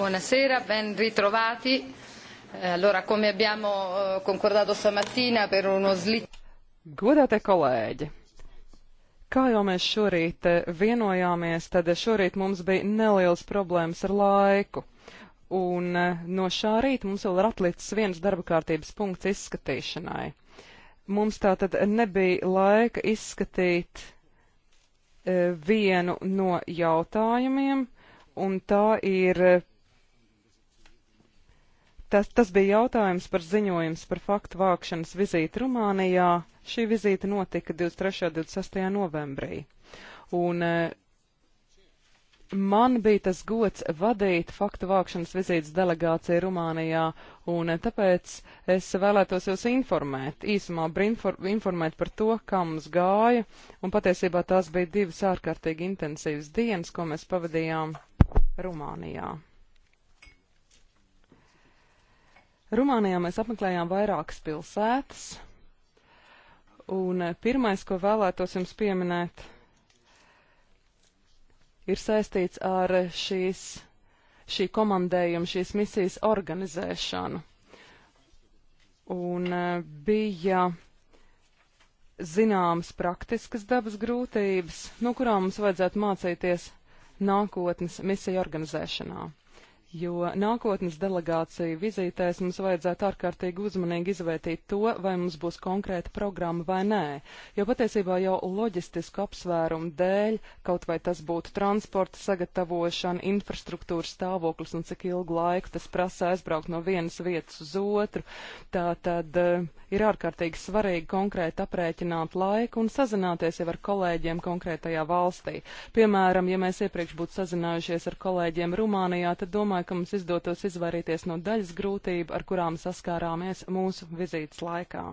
Buonasera, ben ritrovati. Eh, allora, come abbiamo eh, concordato stamattina per uno slitto. Godātie kolēģi, kā jau mēs šorīt eh, vienojāmies, tad šorīt mums bija nelielas problēmas ar laiku. Un no šā rīta mums vēl ir atlicis viens darba kārtības punkts izskatīšanai. Mums tā tad nebija laika izskatīt vienu no jautājumiem, un tā ir Tas, tas bija jautājums par ziņojums par faktu vākšanas vizīti Rumānijā. Šī vizīte notika 23. un 26. novembrī. Un eh, man bija tas gods vadīt faktu vākšanas vizītes delegāciju Rumānijā, un eh, tāpēc es vēlētos jūs informēt, īsumā brinfor, informēt par to, kā mums gāja, un patiesībā tās bija divas ārkārtīgi intensīvas dienas, ko mēs pavadījām Rumānijā. Rumānijā mēs apmeklējām vairākas pilsētas, un eh, pirmais, ko vēlētos jums pieminēt, ir saistīts ar šīs, šī komandējuma, šīs misijas organizēšanu. Un eh, bija zināmas praktiskas dabas grūtības, no kurām mums vajadzētu mācīties nākotnes misiju organizēšanā jo nākotnes delegāciju vizītēs mums vajadzētu ārkārtīgi uzmanīgi izvērtīt to, vai mums būs konkrēta programma vai nē. Jo patiesībā jau loģistisku apsvērumu dēļ, kaut vai tas būtu transporta sagatavošana, infrastruktūras stāvoklis un cik ilgu laiku tas prasa aizbraukt no vienas vietas uz otru, tā tad uh, ir ārkārtīgi svarīgi konkrēti aprēķināt laiku un sazināties jau ar kolēģiem konkrētajā valstī. Piemēram, ja mēs iepriekš būtu sazinājušies ar kolēģiem Rumānijā, tad domāju, domāju, ka mums izdotos izvairīties no daļas grūtību, ar kurām saskārāmies mūsu vizītes laikā.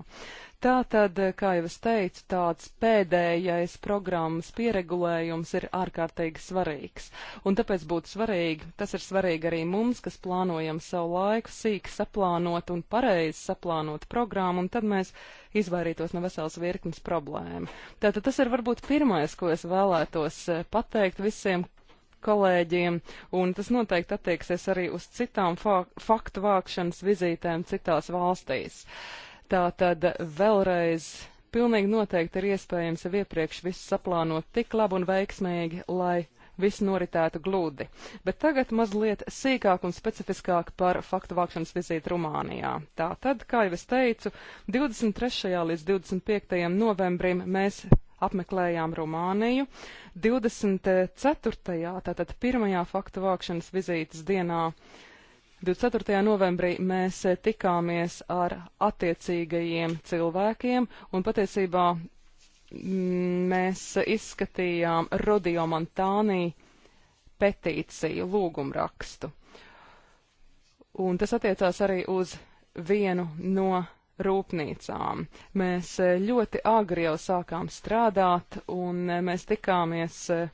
Tā tad, kā jau es teicu, tāds pēdējais programmas pieregulējums ir ārkārtīgi svarīgs. Un tāpēc būtu svarīgi, tas ir svarīgi arī mums, kas plānojam savu laiku sīk saplānot un pareizi saplānot programmu, un tad mēs izvairītos no veselas virknes problēmu. Tātad tas ir varbūt pirmais, ko es vēlētos eh, pateikt visiem, kolēģiem, un tas noteikti attieksies arī uz citām fa faktu vākšanas vizītēm citās valstīs. Tātad vēlreiz pilnīgi noteikti ir iespējams jau iepriekš visu saplānot tik labi un veiksmīgi, lai viss noritētu gludi. Bet tagad mazliet sīkāk un specifiskāk par faktu vākšanas vizīti Rumānijā. Tā tad, kā jau es teicu, 23. līdz 25. novembrim mēs apmeklējām Rumāniju. 24. tātad pirmajā faktu vākšanas vizītes dienā 24. novembrī mēs eh, tikāmies ar attiecīgajiem cilvēkiem un patiesībā mm, mēs izskatījām Rodio Montānī petīciju lūgumrakstu. Un tas attiecās arī uz vienu no rūpnīcām. Mēs eh, ļoti agri jau sākām strādāt, un eh, mēs tikāmies eh,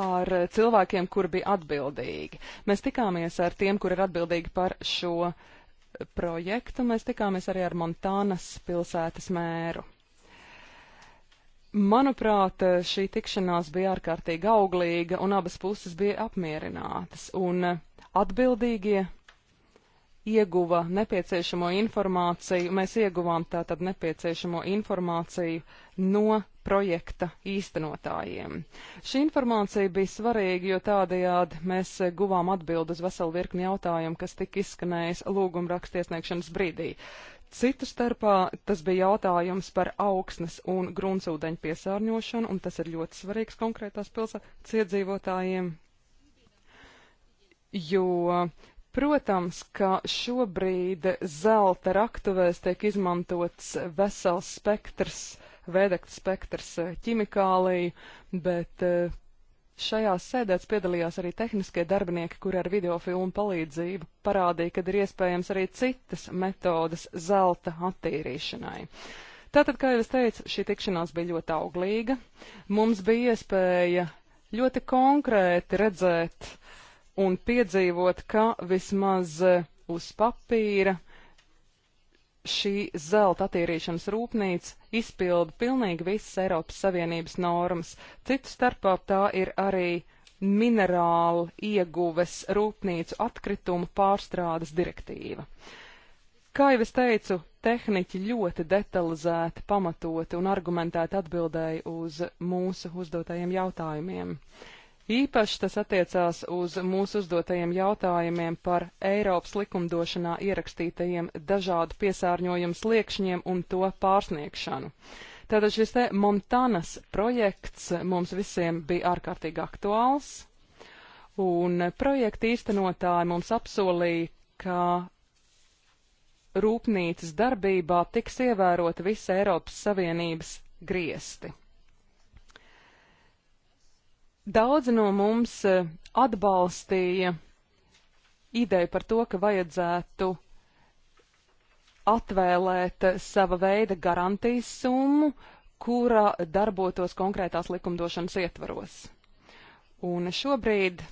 ar cilvēkiem, kuri bija atbildīgi. Mēs tikāmies ar tiem, kuri ir atbildīgi par šo projektu, mēs tikāmies arī ar Montānas pilsētas mēru. Manuprāt, šī tikšanās bija ārkārtīgi auglīga, un abas puses bija apmierinātas, un atbildīgie ieguva nepieciešamo informāciju, mēs ieguvām tātad nepieciešamo informāciju no projekta īstenotājiem. Šī informācija bija svarīga, jo tādējādi mēs guvām atbildi uz veselu virkni jautājumu, kas tika izskanējis lūguma rakstiesniegšanas brīdī. Citu starpā tas bija jautājums par augsnes un gruntsūdeņu piesārņošanu, un tas ir ļoti svarīgs konkrētās pilsētas iedzīvotājiem, jo Protams, ka šobrīd zelta raktuvēs tiek izmantots vesels spektrs, vēdekta spektrs eh, ķimikālija, bet eh, šajās sēdēs piedalījās arī tehniskie darbinieki, kuri ar videofilmu palīdzību parādīja, kad ir iespējams arī citas metodas zelta attīrīšanai. Tātad, kā jau es teicu, šī tikšanās bija ļoti auglīga. Mums bija iespēja ļoti konkrēti redzēt, un piedzīvot, ka vismaz eh, uz papīra šī zelta attīrīšanas rūpnīca izpilda pilnīgi visas Eiropas Savienības normas. Citu starpā tā ir arī minerālu ieguves rūpnīcu atkritumu pārstrādes direktīva. Kā jau es teicu, tehniķi ļoti detalizēti, pamatoti un argumentēti atbildēja uz mūsu uzdotajiem jautājumiem. Uh, Īpaši tas attiecās uz mūsu uzdotajiem jautājumiem par Eiropas likumdošanā ierakstītajiem dažādu piesārņojumu sliekšņiem un to pārsniegšanu. Tātad šis te Montanas projekts mums visiem bija ārkārtīgi aktuāls, un projekta īstenotāji mums apsolīja, ka rūpnīcas darbībā tiks ievērota visa Eiropas Savienības griesti. Daudzi no mums eh, atbalstīja ideju par to, ka vajadzētu atvēlēt eh, sava veida garantijas summu, kura darbotos konkrētās likumdošanas ietvaros. Un šobrīd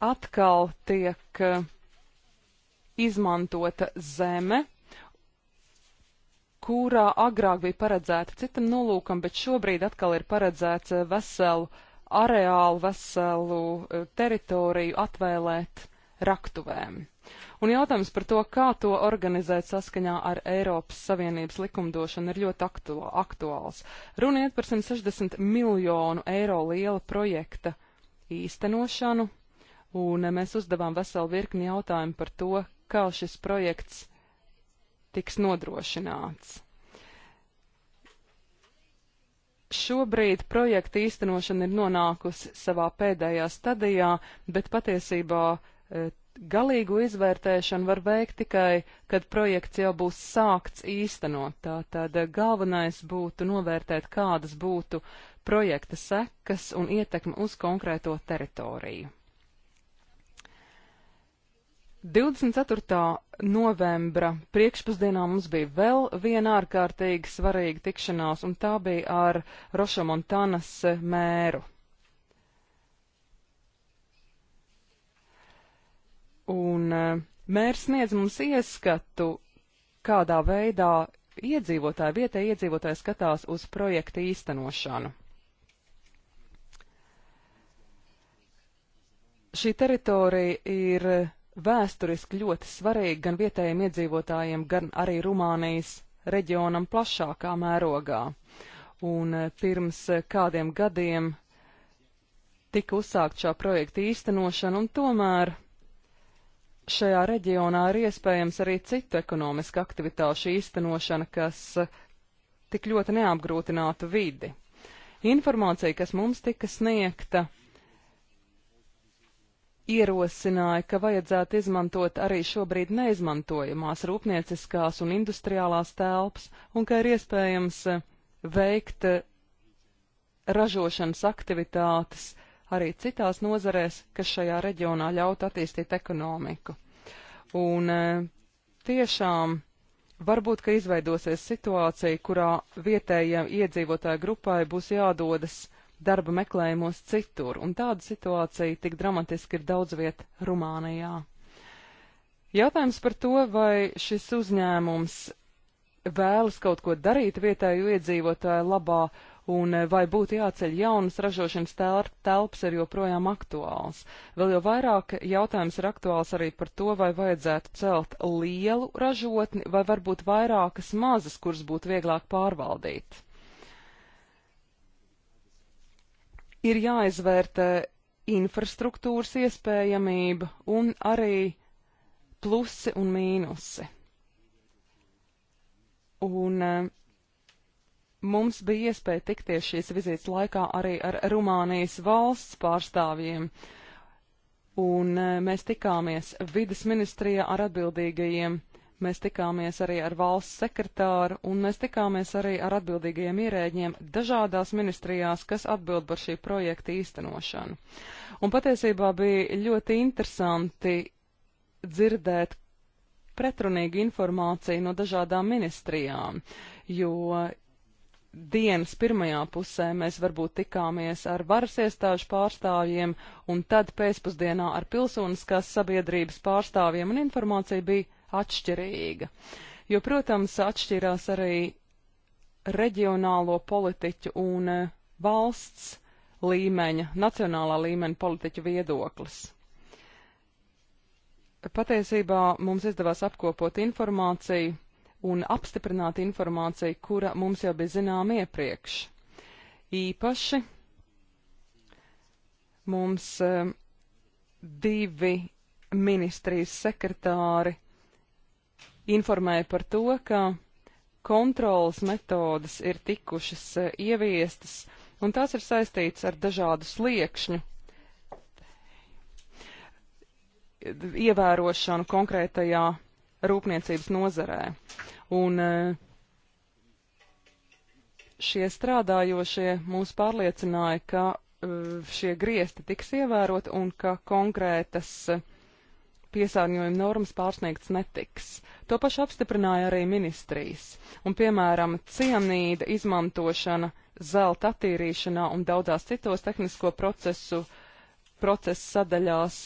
atkal tiek eh, izmantota zeme, kurā agrāk bija paredzēta citam nolūkam, bet šobrīd atkal ir paredzēts veselu areālu veselu e, teritoriju atvēlēt raktuvēm. Un jautājums par to, kā to organizēt saskaņā ar Eiropas Savienības likumdošanu, ir ļoti aktu aktuāls. Runiet par 160 miljonu eiro liela projekta īstenošanu, un mēs uzdevām veselu virkni jautājumu par to, kā šis projekts tiks nodrošināts. Šobrīd projekta īstenošana ir nonākusi savā pēdējā stadijā, bet patiesībā eh, galīgu izvērtēšanu var veikt tikai, kad projekts jau būs sākts īstenot. Tātad eh, galvenais būtu novērtēt, kādas būtu projekta sekas un ietekme uz konkrēto teritoriju. 24. novembra priekšpusdienā mums bija vēl viena ārkārtīgi svarīga tikšanās, un tā bija ar Roša Montanas mēru. Un eh, mērs sniedz mums ieskatu, kādā veidā iedzīvotāji, vietēji iedzīvotāji skatās uz projektu īstenošanu. Šī teritorija ir vēsturiski ļoti svarīgi gan vietējiem iedzīvotājiem, gan arī Rumānijas reģionam plašākā mērogā. Un eh, pirms eh, kādiem gadiem tika uzsākt šā projekta īstenošana, un tomēr šajā reģionā ir iespējams arī citu ekonomisku aktivitāšu īstenošana, kas eh, tik ļoti neapgrūtinātu vidi. Informācija, kas mums tika sniegta, ierosināja, ka vajadzētu izmantot arī šobrīd neizmantojamās rūpnieciskās un industriālās telpas, un ka ir iespējams eh, veikt eh, ražošanas aktivitātes arī citās nozarēs, kas šajā reģionā ļaut attīstīt ekonomiku. Un eh, tiešām varbūt, ka izveidosies situācija, kurā vietējiem iedzīvotāju grupai būs jādodas uh, darba meklējumos citur, un tāda situācija tik dramatiski ir daudz viet Rumānijā. Jautājums par to, vai šis uzņēmums vēlas kaut ko darīt vietēju iedzīvotāju labā, un eh, vai būtu jāceļ jaunas ražošanas telpas ir joprojām aktuāls. Vēl jau vairāk jautājums ir aktuāls arī par to, vai vajadzētu celt lielu ražotni, vai varbūt vairākas mazas, kuras būtu vieglāk pārvaldīt. ir jāizvērtē infrastruktūras iespējamība un arī plusi un mīnusi. Un eh, mums bija iespēja tikties šīs vizītes laikā arī ar Rumānijas valsts pārstāvjiem. Un eh, mēs tikāmies vidas ministrijā ar atbildīgajiem Mēs tikāmies arī ar valsts sekretāru un mēs tikāmies arī ar atbildīgajiem ierēģiem dažādās ministrijās, kas atbild par šī projekta īstenošanu. Un patiesībā bija ļoti interesanti dzirdēt pretrunīgu informāciju no dažādām ministrijām, jo dienas pirmajā pusē mēs varbūt tikāmies ar varas iestāžu pārstāvjiem un tad pēcpusdienā ar pilsoniskās sabiedrības pārstāvjiem un informācija bija atšķirīga. Jo, protams, atšķirās arī reģionālo politiķu un eh, valsts līmeņa, nacionālā līmeņa politiķu viedoklis. Patiesībā mums izdevās apkopot informāciju un apstiprināt informāciju, kura mums jau bija zinām iepriekš. Īpaši mums eh, divi ministrijas sekretāri informēja par to, ka kontrolas metodas ir tikušas e, ieviestas, un tās ir saistītas ar dažādu sliekšņu ievērošanu konkrētajā rūpniecības nozarē. Un e, šie strādājošie mūs pārliecināja, ka e, šie griesti tiks ievērot un ka konkrētas uh, piesārņojuma normas pārsniegts netiks. To pašu apstiprināja arī ministrijas. Un, piemēram, cianīda izmantošana zelta attīrīšanā un daudzās citos tehnisko procesu, procesu sadaļās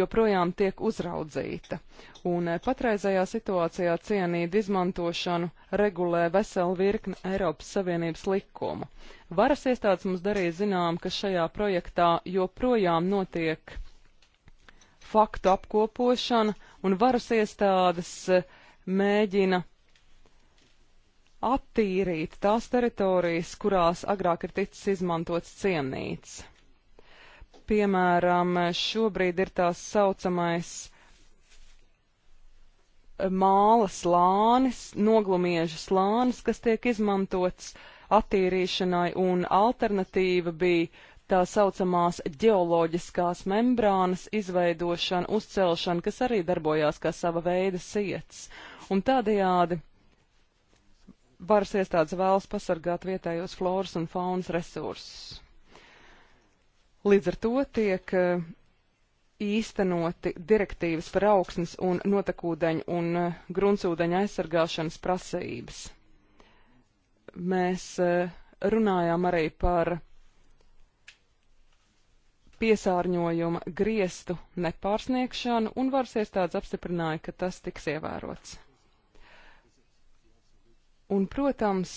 joprojām tiek uzraudzīta. Un eh, patreizajā situācijā cianīda izmantošanu regulē vesela virkne Eiropas Savienības likumu. Varas iestādes mums darīja zinām, ka šajā projektā joprojām notiek faktu apkopošana un varas iestādes eh, mēģina attīrīt tās teritorijas, kurās agrāk ir ticis izmantots ciemnīts. Piemēram, šobrīd ir tās saucamais eh, mālas lānis, noglumiežu slānis, kas tiek izmantots attīrīšanai, un alternatīva bija tā saucamās ģeoloģiskās membrānas izveidošana, uzcelšana, kas arī darbojās kā sava veida siets. Un tādējādi varas iestādes vēlas pasargāt vietējos floras un faunas resursus. Līdz ar to tiek eh, īstenoti direktīvas par augsnes un notekūdeņu un eh, gruntsūdeņu aizsargāšanas prasības. Mēs eh, runājām arī par piesārņojuma griestu nepārsniegšanu, un varas iestādes apstiprināja, ka tas tiks ievērots. Un, protams,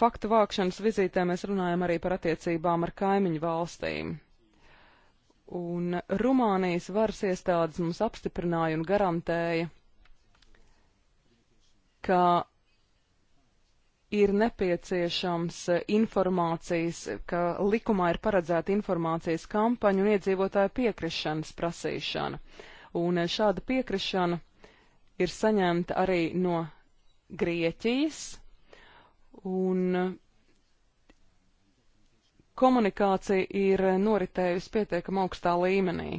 faktu vākšanas vizītē mēs runājam arī par attiecībām ar kaimiņu valstīm. Un Rumānijas varas iestādes mums apstiprināja un garantēja, ka ir nepieciešams e, informācijas, ka likumā ir paredzēta informācijas kampaņa un iedzīvotāju piekrišanas prasīšana. Un e, šāda piekrišana ir saņemta arī no Grieķijas, un e, komunikācija ir noritējusi pietiekam augstā līmenī.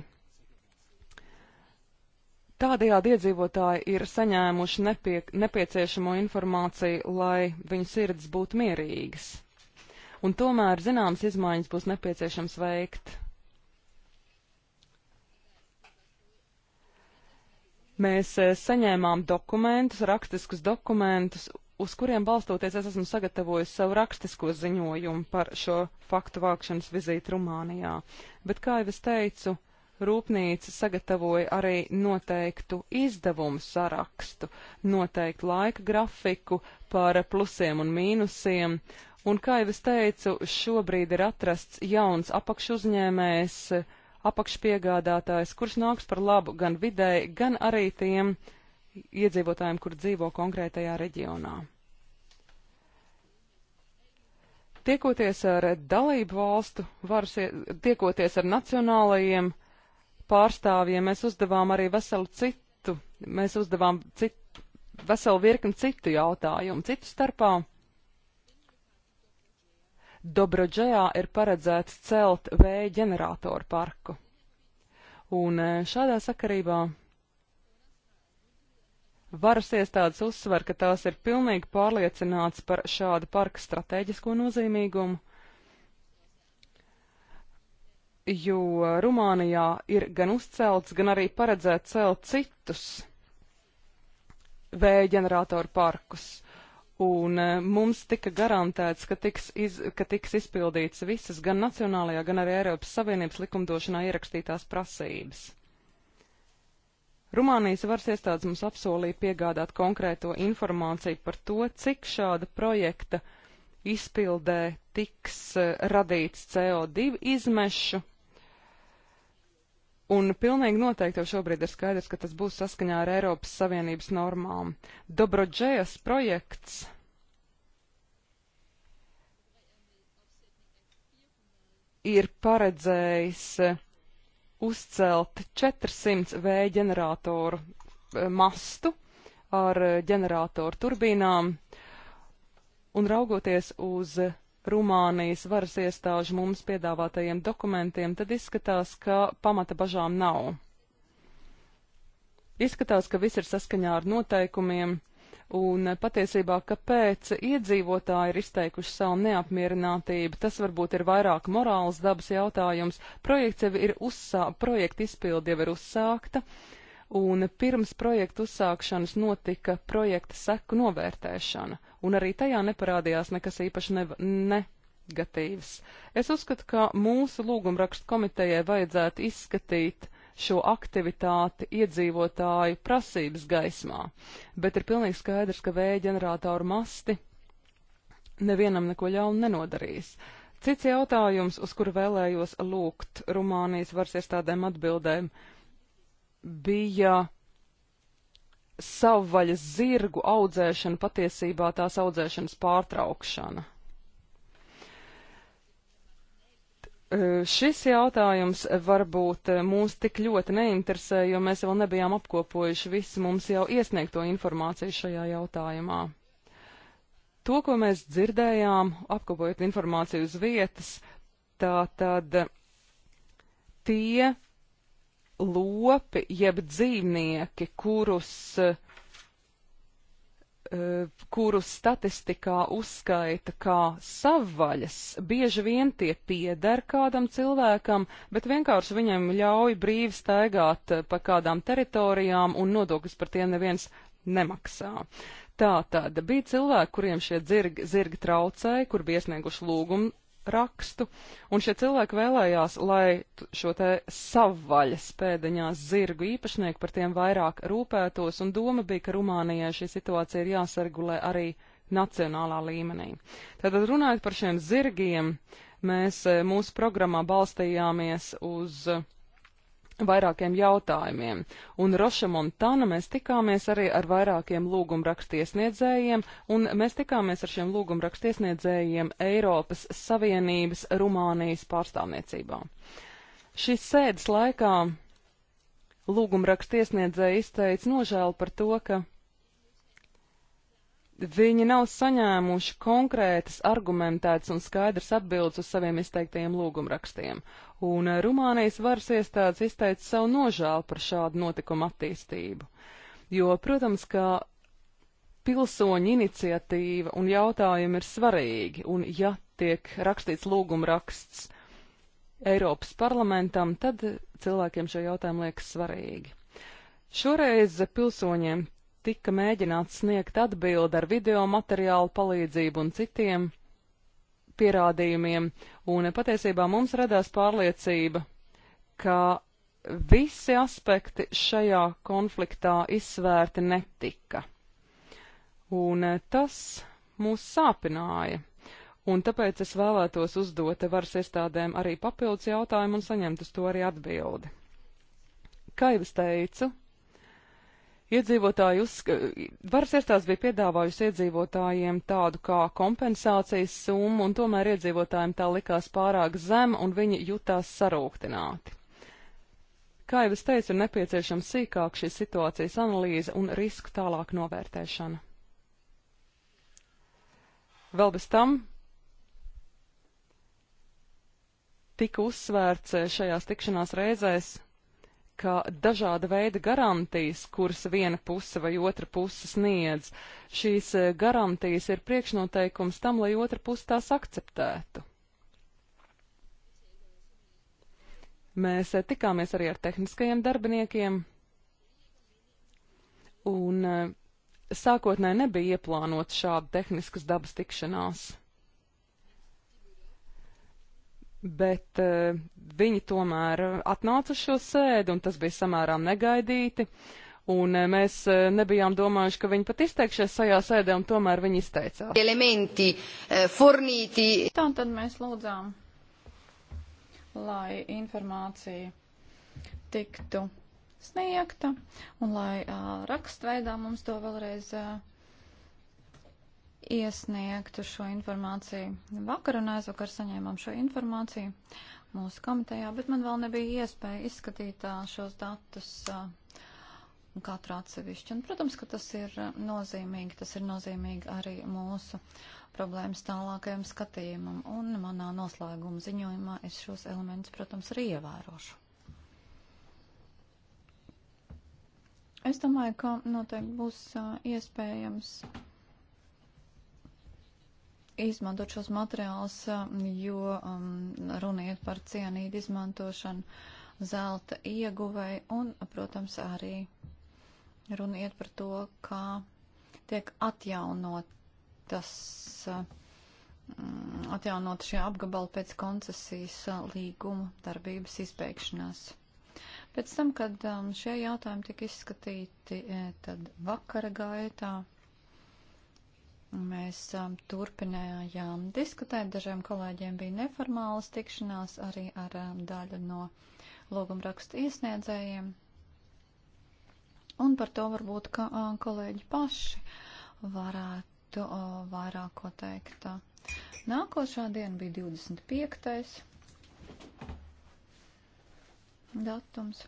Tādējādi iedzīvotāji ir saņēmuši nepie, nepieciešamo informāciju, lai viņu sirds būtu mierīgas. Un tomēr zināmas izmaiņas būs nepieciešams veikt. Mēs eh, saņēmām dokumentus, rakstiskus dokumentus, uz kuriem balstoties es esmu sagatavojis savu rakstisko ziņojumu par šo faktu vākšanas vizīti Rumānijā. Bet, kā jau es teicu, rūpnīca sagatavoja arī noteiktu izdevumu sarakstu, noteiktu laika grafiku par plusiem un mīnusiem. Un, kā jau es teicu, šobrīd ir atrasts jauns apakšuzņēmējs, apakšpiegādātājs, kurš nāks par labu gan videi, gan arī tiem iedzīvotājiem, kur dzīvo konkrētajā reģionā. Tiekoties ar dalību valstu, varas, tiekoties ar nacionālajiem uh, pārstāvjiem mēs uzdevām arī veselu citu, mēs uzdevām citu, veselu virkni citu jautājumu, citu starpā. Dobrodžējā ir paredzēts celt vēja ģeneratoru parku. Un e, šādā sakarībā varas iestādes uzsver, ka tās ir pilnīgi pārliecināts par šādu parka stratēģisko nozīmīgumu jo Rumānijā ir gan uzcelts, gan arī paredzēts celt citus vēja ģeneratoru parkus. Un e, mums tika garantēts, ka tiks, iz, ka tiks izpildīts visas gan nacionālajā, gan arī Eiropas Savienības likumdošanā ierakstītās prasības. Rumānijas varas iestādes mums apsolīja piegādāt konkrēto informāciju par to, cik šāda projekta izpildē tiks e, radīts CO2 izmešu Un pilnīgi noteikti jau šobrīd ir skaidrs, ka tas būs saskaņā ar Eiropas Savienības normām. Dobrodžējas projekts. ir paredzējis eh, uzcelt 400 vēja ģeneratoru eh, mastu ar eh, ģeneratoru turbīnām, un raugoties uz Rumānijas varas iestāžu mums piedāvātajiem dokumentiem, tad izskatās, ka pamata bažām nav. Izskatās, ka viss ir saskaņā ar noteikumiem, un patiesībā, kāpēc iedzīvotāji ir izteikuši savu neapmierinātību, tas varbūt ir vairāk morāls dabas jautājums. Projekts jau ir uzsā, projekta izpildi jau ir uzsākta, uh, un pirms projekta uzsākšanas notika projekta seku novērtēšana, un arī tajā neparādījās nekas īpaši ne, negatīvs. Es uzskatu, ka mūsu lūgumrakstu komitejai vajadzētu izskatīt šo aktivitāti iedzīvotāju prasības gaismā, bet ir pilnīgi skaidrs, ka vēja ģeneratoru masti nevienam neko ļaunu nenodarīs. Cits jautājums, uz kuru vēlējos lūgt Rumānijas varas iestādēm atbildēm, ir bija savvaļas zirgu audzēšana, patiesībā tās audzēšanas pārtraukšana. E, šis jautājums varbūt e, mūs tik ļoti neinteresē, jo mēs vēl nebijām apkopojuši visu mums jau iesniegto informāciju šajā jautājumā. To, ko mēs dzirdējām, apkopojot informāciju uz vietas, tā tad tie lopi jeb dzīvnieki, kurus, eh, kurus statistikā uzskaita kā savvaļas, bieži vien tie pieder kādam cilvēkam, bet vienkārši viņam ļauj brīvi staigāt eh, pa kādām teritorijām un nodokļus par tiem neviens nemaksā. Tā tad bija cilvēki, kuriem šie dzirgi, zirgi traucēja, kur bija iesnieguši lūgumu rakstu, un šie cilvēki vēlējās, lai šo te savvaļas pēdiņās zirgu īpašnieku par tiem vairāk rūpētos, un doma bija, ka Rumānijai šī situācija ir jāsargulē arī nacionālā līmenī. Tātad runājot par šiem zirgiem, mēs eh, mūsu programmā balstījāmies uz uh, vairākiem jautājumiem, un Roša Montana mēs tikāmies arī ar vairākiem lūgumrakstiesniedzējiem, un mēs tikāmies ar šiem lūgumrakstiesniedzējiem Eiropas Savienības Rumānijas pārstāvniecībā. Šīs sēdes laikā lūgumrakstiesniedzēji izteica nožēlu par to, ka Viņi nav saņēmuši konkrētas, argumentētas un skaidras atbildes uz saviem izteiktajiem lūgumrakstiem, un eh, Rumānijas varas iestādes izteica savu nožēlu par šādu notikumu attīstību. Jo, protams, ka pilsoņu iniciatīva un jautājumi ir svarīgi, un ja tiek rakstīts lūgumraksts Eiropas parlamentam, tad cilvēkiem šie jautājumi liekas svarīgi. Šoreiz pilsoņiem tika mēģināts sniegt atbildi ar video materiālu palīdzību un citiem pierādījumiem, un patiesībā mums radās pārliecība, ka visi aspekti šajā konfliktā izsvērti netika. Un eh, tas mūs sāpināja. Un tāpēc es vēlētos uzdot varas iestādēm arī papildus jautājumu un saņemt uz to arī atbildi. Kā jau es teicu, Iedzīvotāji uzska... varas iestādes bija piedāvājusi iedzīvotājiem tādu kā kompensācijas summu, un tomēr iedzīvotājiem tā likās pārāk zem, un viņi jutās sarūktināti. Kā jau es teicu, ir nepieciešama sīkāk šī situācijas analīze un risku tālāk novērtēšana. Vēl bez tam tika uzsvērts šajās tikšanās reizēs ka dažāda veida garantijas, kuras viena puse vai otra puse sniedz, šīs eh, garantijas ir priekšnoteikums tam, lai otra puse tās akceptētu. Mēs eh, tikāmies arī ar tehniskajiem darbiniekiem, un eh, sākotnēji nebija ieplānota šāda tehniskas dabas tikšanās bet uh, viņi tomēr atnāca uz šo sēdi, un tas bija samērā negaidīti. Un uh, mēs uh, nebijām domājuši, ka viņi pat izteikšies šajā sēdē, un tomēr viņi izteicās. Elementi, fornīti. Tā tad mēs lūdzām, lai informācija tiktu sniegta, un lai uh, rakstveidā mums to vēlreiz uh, iesniegtu šo informāciju. Vakar un aizvakar saņēmām šo informāciju mūsu komitejā, bet man vēl nebija iespēja izskatīt šos datus katru atsevišķi. Un, protams, ka tas ir nozīmīgi. Tas ir nozīmīgi arī mūsu problēmas tālākajam skatījumam. Un manā noslēguma ziņojumā es šos elementus, protams, arī ievērošu. Es domāju, ka noteikti būs iespējams izmantot šos materiālus, um, jo um, runiet par cienīdu izmantošanu, zelta ieguvēju un, protams, arī runiet par to, kā tiek atjaunotas, um, atjaunot šie apgabali pēc koncesijas uh, līguma darbības izbeigšanās. Pēc tam, kad um, šie jautājumi tika izskatīti, eh, tad vakara gaitā Mēs um, turpinājām diskutēt, dažiem kolēģiem bija neformālas tikšanās arī ar um, daļu no logumrakstu iesniedzējiem. Un par to varbūt, ka uh, kolēģi paši varētu uh, vairāk ko teikt. Nākošā diena bija 25. datums.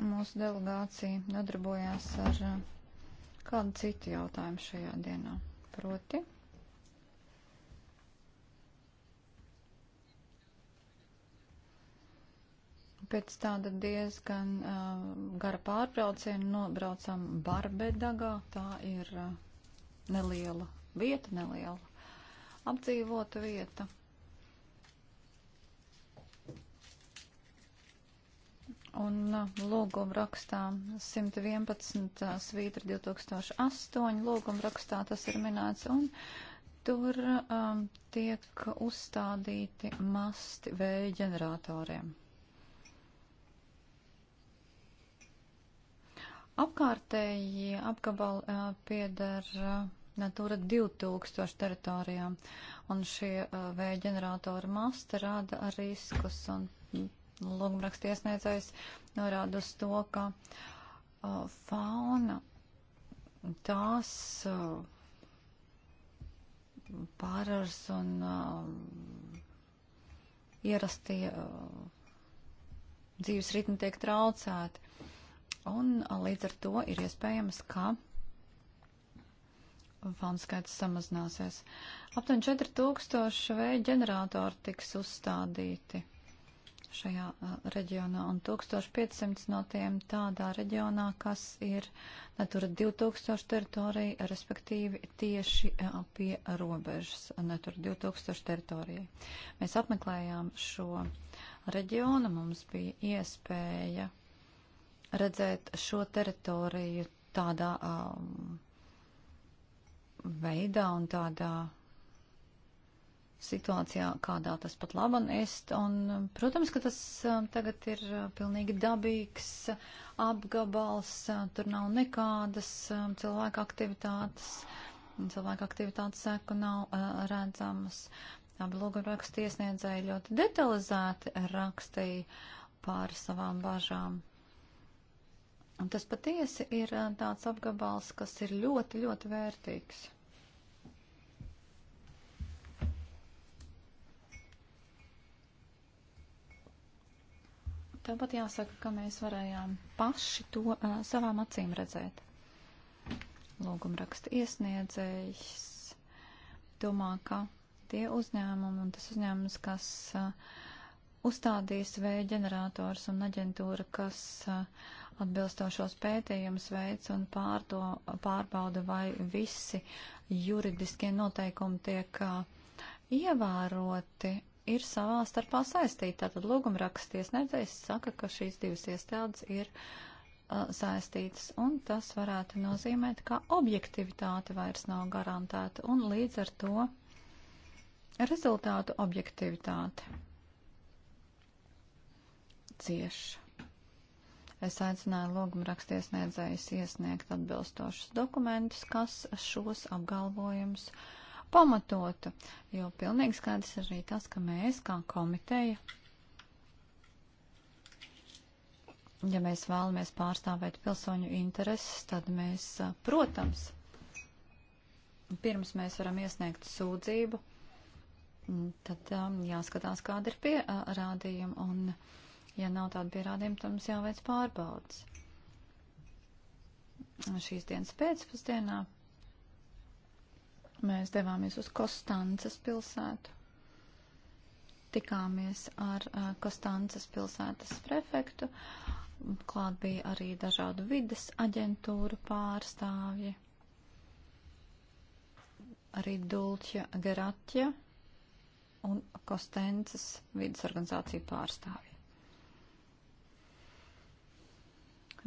Mūsu delegācija nodarbojās ar. Uh, kādu citu jautājumu šajā dienā. Proti. Pēc tāda diezgan uh, gara pārbrauciena nobraucam Barbedagā. Tā ir uh, neliela vieta, neliela apdzīvota vieta. un uh, lūguma rakstā 111 uh, svītra 2008 lūguma rakstā tas ir minēts un tur um, tiek uzstādīti masti vēja ģeneratoriem. Apkārtēji apgabali uh, pieder uh, Natūra 2000 teritorijām, un šie uh, vēja ģeneratora masta rada riskus un Lūgumraksta iesniedzējs norāda uz to, ka uh, fauna tās uh, pārars un uh, ierastie uh, dzīves ritmi tiek traucēti. Un uh, līdz ar to ir iespējams, ka fanu skaits samazināsies. Aptuveni 4000 vēja ģeneratori tiks uzstādīti šajā reģionā, un 1500 no tiem tādā reģionā, kas ir Natura 2000 teritorija, respektīvi tieši pie robežas Natura 2000 teritorijai. Mēs apmeklējām šo reģionu, mums bija iespēja redzēt šo teritoriju tādā um, veidā un tādā situācijā, kādā tas pat laban est. Un, protams, ka tas tagad ir pilnīgi dabīgs apgabals, tur nav nekādas cilvēka aktivitātes, cilvēka aktivitātes seku nav uh, redzamas. Abi lūgumrakstu iesniedzēji ļoti detalizēti rakstīja pār savām bažām. Un tas patiesi ir tāds apgabals, kas ir ļoti, ļoti vērtīgs. Tāpat jāsaka, ka mēs varējām paši to uh, savām acīm redzēt. Lūgumraksta iesniedzējs domā, ka tie uzņēmumi un tas uzņēmums, kas uh, uzstādīs vēja ģenerators un aģentūra, kas uh, atbilstošos pētījumus veids un pārdo, pārbauda, vai visi juridiskie noteikumi tiek uh, ievēroti ir savā starpā saistīti. Tātad lūgumraksts tiesnedzējs saka, ka šīs divas iestādes ir uh, saistītas, un tas varētu nozīmēt, ka objektivitāte vairs nav garantēta, un līdz ar to rezultātu objektivitāte cieši. Es aicināju lūgumu rakstiesniedzējus iesniegt atbilstošus dokumentus, kas šos apgalvojumus uh, pamatotu, jo pilnīgi skaidrs arī tas, ka mēs kā komiteja, ja mēs vēlamies pārstāvēt pilsoņu intereses, tad mēs, protams, pirms mēs varam iesniegt sūdzību, tad um, jāskatās, kāda ir pierādījuma, un, ja nav tāda pierādījuma, tad mums jāveic pārbaudas. Šīs dienas pēcpusdienā Mēs devāmies uz Kostancas pilsētu. Tikāmies ar uh, Kostancas pilsētas prefektu. Klāt bija arī dažādu vides aģentūru pārstāvji. Arī Dulķa Geratja un Kostancas vides organizāciju pārstāvji.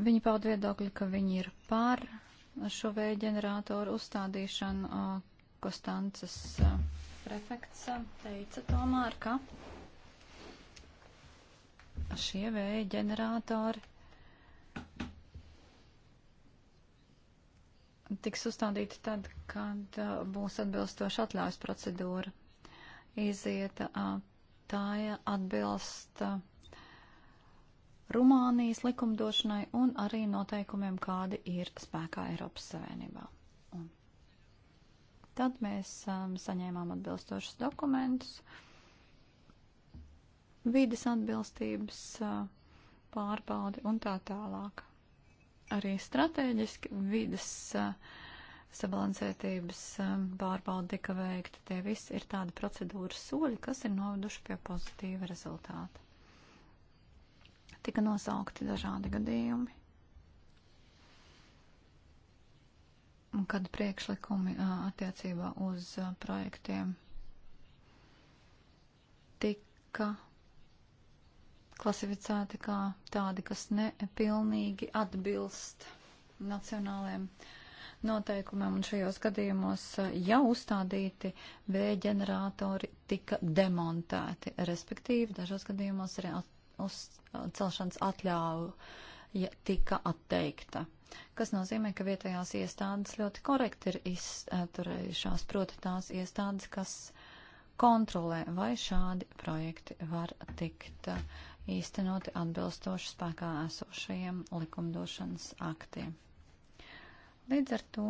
Viņi pauda viedokļu, ka viņi ir par šo vēja ģeneratoru uzstādīšanu Kostances eh, prefekts eh, teica tomēr, ka šie vēja ģeneratori tiks uzstādīti tad, kad eh, būs atbilstoša atļaujas procedūra. Izieta tā atbilst Rumānijas likumdošanai un arī noteikumiem, kādi ir spēkā Eiropas Savienībā. Tad mēs um, saņēmām atbilstošus dokumentus, vides atbilstības uh, pārbaudi un tā tālāk. Arī strateģiski vides uh, sabalansētības um, pārbaudi tika veikta. Tie visi ir tādi procedūras soļi, kas ir noveduši pie pozitīva rezultāta. Tika nosaukti dažādi gadījumi kad priekšlikumi attiecībā uz projektiem tika klasificēti kā tādi, kas nepilnīgi atbilst nacionālajiem noteikumiem, un šajos gadījumos jau uzstādīti vēja ģeneratori tika demontēti, respektīvi dažos gadījumos arī at, uz celšanas atļauju uh, ja tika atteikta. Kas nozīmē, ka vietējās iestādes ļoti korekti ir izturējušās, proti tās iestādes, kas kontrolē, vai šādi projekti var tikt īstenoti atbilstoši spēkā esošajiem likumdošanas aktiem. Līdz ar to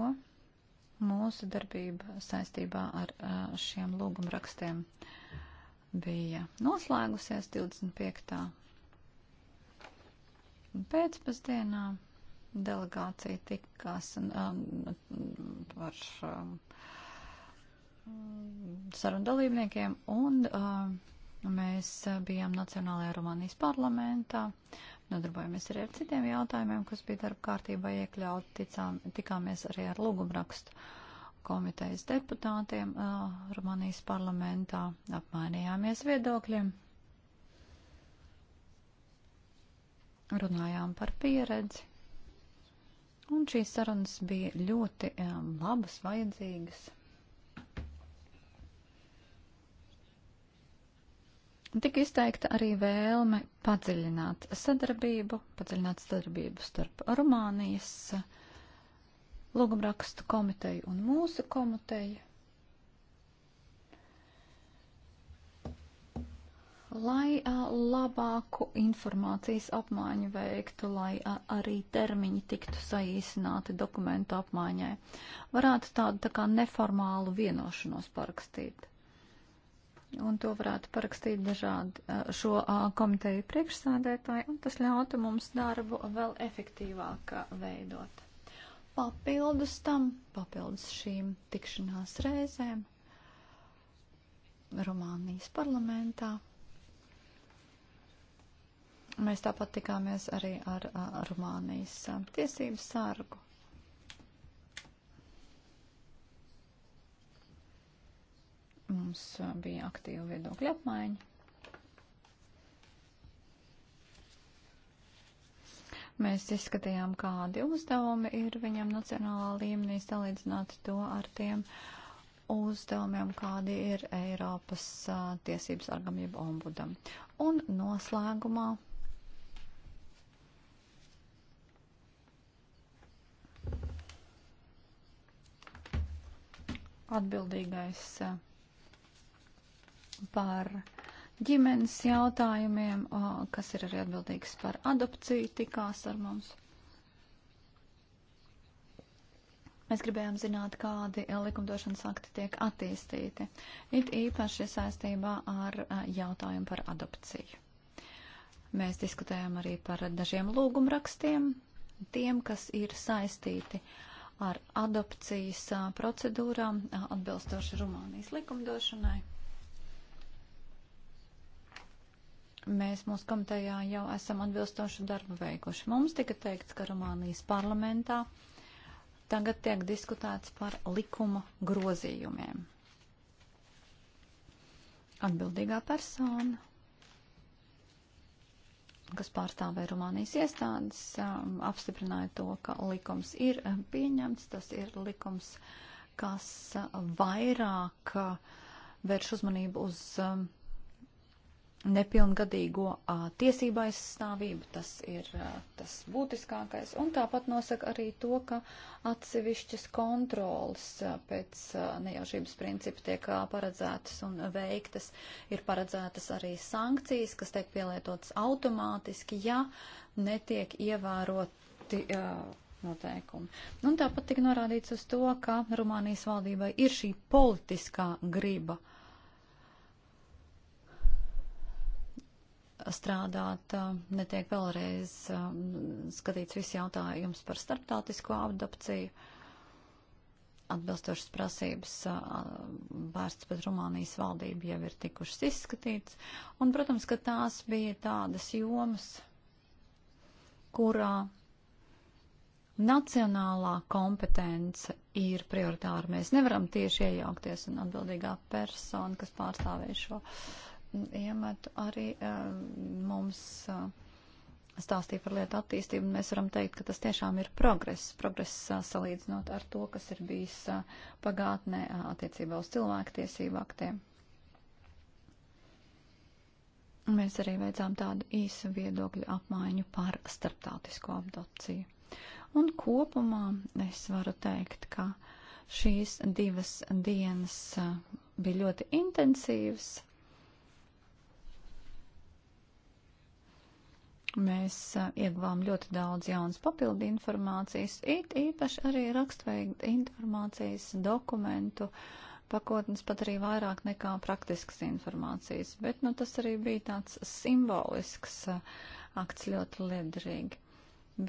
mūsu darbība saistībā ar šiem lūgumrakstiem bija noslēgusies 25. Pēcpusdienā delegācija tikās um, ar um, sarunu dalībniekiem un um, mēs bijām Nacionālajā Rumānijas parlamentā. Nodarbojamies arī ar citiem jautājumiem, kas bija darba kārtībā iekļauti. Ticām, tikāmies arī ar lūgumrakstu komitejas deputātiem uh, Rumānijas parlamentā. Apmainījāmies viedokļiem. runājām par pieredzi. Un šīs sarunas bija ļoti um, labas, vajadzīgas. Tik izteikta arī vēlme padziļināt sadarbību, padziļināt sadarbību starp Rumānijas lūgumrakstu komiteju un mūsu komiteju. lai a, labāku informācijas apmaiņu veiktu, lai a, arī termiņi tiktu saīsināti dokumentu apmaiņai. Varētu tādu tā kā neformālu vienošanos parakstīt. Un to varētu parakstīt dažādi a, šo a, komiteju priekšsādētāji, un tas ļautu mums darbu vēl efektīvāk a, veidot. Papildus tam, papildus šīm tikšanās reizēm Rumānijas parlamentā Mēs tāpat tikāmies arī ar, ar Rumānijas tiesību sargu. Mums bija aktīva viedokļa apmaiņa. Mēs izskatījām, kādi uzdevumi ir viņam nacionālā līmenī, salīdzināt to ar tiem uzdevumiem, kādi ir Eiropas tiesības argamību ombudam. Un noslēgumā atbildīgais eh, par ģimenes jautājumiem, kas ir arī atbildīgs par adopciju, tikās ar mums. Mēs gribējām zināt, kādi eh, likumdošanas akti tiek attīstīti, it īpaši saistībā ar eh, jautājumu par adopciju. Mēs diskutējām arī par dažiem lūgumrakstiem, tiem, kas ir saistīti uh, ar adopcijas procedūrām atbilstoši Rumānijas likumdošanai. Mēs mūsu komitejā jau esam atbilstošu darbu veikuši. Mums tika teikts, ka Rumānijas parlamentā tagad tiek diskutēts par likuma grozījumiem. Atbildīgā persona kas pārstāvē Rumānijas iestādes, um, apstiprināja to, ka likums ir um, pieņemts, tas ir likums, kas uh, vairāk uh, vērš uzmanību uz um, nepilngadīgo a, tiesība aizstāvību, tas ir a, tas būtiskākais. Un tāpat nosaka arī to, ka atsevišķas kontrolas a, pēc a, nejaušības principa tiek a, paredzētas un veiktas. Ir paredzētas arī sankcijas, kas tiek pielietotas automātiski, ja netiek ievēroti. A, noteikumi. Un tāpat tika norādīts uz to, ka Rumānijas valdībai ir šī politiskā griba uh, strādāt, netiek vēlreiz skatīts viss jautājums par starptautisko adopciju. Atbilstošas prasības vērsts pret Rumānijas valdību jau ir tikušas izskatīts. Un, protams, ka tās bija tādas jomas, kurā nacionālā kompetence ir prioritāra. Mēs nevaram tieši iejaukties un atbildīgā persona, kas pārstāvēja šo uh, iemetu arī eh, mums eh, stāstīja par lietu attīstību, un mēs varam teikt, ka tas tiešām ir progress. Progress eh, salīdzinot ar to, kas ir bijis pagātnē attiecībā uz cilvēktiesību aktiem. Mēs arī veicām tādu īsu viedokļu apmaiņu par starptautisko adopciju. Un kopumā es varu teikt, ka šīs divas dienas bija ļoti intensīvas, Mēs ieguvām ļoti daudz jaunas papildu informācijas, it īpaši arī rakstveida informācijas, dokumentu pakotnes, pat arī vairāk nekā praktiskas informācijas. Bet nu, tas arī bija tāds simbolisks akts ļoti liederīgi.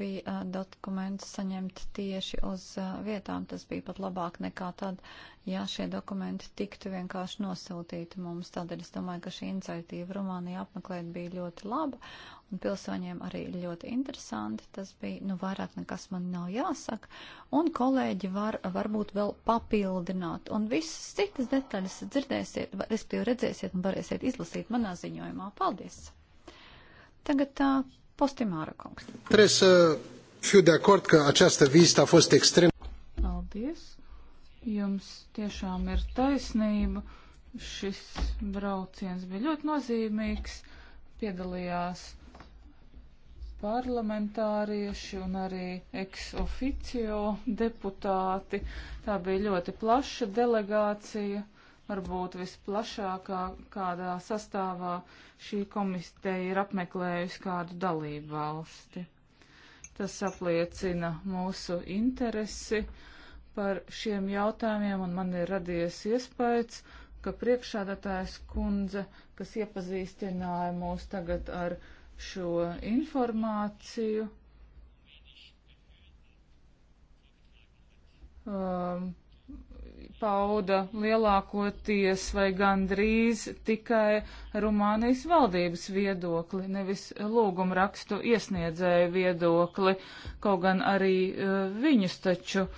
Bija dokumenti saņemt tieši uz vietām, tas bija pat labāk nekā tad, ja šie dokumenti tiktu vienkārši nosūtīti mums. Tādēļ es domāju, ka šī iniciatīva Rumānijā apmeklēt bija ļoti laba un pilsoņiem arī ļoti interesanti. Tas bija, nu, vairāk nekas man nav jāsaka, un kolēģi var varbūt vēl papildināt, un visas citas detaļas dzirdēsiet, respektīvi redzēsiet un varēsiet izlasīt manā ziņojumā. Paldies! Tagad tā postimāra kungs. Tres, fiu de acord, ka această vizită a fost extrem. Paldies! Jums tiešām ir taisnība. Šis brauciens bija ļoti nozīmīgs piedalījās parlamentārieši un arī ex-oficio deputāti. Tā bija ļoti plaša delegācija, varbūt visplašākā, kādā sastāvā šī komisteja ir apmeklējusi kādu dalību valsti. Tas apliecina mūsu interesi par šiem jautājumiem, un man ir radies iespējas, ka priekšādātājs kundze, kas iepazīstināja mūs tagad ar šo informāciju. Um, pauda lielākoties vai gandrīz tikai Rumānijas valdības viedokli, nevis lūgumrakstu iesniedzēju viedokli, kaut gan arī uh, viņus taču uh,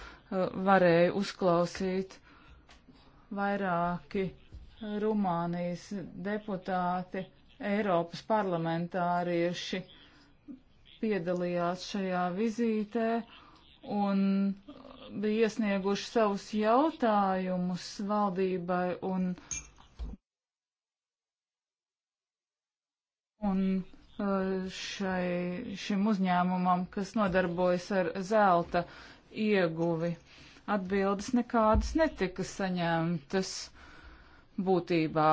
varēja uzklausīt vairāki Rumānijas deputāti Eiropas parlamentārieši piedalījās šajā vizītē un bija iesnieguši savus jautājumus valdībai un, un uh, šai, šim uzņēmumam, kas nodarbojas ar zelta ieguvi. Atbildes nekādas netika saņemtas būtībā.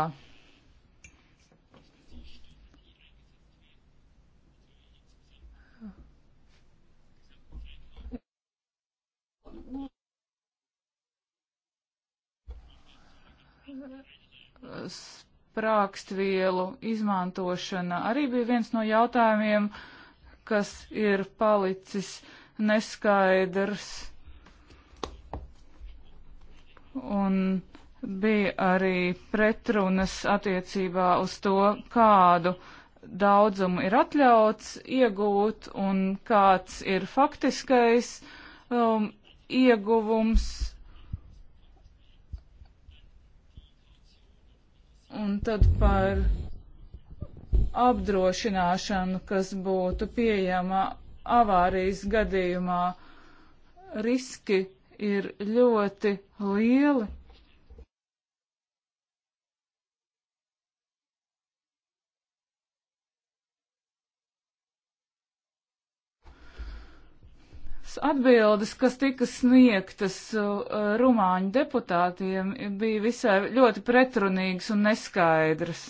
sprākstvielu izmantošana arī bija viens no jautājumiem, kas ir palicis neskaidrs. Un bija arī pretrunas attiecībā uz to, kādu daudzumu ir atļauts iegūt un kāds ir faktiskais um, ieguvums Un tad par apdrošināšanu, kas būtu pieejama avārijas gadījumā, riski ir ļoti lieli Atbildes, kas tika sniegtas uh, rumāņu deputātiem, bija visai ļoti pretrunīgas un neskaidras.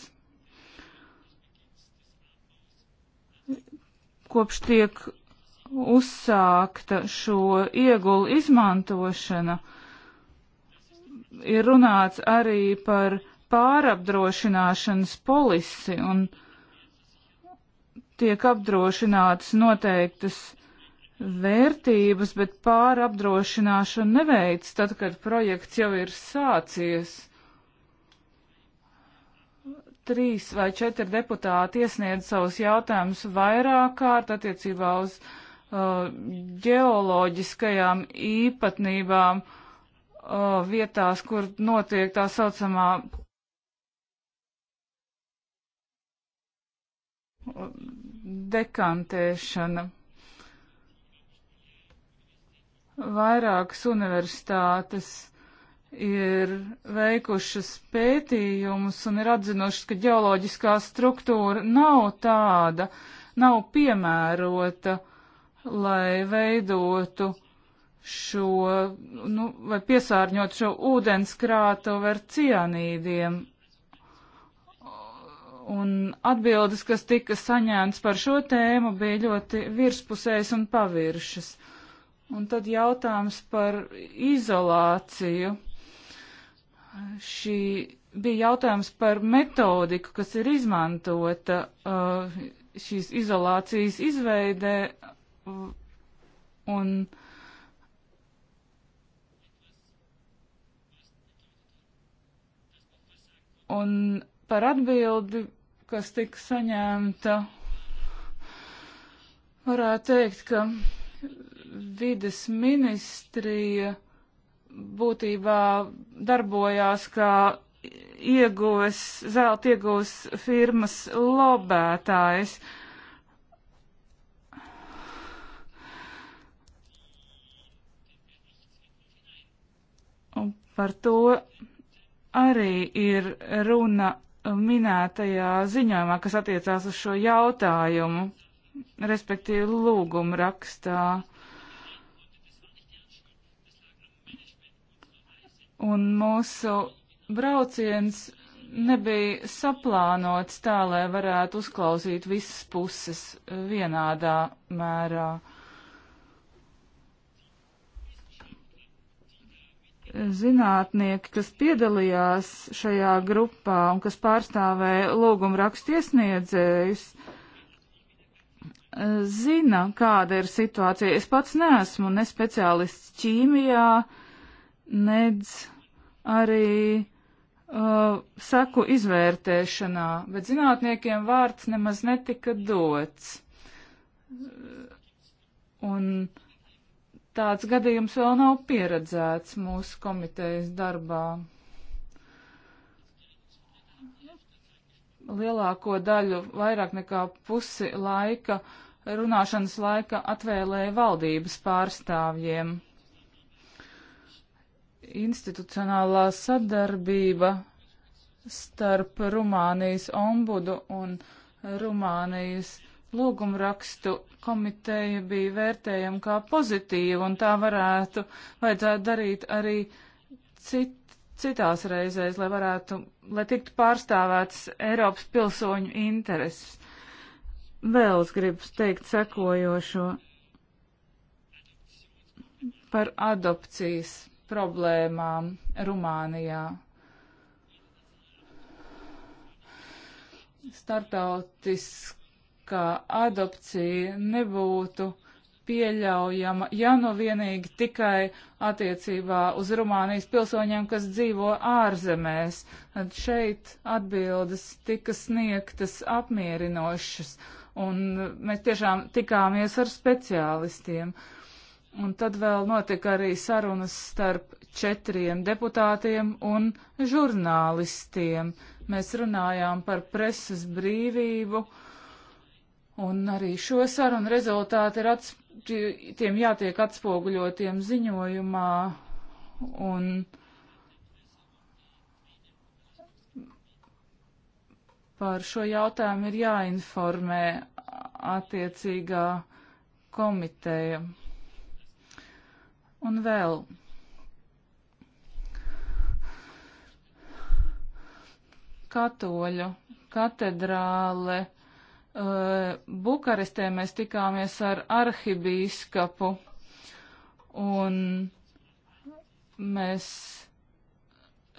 Kopš tiek uzsākta šo iegulu izmantošana, ir runāts arī par pārapdrošināšanas polisi un tiek apdrošinātas noteiktas vērtības, bet pārapdrošināšanu neveic tad, kad projekts jau ir sācies. Trīs vai četri deputāti iesniedz savus jautājumus vairāk kārt attiecībā uz uh, ģeoloģiskajām īpatnībām uh, vietās, kur notiek tā saucamā uh, dekantēšana. Vairākas universitātes ir veikušas pētījumus un ir atzinušas, ka ģeoloģiskā struktūra nav tāda, nav piemērota, lai veidotu šo, nu, vai piesārņot šo ūdenskrātuvu ar cianīdiem. Un atbildes, kas tika saņemts par šo tēmu, bija ļoti virspusējas un paviršas. Uh, Un tad jautājums par izolāciju. Šī bija jautājums par metodiku, kas ir izmantota uh, šīs izolācijas izveidē. Un un par atbildi, kas tika saņemta, varētu teikt, ka vides ministrija būtībā darbojās kā ieguves, zelta ieguves firmas lobētājs. Un par to arī ir runa minētajā ziņojumā, kas attiecās uz šo jautājumu, respektīvi lūgumu rakstā. un mūsu brauciens nebija saplānots tā, lai varētu uzklausīt visas puses vienādā mērā. Zinātnieki, kas piedalījās šajā grupā un kas pārstāvēja lūgumu rakstiesniedzējus, zina, kāda ir situācija. Es pats neesmu ne speciālists ķīmijā, uh, nedz arī uh, saku izvērtēšanā, bet zinātniekiem vārds nemaz netika dots. Un tāds gadījums vēl nav pieredzēts mūsu komitejas darbā. Lielāko daļu, vairāk nekā pusi laika, runāšanas laika atvēlēja valdības pārstāvjiem institucionālā sadarbība starp Rumānijas ombudu un Rumānijas lūgumrakstu komiteja bija vērtējama kā pozitīva, un tā varētu, vajadzētu darīt arī cit, citās reizēs, lai varētu, lai tiktu pārstāvētas Eiropas pilsoņu intereses. Vēl es gribu teikt sekojošo par adopcijas problēmām Rumānijā. Startautiskā adopcija nebūtu pieļaujama, ja nu vienīgi tikai attiecībā uz Rumānijas pilsoņiem, kas dzīvo ārzemēs. Tad šeit atbildes tika sniegtas apmierinošas, un mēs tiešām tikāmies ar speciālistiem. Uh, Un tad vēl notika arī sarunas starp četriem deputātiem un žurnālistiem. Mēs runājām par preses brīvību, un arī šo sarunu rezultāti ir atsp tiem jātiek atspoguļotiem ziņojumā, un par šo jautājumu ir jāinformē attiecīgā komiteja. Un vēl. Katoļu katedrāle. Eh, Bukarestē mēs tikāmies ar arhibīskapu un mēs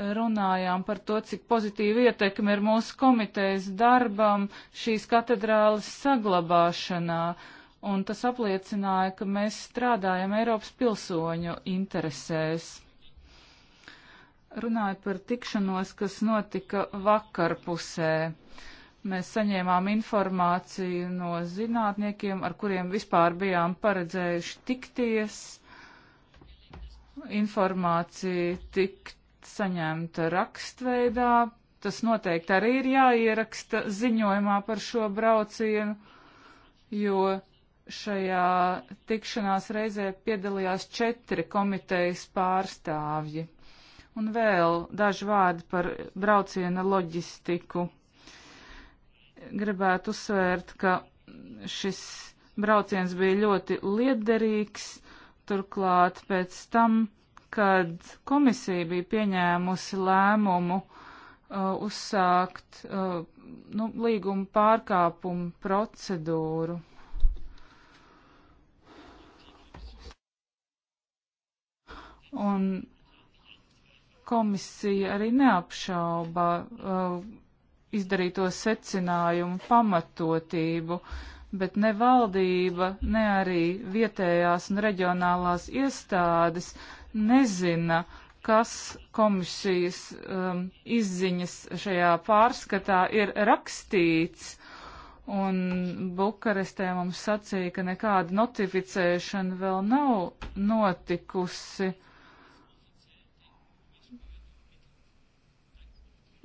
runājām par to, cik pozitīva ietekme ir mūsu komitejas darbam šīs katedrāles saglabāšanā. Uh, un tas apliecināja, ka mēs strādājam Eiropas pilsoņu interesēs. Runājot par tikšanos, kas notika vakarpusē, mēs saņēmām informāciju no zinātniekiem, ar kuriem vispār bijām paredzējuši tikties. Informācija tikt saņemta rakstveidā. Tas noteikti arī ir jāieraksta ziņojumā par šo braucienu, jo šajā tikšanās reizē piedalījās četri komitejas pārstāvji. Un vēl daži vārdi par brauciena loģistiku. Gribētu uzsvērt, ka šis brauciens bija ļoti liederīgs, turklāt pēc tam, kad komisija bija pieņēmusi lēmumu uh, uzsākt uh, nu, līguma pārkāpumu procedūru. Un komisija arī neapšauba uh, izdarīto secinājumu pamatotību, bet ne valdība, ne arī vietējās un reģionālās iestādes nezina, kas komisijas um, izziņas šajā pārskatā ir rakstīts. Un Bukarestē mums sacīja, ka nekāda notificēšana vēl nav notikusi. Uh,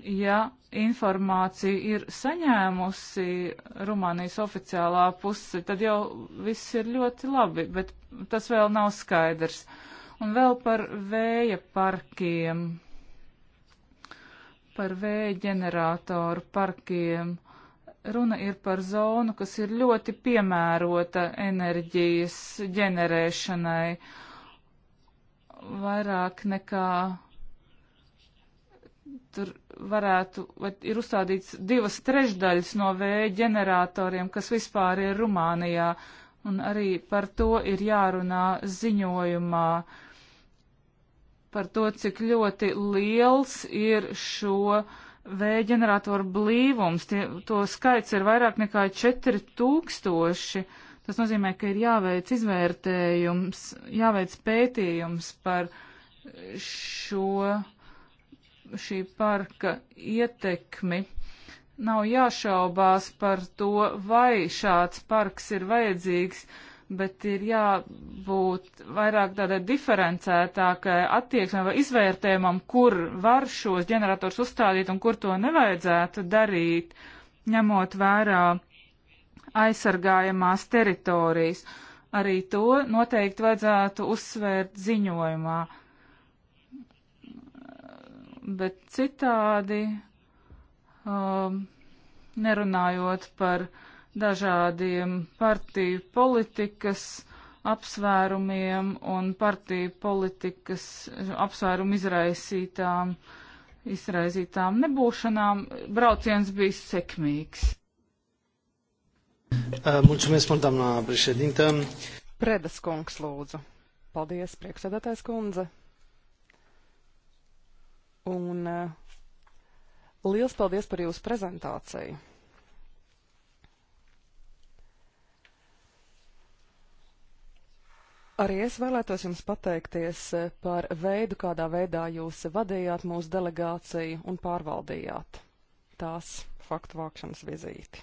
ja informāciju ir saņēmusi Rumānijas oficiālā puse, tad jau viss ir ļoti labi, bet tas vēl nav skaidrs. Un vēl par vēja parkiem, par vēja ģeneratoru parkiem. Runa ir par zonu, kas ir ļoti piemērota enerģijas ģenerēšanai. Vairāk nekā tur varētu, vai ir uzstādīts divas trešdaļas no vēja ģeneratoriem, kas vispār ir Rumānijā, un arī par to ir jārunā ziņojumā, par to, cik ļoti liels ir šo vēja ģeneratoru blīvums. Tie, to skaits ir vairāk nekā 4000. Tas nozīmē, ka ir jāveic izvērtējums, jāveic pētījums par šo šī parka ietekmi. Nav jāšaubās par to, vai šāds parks ir vajadzīgs, bet ir jābūt vairāk tādai diferencētākai attieksmē vai izvērtējumam, kur var šos ģenerators uzstādīt un kur to nevajadzētu darīt, ņemot vērā aizsargājamās teritorijas. Arī to noteikti vajadzētu uzsvērt ziņojumā bet citādi, um, nerunājot par dažādiem partiju politikas apsvērumiem un partiju politikas apsvērumu izraisītām, izraisītām nebūšanām, brauciens bija sekmīgs. Mulțumesc mult, doamna președintă. Predas kungs, lūdzu. Paldies, priekšsēdētājs kundze. Un eh, liels paldies par jūsu prezentāciju! Arī es vēlētos jums pateikties eh, par veidu, kādā veidā jūs vadījāt mūsu delegāciju un pārvaldījāt tās faktu vākšanas vizīti.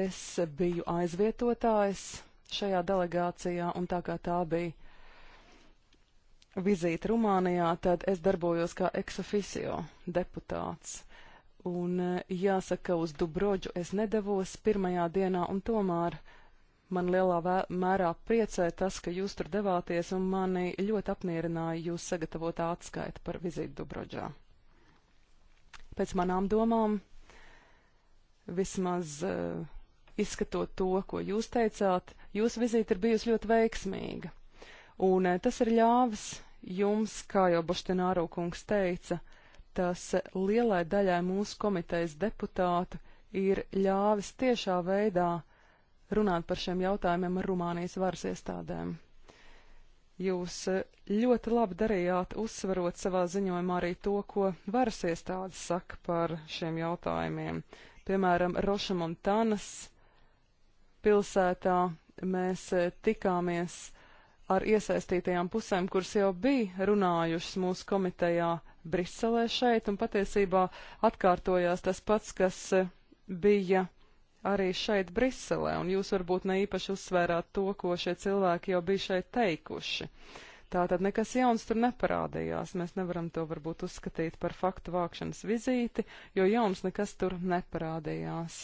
Es biju aizvietotājs šajā delegācijā, un tā kā tā bija vizīti Rumānijā, tad es darbojos kā ex-officio deputāts. Un eh, jāsaka, uz Dubroģu es nedavos pirmajā dienā, un tomēr man lielā mērā priecē tas, ka jūs tur devāties, un mani ļoti apmierināja jūs sagatavotā atskaita par vizīti Dubroģā. Pēc manām domām, vismaz uh, izskatot to, ko jūs teicāt, jūsu vizīte ir bijusi ļoti veiksmīga Un eh, tas ir ļāvis jums, kā jau Boštināro kungs teica, tas lielai daļai mūsu komitejas deputātu ir ļāvis tiešā veidā runāt par šiem jautājumiem ar Rumānijas varas iestādēm. Jūs eh, ļoti labi darījāt, uzsverot savā ziņojumā arī to, ko varas iestādes saka par šiem jautājumiem. Piemēram, Roša Montanas pilsētā mēs eh, tikāmies ar iesaistītajām pusēm, kuras jau bija runājušas mūsu komitejā Briselē šeit, un patiesībā atkārtojās tas pats, kas e, bija arī šeit Briselē, un jūs varbūt ne īpaši uzsvērāt to, ko šie cilvēki jau bija šeit teikuši. Tātad nekas jauns tur neparādījās, mēs nevaram to varbūt uzskatīt par faktu vākšanas vizīti, jo jauns nekas tur neparādījās.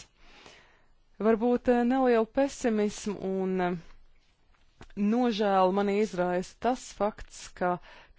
Varbūt e, nelielu pesimismu un e, Nožēlu man izraisa tas fakts, ka,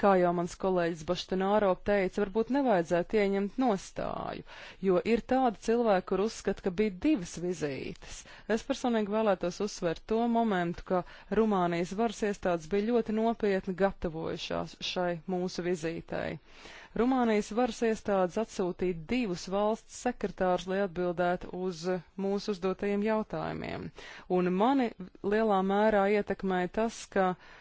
kā jau mans kolēģis Baštenāro teica, varbūt nevajadzētu ieņemt nostāju, jo ir tādi cilvēki, kur uzskata, ka bija divas vizītes. Es personīgi vēlētos uzsvērt to momentu, ka Rumānijas varas iestādes bija ļoti nopietni gatavojušās šai mūsu vizītei. Uh, Rumānijas varas iestādes atsūtīja divus valsts sekretārus, lai atbildētu uz mūsu uzdotajiem jautājumiem. Un mani lielā mērā ietekmēja tas, ka uh,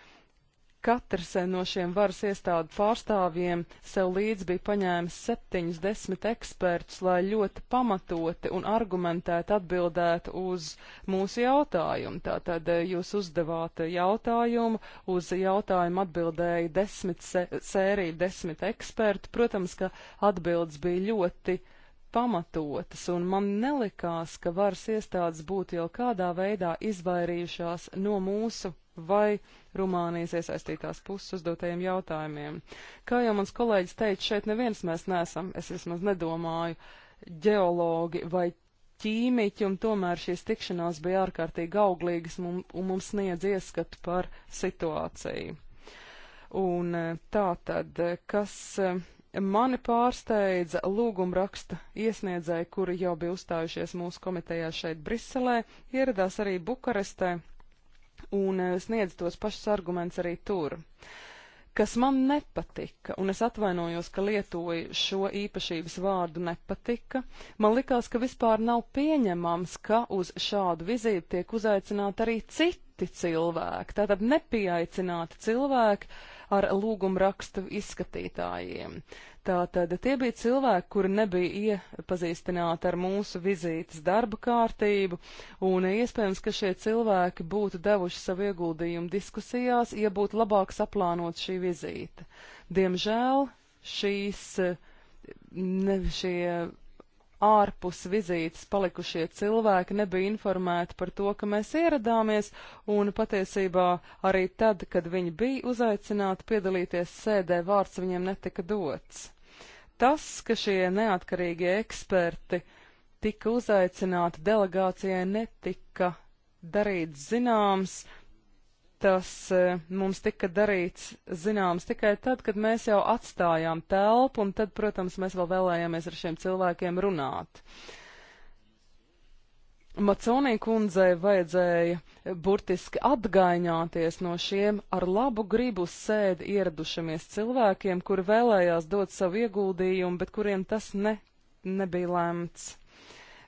Katrs no šiem varas iestādu pārstāvjiem sev līdz bija paņēmis septiņus desmit ekspertus, lai ļoti pamatoti un argumentēti atbildētu uz mūsu jautājumu. Tātad eh, jūs uzdevāt jautājumu, uz jautājumu atbildēja desmit se, sērija, desmit eksperti. Protams, ka atbildes bija ļoti pamatotas, un man nelikās, ka varas iestādes būtu jau kādā veidā izvairījušās no mūsu vai Rumānijas iesaistītās puses uzdotajiem jautājumiem. Kā jau mans kolēģis teica, šeit neviens mēs nesam, es vismaz nedomāju, ģeologi vai ķīmiķi, un tomēr šīs tikšanās bija ārkārtīgi auglīgas un, un mums sniedz ieskatu par situāciju. Un e, tā tad, e, kas e, mani pārsteidza lūgumraksta iesniedzēji, kuri jau bija uzstājušies mūsu komitejā šeit Briselē, ieradās arī Bukarestē un eh, sniedz tos pašus argumentus arī tur. Kas man nepatika, un es atvainojos, ka lietoju šo īpašības vārdu nepatika, man likās, ka vispār nav pieņemams, ka uz šādu vizīti tiek uzaicināti arī citi citi cilvēki, tātad nepieaicināti cilvēki ar lūgumu rakstu izskatītājiem. Tātad tie bija cilvēki, kuri nebija iepazīstināti ar mūsu vizītes darba kārtību, un iespējams, ka šie cilvēki būtu devuši savu ieguldījumu diskusijās, ja būtu labāk saplānot šī vizīte. Diemžēl šīs ne, šie ārpus vizītes palikušie cilvēki nebija informēti par to, ka mēs ieradāmies, un patiesībā arī tad, kad viņi bija uzaicināti piedalīties sēdē, vārds viņiem netika dots. Tas, ka šie neatkarīgie eksperti tika uzaicināti delegācijai, netika darīts zināms, tas e, mums tika darīts zināms tikai tad, kad mēs jau atstājām telpu, un tad, protams, mēs vēl vēlējāmies ar šiem cilvēkiem runāt. Maconī kundzei vajadzēja burtiski atgaiņāties no šiem ar labu gribu sēdi ieradušamies cilvēkiem, kuri vēlējās dot savu ieguldījumu, bet kuriem tas ne, nebija lemts.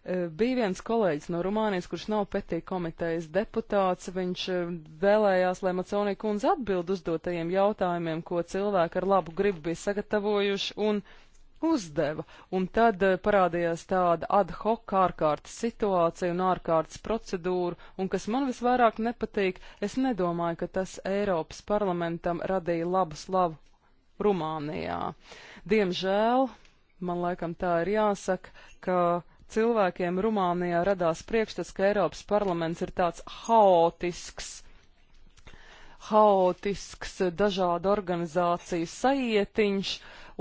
Eh, bija viens kolēģis no Rumānijas, kurš nav petī komitejas deputāts. Viņš eh, vēlējās, lai Maconija kundze atbild uzdotajiem jautājumiem, ko cilvēki ar labu gribu bija sagatavojuši un uzdeva. Un tad eh, parādījās tāda ad hoc ārkārtas situācija un ārkārtas procedūra, un kas man visvairāk nepatīk, es nedomāju, ka tas Eiropas parlamentam radīja labu slavu Rumānijā. Diemžēl, man laikam tā ir jāsaka, ka cilvēkiem Rumānijā radās priekšstats, ka Eiropas parlaments ir tāds haotisks, haotisks dažādu organizāciju sajietiņš,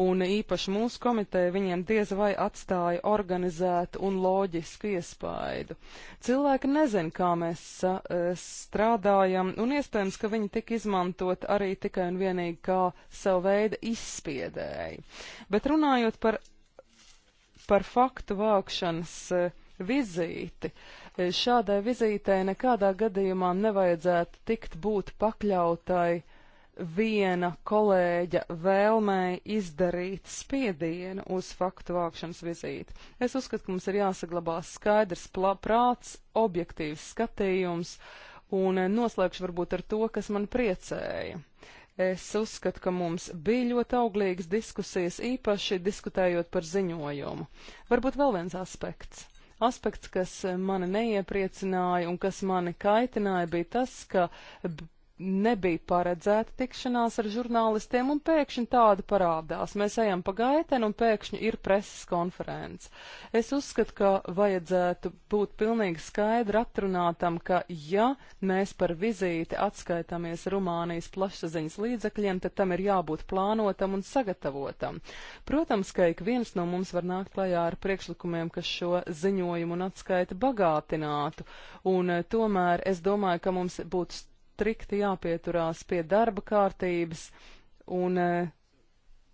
un īpaši mūsu komiteja viņiem diez vai atstāja organizētu un loģisku iespaidu. Cilvēki nezin, kā mēs a, eh, strādājam, un iespējams, ka viņi tika izmantot arī tikai un vienīgi kā savu veidu izspiedēji. Bet runājot par par faktu vākšanas eh, vizīti. Eh, šādai vizītei nekādā gadījumā nevajadzētu tikt būt pakļautai viena kolēģa vēlmēji izdarīt spiedienu uz faktu vākšanas vizīti. Es uzskatu, ka mums ir jāsaglabā skaidrs prāts, objektīvs skatījums, un eh, noslēgšu varbūt ar to, kas man priecēja. Uh, Es uzskatu, ka mums bija ļoti auglīgas diskusijas, īpaši diskutējot par ziņojumu. Varbūt vēl viens aspekts. Aspekts, kas mani neiepriecināja un kas mani kaitināja, bija tas, ka nebija paredzēta tikšanās ar žurnālistiem, un pēkšņi tāda parādās. Mēs ejam pa gaiteni, un pēkšņi ir preses konference. Es uzskatu, ka vajadzētu būt pilnīgi skaidri atrunātam, ka ja mēs par vizīti atskaitāmies Rumānijas plašsaziņas līdzekļiem, tad tam ir jābūt plānotam un sagatavotam. Protams, ka ik viens no mums var nākt klajā ar priekšlikumiem, kas šo ziņojumu un atskaiti bagātinātu, un eh, tomēr es domāju, ka mums būtu strikti jāpieturās pie darba kārtības un e,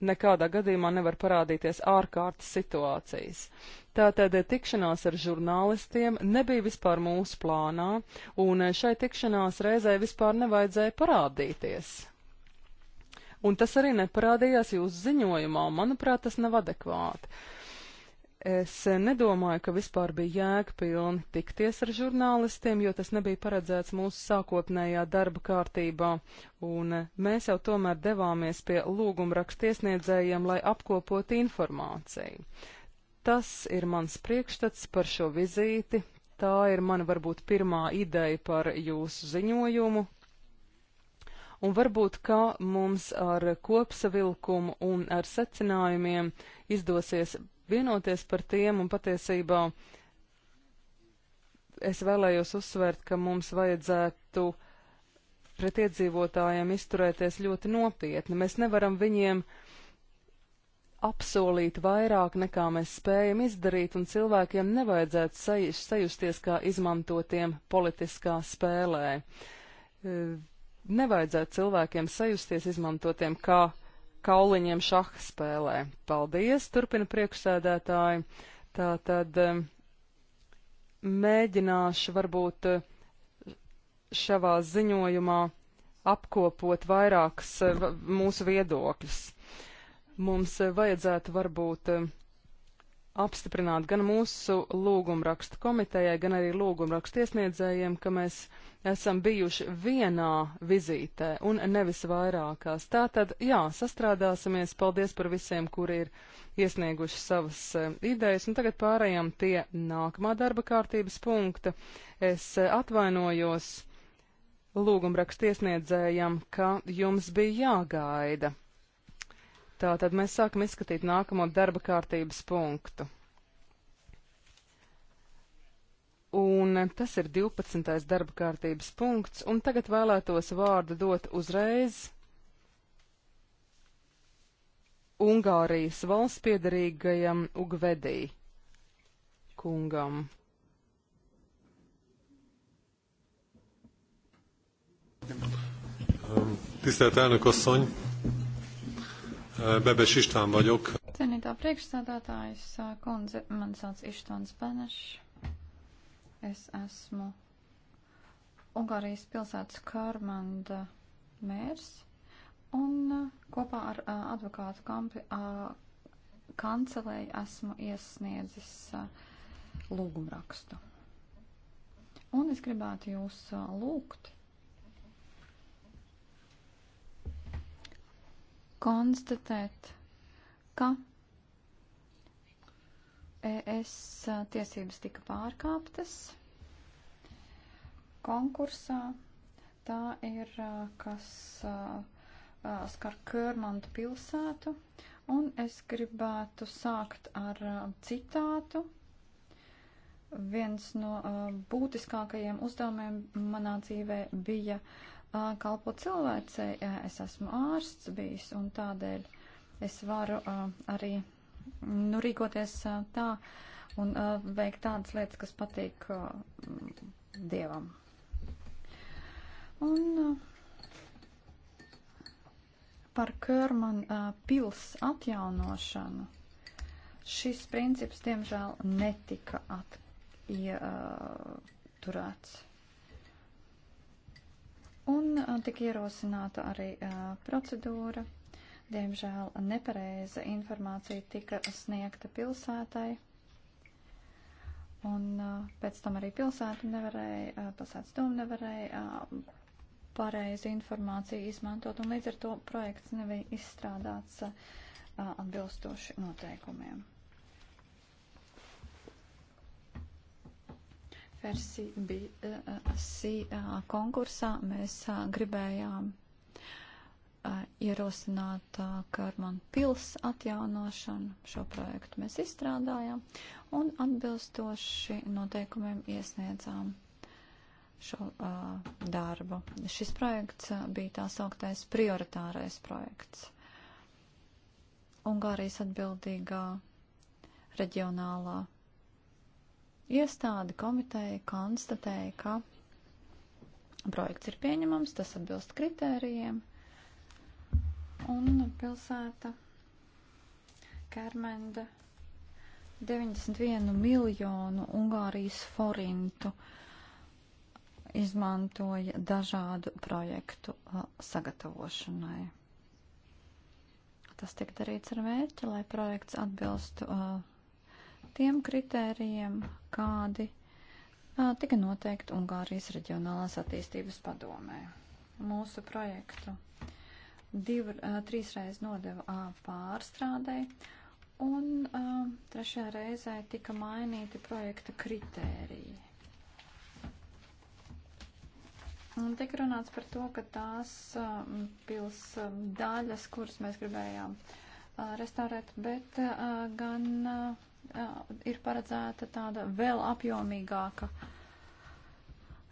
nekādā gadījumā nevar parādīties ārkārtas situācijas. Tātad e, tikšanās ar žurnālistiem nebija vispār mūsu plānā, un e, šai tikšanās reizē vispār nevajadzēja parādīties. Un tas arī neparādījās jūsu ziņojumā, manuprāt, tas nav adekvāti. Es nedomāju, ka vispār bija jēgpilni tikties ar žurnālistiem, jo tas nebija paredzēts mūsu sākotnējā darba kārtībā, un mēs jau tomēr devāmies pie lūgumrakstiesniedzējiem, lai apkopot informāciju. Tas ir mans priekšstats par šo vizīti. Tā ir mana varbūt pirmā ideja par jūsu ziņojumu, un varbūt, ka mums ar kopsavilkumu un ar secinājumiem izdosies vienoties par tiem un patiesībā es vēlējos uzsvērt, ka mums vajadzētu pret iedzīvotājiem izturēties ļoti nopietni. Mēs nevaram viņiem apsolīt vairāk, nekā mēs spējam izdarīt, un cilvēkiem nevajadzētu saj sajusties kā izmantotiem politiskā spēlē. Nevajadzētu cilvēkiem sajusties izmantotiem kā kauliņiem šaha spēlē. Paldies, turpina priekšsēdētāji. Tā tad eh, mēģināšu varbūt eh, šavā ziņojumā apkopot vairākas eh, mūsu viedokļus. Mums vajadzētu varbūt apstiprināt gan mūsu lūgumrakstu komitejai, gan arī lūgumrakstu iesniedzējiem, ka mēs esam bijuši vienā vizītē un nevis vairākās. Tātad, jā, sastrādāsimies. Paldies par visiem, kuri ir iesnieguši savas e, idejas. Un tagad pārējām pie nākamā darba kārtības punkta. Es e, atvainojos lūgumrakstu iesniedzējam, ka jums bija jāgaida. Tātad mēs sākam izskatīt nākamo darba kārtības punktu. Un tas ir 12. darba kārtības punkts, un tagad vēlētos vārdu dot uzreiz Ungārijas valsts piedarīgajam Ugvedī kungam. Um, tisztelt elnök asszony! Bebes István vagyok. Cienītā priekšstādātājs kundze, man sauc Ištvāns Benešs. Es esmu Ungārijas pilsētas Kārmanda mērs un kopā ar advokātu kampi kancelēju esmu iesniedzis lūgumrakstu. Un es gribētu jūs lūgt konstatēt, ka ES tiesības tika pārkāptas konkursā. Tā ir, kas skar Körmantu pilsētu, un es gribētu sākt ar citātu. Viens no būtiskākajiem uzdevumiem manā dzīvē bija uh, kalpo cilvēcei. Es esmu ārsts bijis un tādēļ es varu arī nu, rīkoties tā un veikt tādas lietas, kas patīk dievam. Un par Körman pils atjaunošanu šis princips, diemžēl, netika atturēts. Ja, Un tika ierosināta arī procedūra. Diemžēl nepareiza informācija tika sniegta pilsētai. Un pēc tam arī pilsēta nevarēja, pilsētas doma nevarēja pareizi informāciju izmantot, un līdz ar to projekts nebija izstrādāts atbilstoši noteikumiem. Persī bija eh, eh, sī eh, konkursā. Mēs gribējām ierosināt Karman pils atjaunošanu. Šo projektu mēs izstrādājām un atbilstoši noteikumiem iesniedzām šo uh, darbu. Šis projekts bija tā sauktais prioritārais projekts. Ungārijas atbildīgā reģionālā Iestādi komiteja konstatēja, ka projekts ir pieņemams, tas atbilst kritērijiem, un pilsēta Kērmenda 91 miljonu Ungārijas forintu izmantoja dažādu projektu sagatavošanai. Tas tiek darīts ar mērķi, lai projekts atbilstu uh, tiem kritērijiem, kādi a, tika noteikti Ungārijas reģionālās attīstības padomē. Mūsu projektu div, a, trīsreiz nodeva a, pārstrādē, un a, trešajā reizē tika mainīti projekta kritēriji. Un tika runāts par to, ka tās pils daļas, kuras mēs gribējām restaurēt, bet gan ir paredzēta tāda vēl apjomīgāka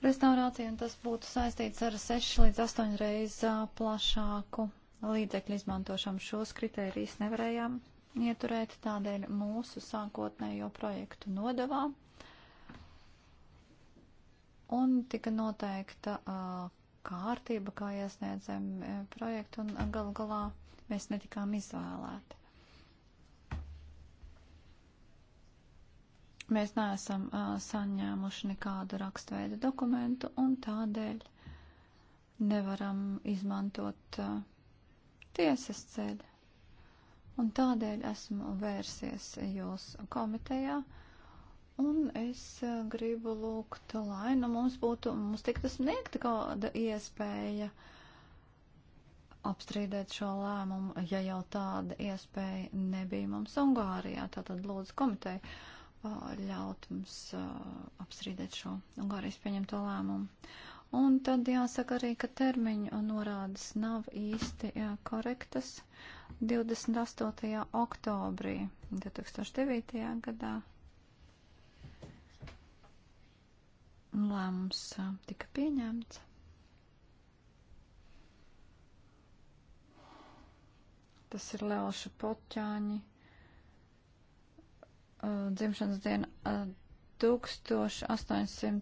restaurācija, un tas būtu saistīts ar 6 līdz 8 reizes plašāku līdzekļu izmantošanu. Šos kritērijus nevarējām ieturēt, tādēļ mūsu sākotnējo projektu nodavām. Un tika noteikta uh, kārtība, kā iesniedzam projektu, un gal galā mēs netikām izvēlēti. Mēs neesam uh, saņēmuši nekādu rakstveida dokumentu un tādēļ nevaram izmantot uh, tiesas ceļu. Un tādēļ esmu vērsies jūs komitejā un es uh, gribu lūgt, lai nu mums būtu, mums tiktu sniegta kāda iespēja uh, apstrīdēt šo lēmumu, ja jau tāda iespēja nebija mums Ungārijā. Tātad lūdzu komiteju ļaut mums apstrīdēt šo Ungārijas pieņemto lēmumu. Un tad jāsaka arī, ka termiņu norādes nav īsti jā, korektas. 28. oktobrī 2009. gadā lēmums tika pieņemts. Tas ir Lelša Potķāņi uh, dzimšanas dienu uh, 1870.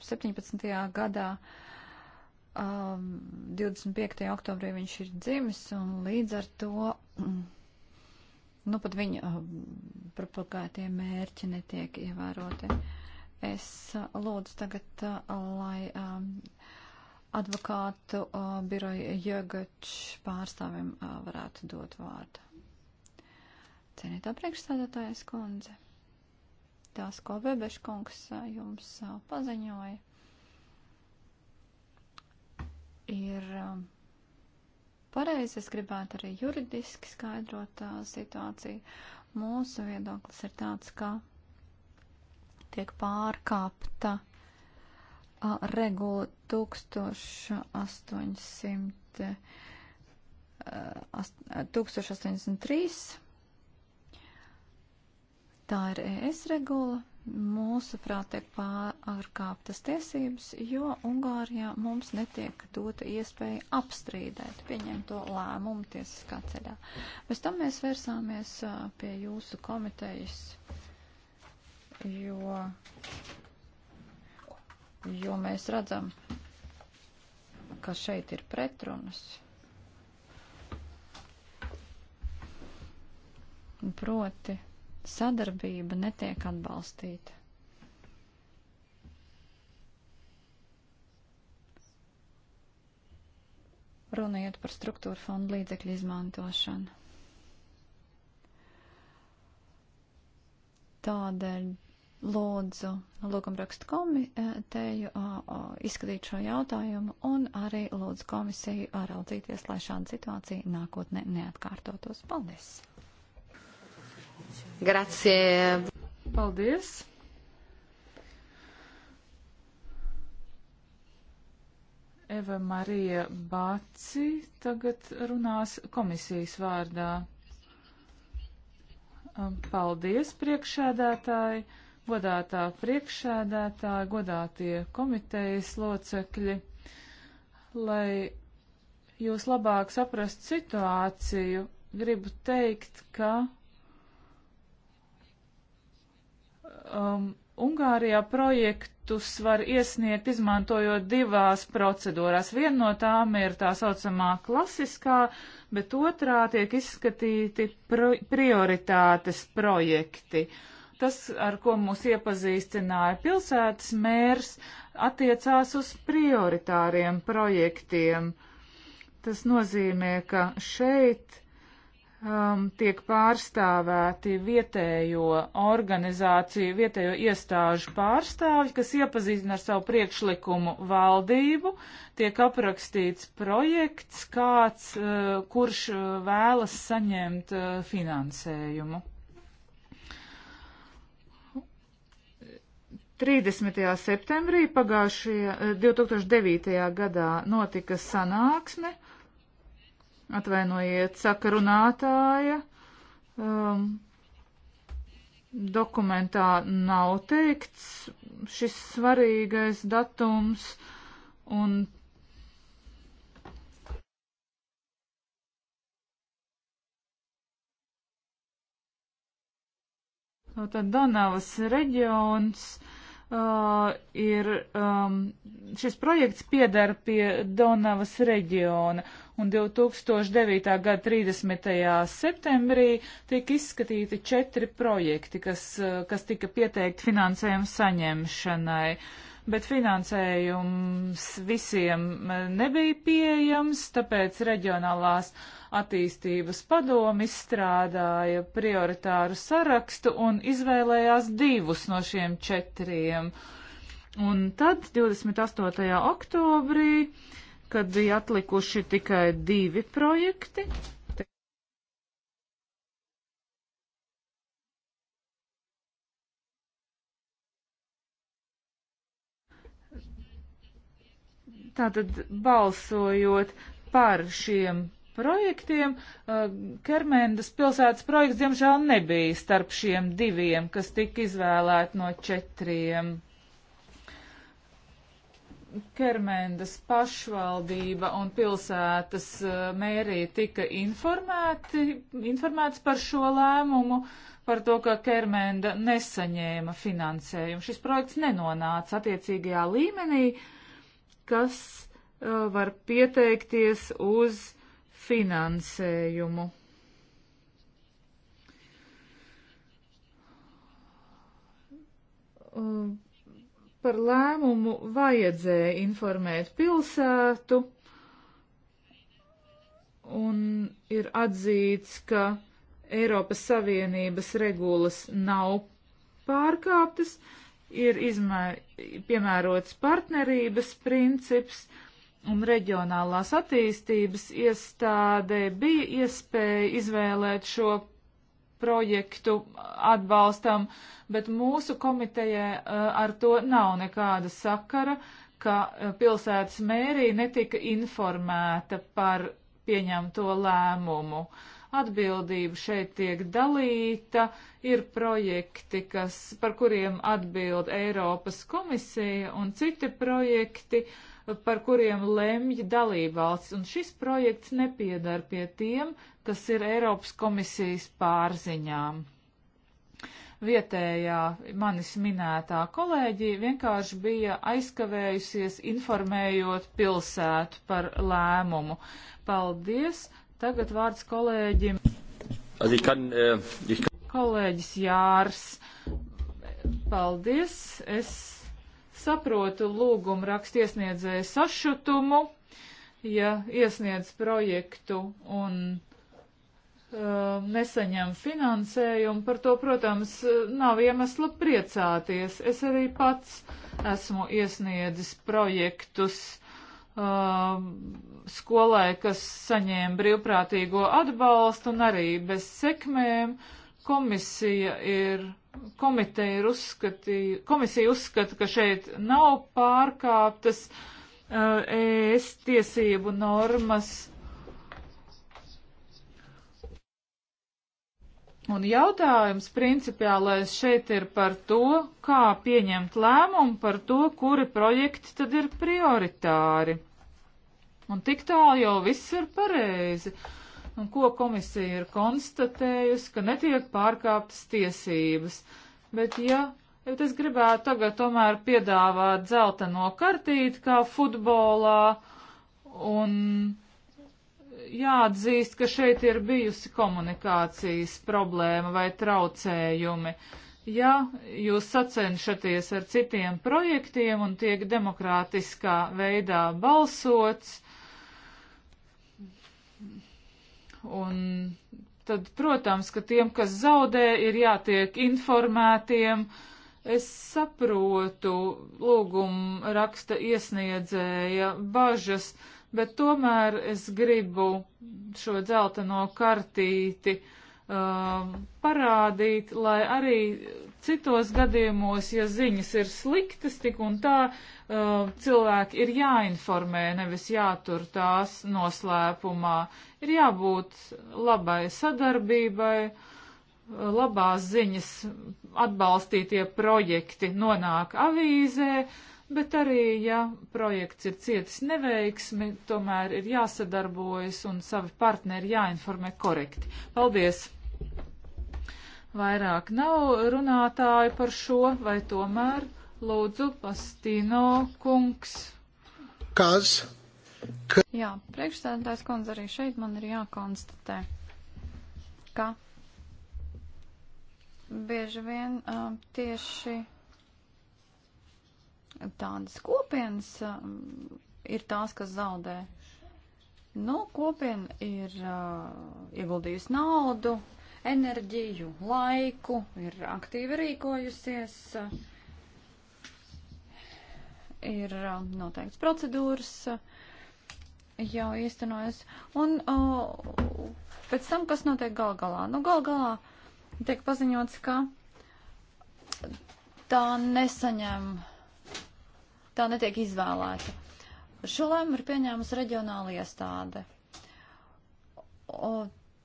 17. Uh, gadā. Um, 25. oktobrī viņš ir dzimis, un līdz ar to, mm, nu, pat viņa uh, propagētie mērķi netiek ievēroti. Es uh, lūdzu tagad, uh, lai um, advokātu uh, biroja Jogačs pārstāvim uh, varētu dot vārdu. Cienītā priekšstādātājas kundze, tās, ko Bebeškungs jums paziņoja, ir pareizi. Es gribētu arī juridiski skaidrot situāciju. Mūsu viedoklis ir tāds, ka tiek pārkāpta regula 1800. 1883 Tā ir ES regula. Mūsu prāt tiek pārkāptas tiesības, jo Ungārijā mums netiek dota iespēja apstrīdēt pieņemto lēmumu tiesiskā ceļā. Bez tam mēs vērsāmies pie jūsu komitejas, jo, jo mēs redzam, ka šeit ir pretrunas. Proti sadarbība netiek atbalstīta. Runājot par struktūra fondu līdzekļu izmantošanu. Tādēļ lūdzu lūgumrakstu komiteju izskatīt šo jautājumu un arī lūdzu komisiju raudzīties, lai šāda situācija nākotnē neatkārtotos. Paldies! Grazie. Paldies. Eva Marija Bāci tagad runās komisijas vārdā. Paldies, priekšēdētāji, godātā priekšēdētāji, godātie komitejas locekļi. Lai jūs labāk saprastu situāciju, gribu teikt, ka um, Ungārijā projektus var iesniegt izmantojot divās procedūrās. Viena no tām ir tā saucamā klasiskā, bet otrā tiek izskatīti pro prioritātes projekti. Tas, ar ko mūs iepazīstināja pilsētas mērs, attiecās uz prioritāriem projektiem. Tas nozīmē, ka šeit um, tiek pārstāvēti vietējo organizāciju, vietējo iestāžu pārstāvji, kas iepazīstina ar savu priekšlikumu valdību, tiek aprakstīts projekts, kāds, uh, kurš uh, vēlas saņemt uh, finansējumu. 30. septembrī pagājušajā 2009. Uh, gadā notika sanāksme, Atvainojiet, saka runātāja. Um, dokumentā nav teikts šis svarīgais datums un Tātad Donavas reģions uh, ir um, šis projekts piedara pie Donavas reģiona, un 2009. gada 30. septembrī tika izskatīti četri projekti, kas, uh, kas tika pieteikti finansējumu saņemšanai. Uh, bet finansējums visiem eh, nebija pieejams, tāpēc reģionālās attīstības padomi izstrādāja prioritāru sarakstu un izvēlējās divus no šiem četriem. Un tad 28. oktobrī, kad bija atlikuši tikai divi projekti, Tātad balsojot par šiem projektiem, uh, Kermendas pilsētas projekts, diemžēl, nebija starp šiem diviem, kas tika izvēlēti no četriem. Kermendas pašvaldība un pilsētas uh, mērija tika informēti, informēts par šo lēmumu, par to, ka Kermenda nesaņēma finansējumu. Šis projekts nenonāca attiecīgajā līmenī, uh, kas uh, var pieteikties uz finansējumu. Uh, par lēmumu vajadzēja informēt pilsētu, un ir atzīts, ka Eiropas Savienības regulas nav pārkāptas, uh, ir izmē, piemērots partnerības princips, un reģionālās attīstības iestādē bija iespēja izvēlēt šo projektu atbalstam, bet mūsu komitejai eh, ar to nav nekāda sakara, ka eh, pilsētas mērī netika informēta par pieņemto lēmumu. Uh, atbildība šeit tiek dalīta, ir projekti, kas, par kuriem atbild Eiropas komisija un citi projekti, par kuriem lemj dalībvalsts. Un šis projekts nepiedar pie tiem, kas ir Eiropas komisijas pārziņām vietējā manis minētā kolēģija vienkārši bija aizkavējusies informējot pilsētu par lēmumu. Paldies! Tagad vārds kolēģim. Kan, uh, kan... Kolēģis Jārs. Paldies. Es saprotu lūgumu rakstiesniedzēju sašutumu, ja iesniedz projektu un uh, nesaņem finansējumu. Par to, protams, nav iemesla priecāties. Es arī pats esmu iesniedzis projektus um, skolai, kas saņēma brīvprātīgo atbalstu un arī bez sekmēm. Komisija ir, komiteja ir uzskatīja, komisija uzskata, ka šeit nav pārkāptas uh, ES tiesību normas Un jautājums principiālais šeit ir par to, kā pieņemt lēmumu par to, kuri projekti tad ir prioritāri. Un tik tālu jau viss ir pareizi. Un ko komisija ir konstatējusi, ka netiek pārkāptas tiesības. Bet ja, ja es gribētu tagad tomēr piedāvāt zelta nokartīt kā futbolā un jāatzīst, ka šeit ir bijusi komunikācijas problēma vai traucējumi. Ja jūs sacenšaties ar citiem projektiem un tiek demokrātiskā veidā balsots, un tad, protams, ka tiem, kas zaudē, ir jātiek informētiem. Es saprotu lūgumu raksta iesniedzēja bažas bet tomēr es gribu šo dzelteno kartīti um, parādīt, lai arī citos gadījumos, ja ziņas ir sliktas, tik un tā um, cilvēki ir jāinformē, nevis jātur tās noslēpumā. Ir jābūt labai sadarbībai labās ziņas atbalstītie projekti nonāk avīzē, bet arī, ja projekts ir cietis neveiksmi, tomēr ir jāsadarbojas un savi partneri jāinformē korekti. Paldies! Vairāk nav runātāju par šo, vai tomēr lūdzu Pastino kungs. Kas? Ka... Jā, priekšstādātājs kundze arī šeit man ir jākonstatē, ka bieži vien um, tieši tādas kopienas um, ir tās, kas zaudē. Nu, kopiena ir uh, ieguldījusi naudu, enerģiju, laiku, ir aktīvi rīkojusies, uh, ir uh, noteikts procedūras uh, jau īstenojas. Un o, pēc tam, kas notiek gal galā? Nu, gal galā tiek paziņots, ka tā nesaņem tā netiek izvēlēta. Šo lēmumu ir pieņēmusi reģionāla iestāde. O,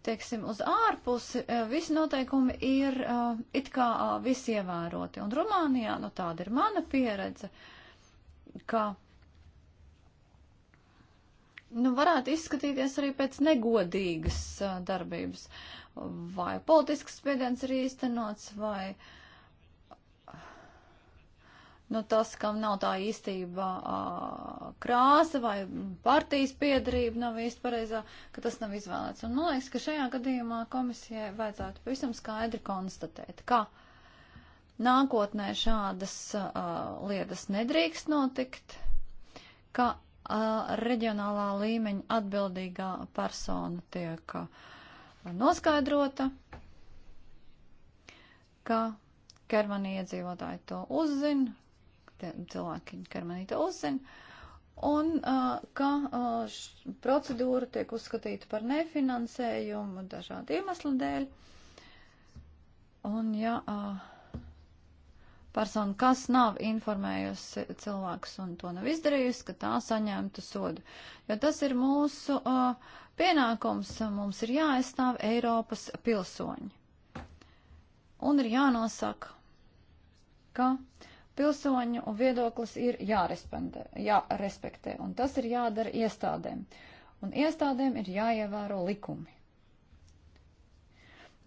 teiksim, uz ārpusi e, visi noteikumi ir uh, it kā uh, visi ievēroti. Un Rumānijā, nu tāda ir mana pieredze, ka, nu, varētu izskatīties arī pēc negodīgas uh, darbības. Vai politisks spiediens ir īstenots, vai uh, nu, tas, kam nav tā īstība krāsa vai partijas piedarība nav īsti pareizā, ka tas nav izvēlēts. Un man liekas, ka šajā gadījumā komisijai vajadzētu pavisam skaidri konstatēt, ka nākotnē šādas uh, lietas nedrīkst notikt, ka uh, reģionālā līmeņa atbildīgā persona tiek uh, noskaidrota, ka Kermani iedzīvotāji to uzzina, cilvēki karmanīta uzzina. Un uh, ka uh, procedūra tiek uzskatīta par nefinansējumu dažādu iemeslu dēļ. Un ja uh, persona, kas nav informējusi cilvēkus un to nav izdarījusi, ka tā saņemtu sodu. Jo tas ir mūsu uh, pienākums, mums ir jāaizstāv Eiropas pilsoņi. Un ir jānosaka, ka uh, Pilsoņu viedoklis ir jārespektē, jārespektē, un tas ir jādara iestādēm. Un iestādēm ir jāievēro likumi.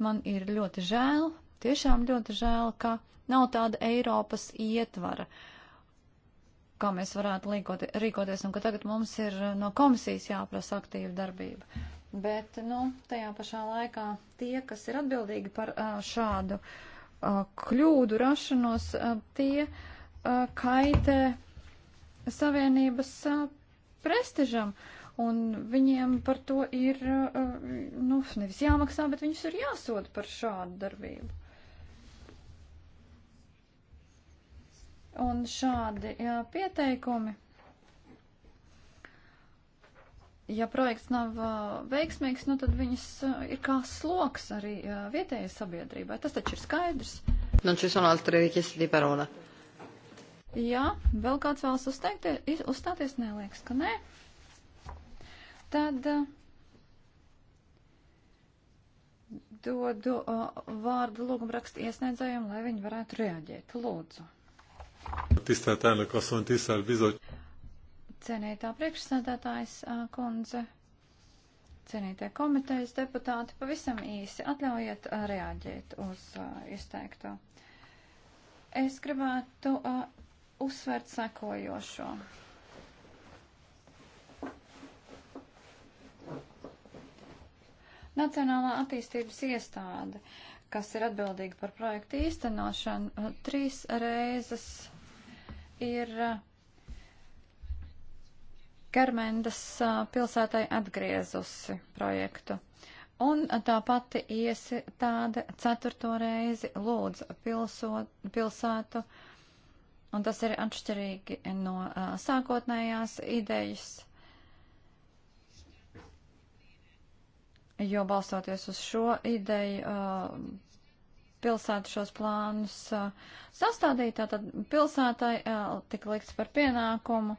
Man ir ļoti žēl, tiešām ļoti žēl, ka nav tāda Eiropas ietvara, kā mēs varētu līkoti, rīkoties, un ka tagad mums ir eh, no komisijas jāprasa aktīva darbība. Bet, nu, tajā pašā laikā tie, kas ir atbildīgi par eh, šādu uh, Uh, kļūdu rašanos, uh, tie uh, kaitē savienības prestižam. Un viņiem par to ir, nu, nevis jāmaksā, bet viņus ir jāsoda par šādu darbību. Un šādi jā, pieteikumi ja projekts nav veiksmīgs, nu tad viņas ir kā sloks arī vietējai sabiedrībai. Tas taču ir skaidrs. Non ci sono altre richieste di parola. Jā, vēl kāds vēlas uzteikties, uzstāties, neliekas, ka nē. Tad dodu vārdu lūgumrakstu iesniedzējiem, lai viņi varētu reaģēt. Lūdzu. Tisztelt elnök asszony, tisztelt bizottság! Cienītā priekšsādātājs kundze, cienītie komitejas deputāti, pavisam īsi atļaujiet reaģēt uz izteikto. Es gribētu uzsvērt sekojošo. Nacionālā attīstības iestāde, kas ir atbildīga par projektu īstenošanu, trīs reizes ir uh, Garmendas pilsētai atgriezusi projektu. Un tā pati iestāde ceturto reizi lūdz pilso, pilsētu, un tas ir atšķirīgi no uh, sākotnējās idejas, jo balstoties uz šo ideju, uh, pilsētu šos plānus uh, sastādīt, tātad pilsētai uh, tika likts par pienākumu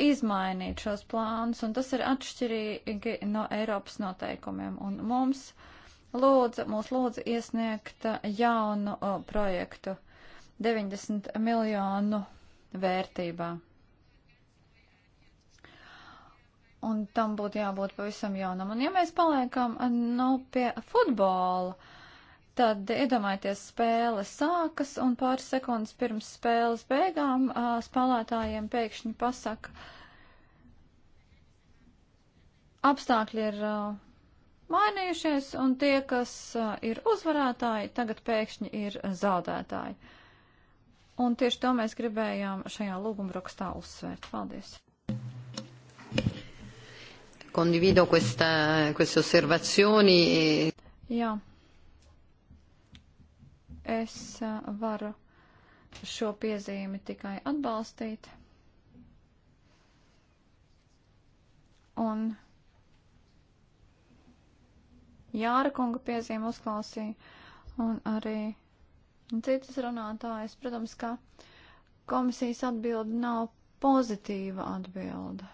izmainīt šos plānus, un tas ir atšķirīgi no Eiropas noteikumiem. Un mums lūdza, mūs lūdza iesniegt jaunu o, projektu 90 miljonu vērtībā. Un tam būtu jābūt pavisam jaunam. Un ja mēs paliekam, nu, pie futbola, uh, Tad iedomājieties, spēle sākas un pāris sekundes pirms spēles beigām spēlētājiem pēkšņi pasaka, apstākļi ir mainījušies un tie, kas ir uzvarētāji, tagad pēkšņi ir zaudētāji. Un tieši to mēs gribējām šajā lūgumrakstā uzsvērt. Paldies! Condivido questa, queste osservazioni. E... Yeah. Jā Es varu šo piezīmi tikai atbalstīt. Un Jāra kunga piezīme uzklausīja un arī citas runātājas. Protams, ka komisijas atbilde nav pozitīva atbilde.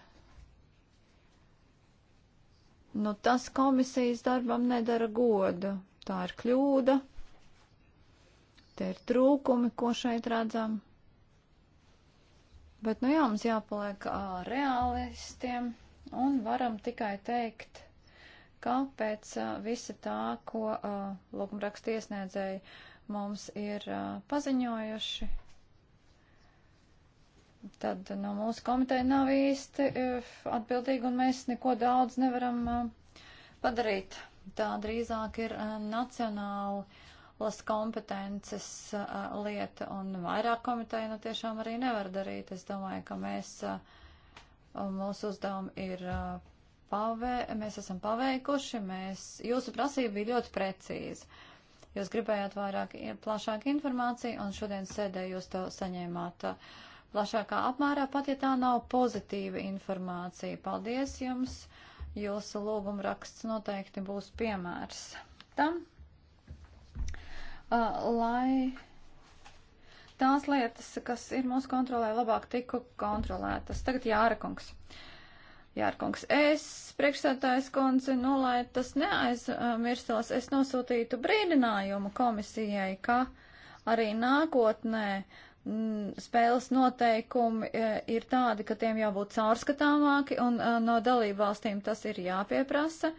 Nu, tas komisijas darbam nedara godu. Tā ir kļūda. Tie ir trūkumi, ko šeit redzam. Bet, nu jā, mums jāpaliek uh, realistiem un varam tikai teikt, ka pēc uh, visa tā, ko uh, lūgumraksta iesniedzēji mums ir uh, paziņojuši, tad no mūsu komiteja nav īsti uh, atbildīgi un mēs neko daudz nevaram uh, padarīt. Tā drīzāk ir uh, nacionāli valsts kompetences lieta un vairāk komiteja nu tiešām arī nevar darīt. Es domāju, ka mēs, mūsu uzdevumi ir pavē, mēs esam paveikuši, mēs, jūsu prasība bija ļoti precīza. Jūs gribējāt vairāk, plašāk informāciju, un šodien sēdē jūs to saņēmāt plašākā apmērā, pat ja tā nav pozitīva informācija. Paldies jums! Jūsu lūguma raksts noteikti būs piemērs tam. Uh, lai tās lietas, kas ir mūsu kontrolē, labāk tiku kontrolētas. Tagad Jārakungs. Jārkungs, es priekšsētājs kundze, nu, lai tas neaizmirstos, es nosūtītu brīdinājumu komisijai, ka arī nākotnē m, mm, spēles noteikumi e, ir tādi, ka tiem jābūt caurskatāmāki un e, no dalībvalstīm tas ir jāpieprasa.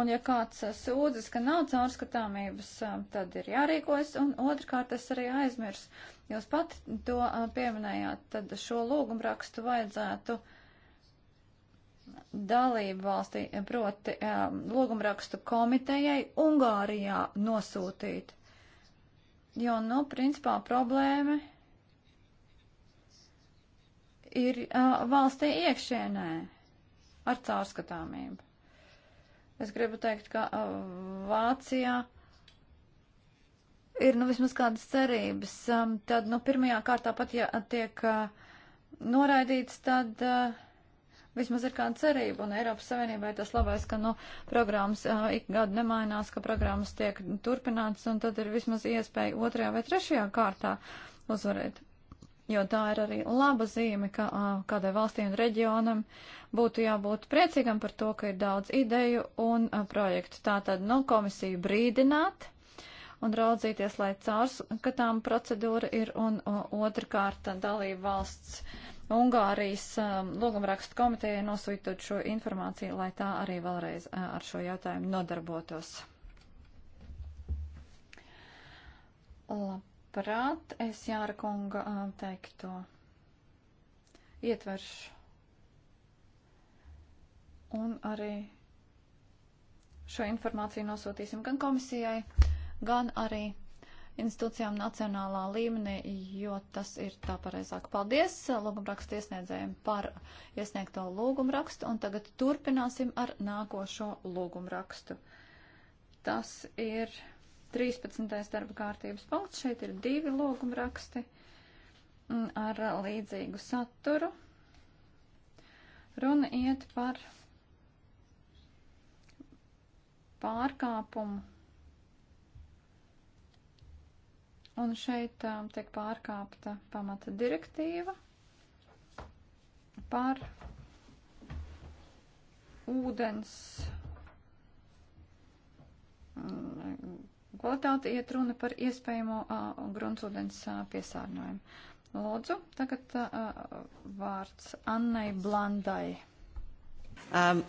Un ja kāds eh, sūdzas, ka nav caurskatāmības, eh, tad ir jārīkojas. Un otrkārt, es arī aizmirsu, jūs pati to eh, pieminējāt, tad šo lūgumu rakstu vajadzētu dalību valstī, proti lūgumu rakstu komitejai Ungārijā nosūtīt. Jo, nu, principā problēma ir uh, valstī iekšienē ar caurskatāmību. Es gribu teikt, ka uh, Vācijā ir nu vismaz kādas cerības. Um, tad, nu, pirmajā kārtā pat, ja tiek uh, noraidīts, tad uh, vismaz ir kāda cerība, un Eiropas Savienībai tas labais, ka, nu, programmas uh, ik gadu nemainās, ka programmas tiek turpinātas, un tad ir vismaz iespēja otrajā vai trešajā kārtā uzvarēt jo tā ir arī laba zīme, ka kādai valstī un reģionam būtu jābūt priecīgam par to, ka ir daudz ideju un projektu. Tātad, nu, komisiju brīdināt un raudzīties, lai caurskatām procedūra ir un, un otrkārt dalība valsts Ungārijas lūgumrakstu komitejai nosūtot šo informāciju, lai tā arī vēlreiz ar šo jautājumu nodarbotos. Labi. Labprāt, es Jāra kunga teikto ietveršu. Un arī šo informāciju nosūtīsim gan komisijai, gan arī institūcijām nacionālā līmenī, jo tas ir tā pareizāk. Paldies lūgumrakstu iesniedzējiem par iesniegto lūgumrakstu, un tagad turpināsim ar nākošo lūgumrakstu. Tas ir 13. darba kārtības punkts. Šeit ir divi lūguma raksti ar līdzīgu saturu. Runa iet par pārkāpumu. Un šeit um, tiek pārkāpta pamata direktīva par ūdens mm, kvalitāti iet runa par iespējamo uh, gruntsūdens uh, piesārņojumu. Lūdzu, tagad uh, vārds Annai Blandai. Um,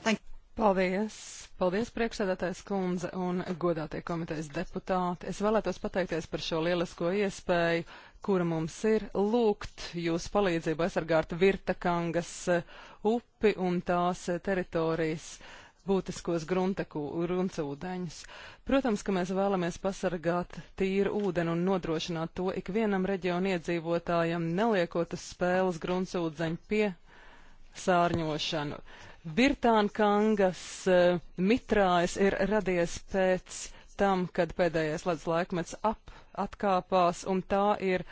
Paldies! Paldies, priekšsēdētājs kundze un godātie komitejas deputāti. Es vēlētos pateikties par šo lielisko iespēju, kura mums ir lūgt jūs palīdzību aizsargāt Virtakangas e, upi un tās e, teritorijas. Uh, būtiskos gruntsūdeņus. Protams, ka mēs vēlamies pasargāt tīru ūdeni un nodrošināt to ikvienam reģionu iedzīvotājam, neliekot uz spēles gruntsūdeņu pie sārņošanu. Birtānkangas eh, mitrājs ir radies pēc tam, kad pēdējais ledus laikmets ap atkāpās, un tā ir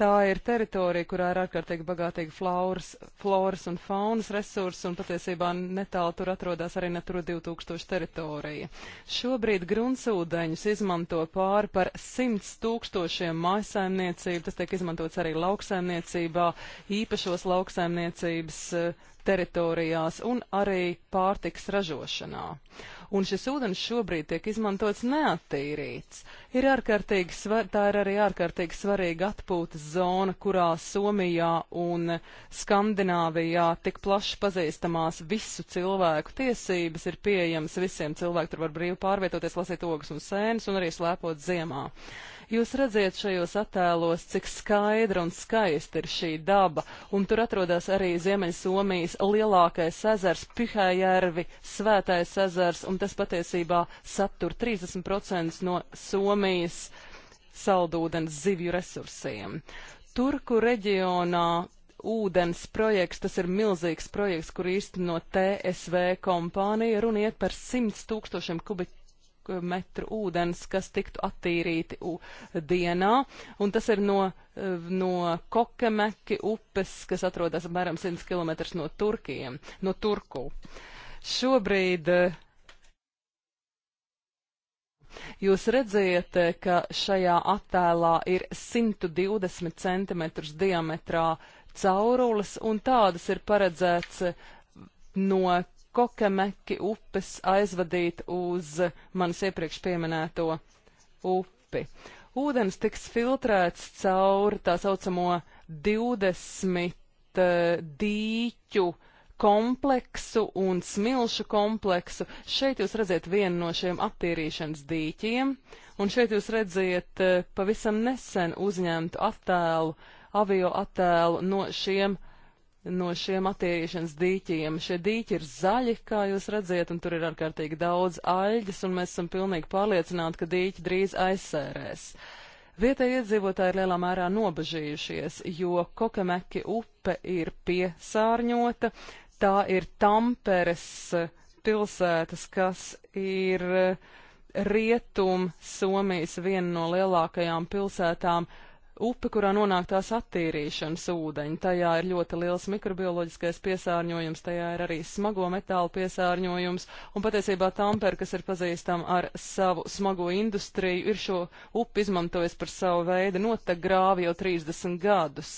Tā ir teritorija, kurā ir ārkārtīgi bagātīgi flauras, floras un faunas resursi, un patiesībā netālu tur atrodas arī Natura 2000 teritorija. Šobrīd gruntsūdeņus izmanto pāri par 100 tūkstošiem mājsaimniecību, tas tiek izmantots arī lauksaimniecībā, īpašos lauksaimniecības eh, teritorijās un arī pārtiks ražošanā. Uh, un šis ūdens šobrīd tiek izmantots neatīrīts. Ir ārkārtīgi, svar, tā ir arī ārkārtīgi svarīga atpūtas zona, kurā Somijā un Skandināvijā tik plaši pazīstamās visu cilvēku tiesības ir pieejamas visiem cilvēkiem, tur var brīvi pārvietoties, lasīt ogas un sēnes un arī slēpot ziemā. Jūs redzat šajos attēlos, cik skaidra un skaista ir šī daba, un tur atrodas arī Ziemeļsomijas lielākais ezers Pihājērvi, Svētais ezers, un tas patiesībā satur 30% no Somijas saldūdens zivju resursiem. Turku reģionā ūdens projekts, tas ir milzīgs projekts, kur īsteno TSV kompānija, runiet par 100 tūkstošiem kubik metru ūdens, kas tiktu attīrīti dienā, un tas ir no, eh, no Kokemeki upes, kas atrodas apmēram 100 km no Turkiem, no Turku. Šobrīd eh, Jūs redziet, eh, ka šajā attēlā ir 120 cm diametrā caurules, un tādas ir paredzēts no Kokemeki upes aizvadīt uz manis iepriekš pieminēto upi. Ūdens tiks filtrēts caur tā saucamo 20 uh, eh, dīķu kompleksu un smilšu kompleksu. Šeit jūs redzat vienu no šiem attīrīšanas dīķiem, un šeit jūs redzat eh, pavisam nesen uzņemtu attēlu, avio attēlu no šiem no šiem attīrīšanas dīķiem. Šie dīķi ir zaļi, kā jūs redziet, un tur ir ārkārtīgi daudz aļģes, un mēs esam pilnīgi pārliecināti, ka dīķi drīz aizsērēs. Vietējie iedzīvotāji ir lielā mērā nobežījušies, jo Kokemeki upe ir piesārņota, tā ir Tamperes pilsētas, kas ir rietum Somijas viena no lielākajām pilsētām, uh, Upe, kurā nonāk tās attīrīšanas ūdeņi, tajā ir ļoti liels mikrobioloģiskais piesārņojums, tajā ir arī smago metālu piesārņojums, un patiesībā Tampere, kas ir pazīstama ar savu smago industriju, ir šo upi izmantojis par savu veidu notegrāvi jau 30 gadus.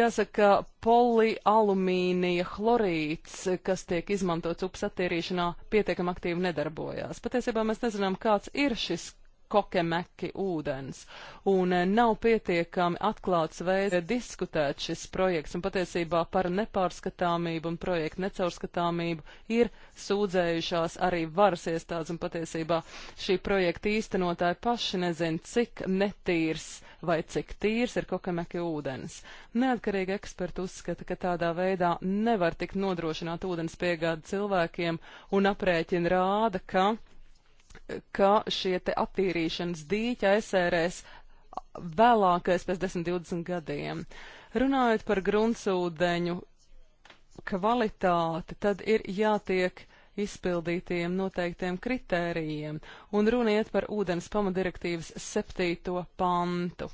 Jāsaka, polialumīnija chlorīts, kas tiek izmantots upes attīrīšanā, pietiekam aktīvi nedarbojās. Patiesībā mēs nezinām, kāds ir šis kokemeki ūdens. Un eh, nav pietiekami atklāts veids diskutēt šis projekts, un patiesībā par nepārskatāmību un projektu necaurskatāmību ir sūdzējušās arī varas iestādes, un patiesībā šī projekta īstenotāji paši nezin, cik netīrs vai cik tīrs ir kokemeki ūdens. Neatkarīgi eksperti uzskata, ka tādā veidā nevar tikt nodrošināt ūdens piegādi cilvēkiem, un aprēķina rāda, ka ka šie te attīrīšanas dīķi aizsērēs vēlākais pēc 10-20 gadiem. Runājot par gruntsūdeņu kvalitāti, tad ir jātiek izpildītiem noteiktiem kritērijiem, un runiet par ūdens pamadirektīvas septīto pantu.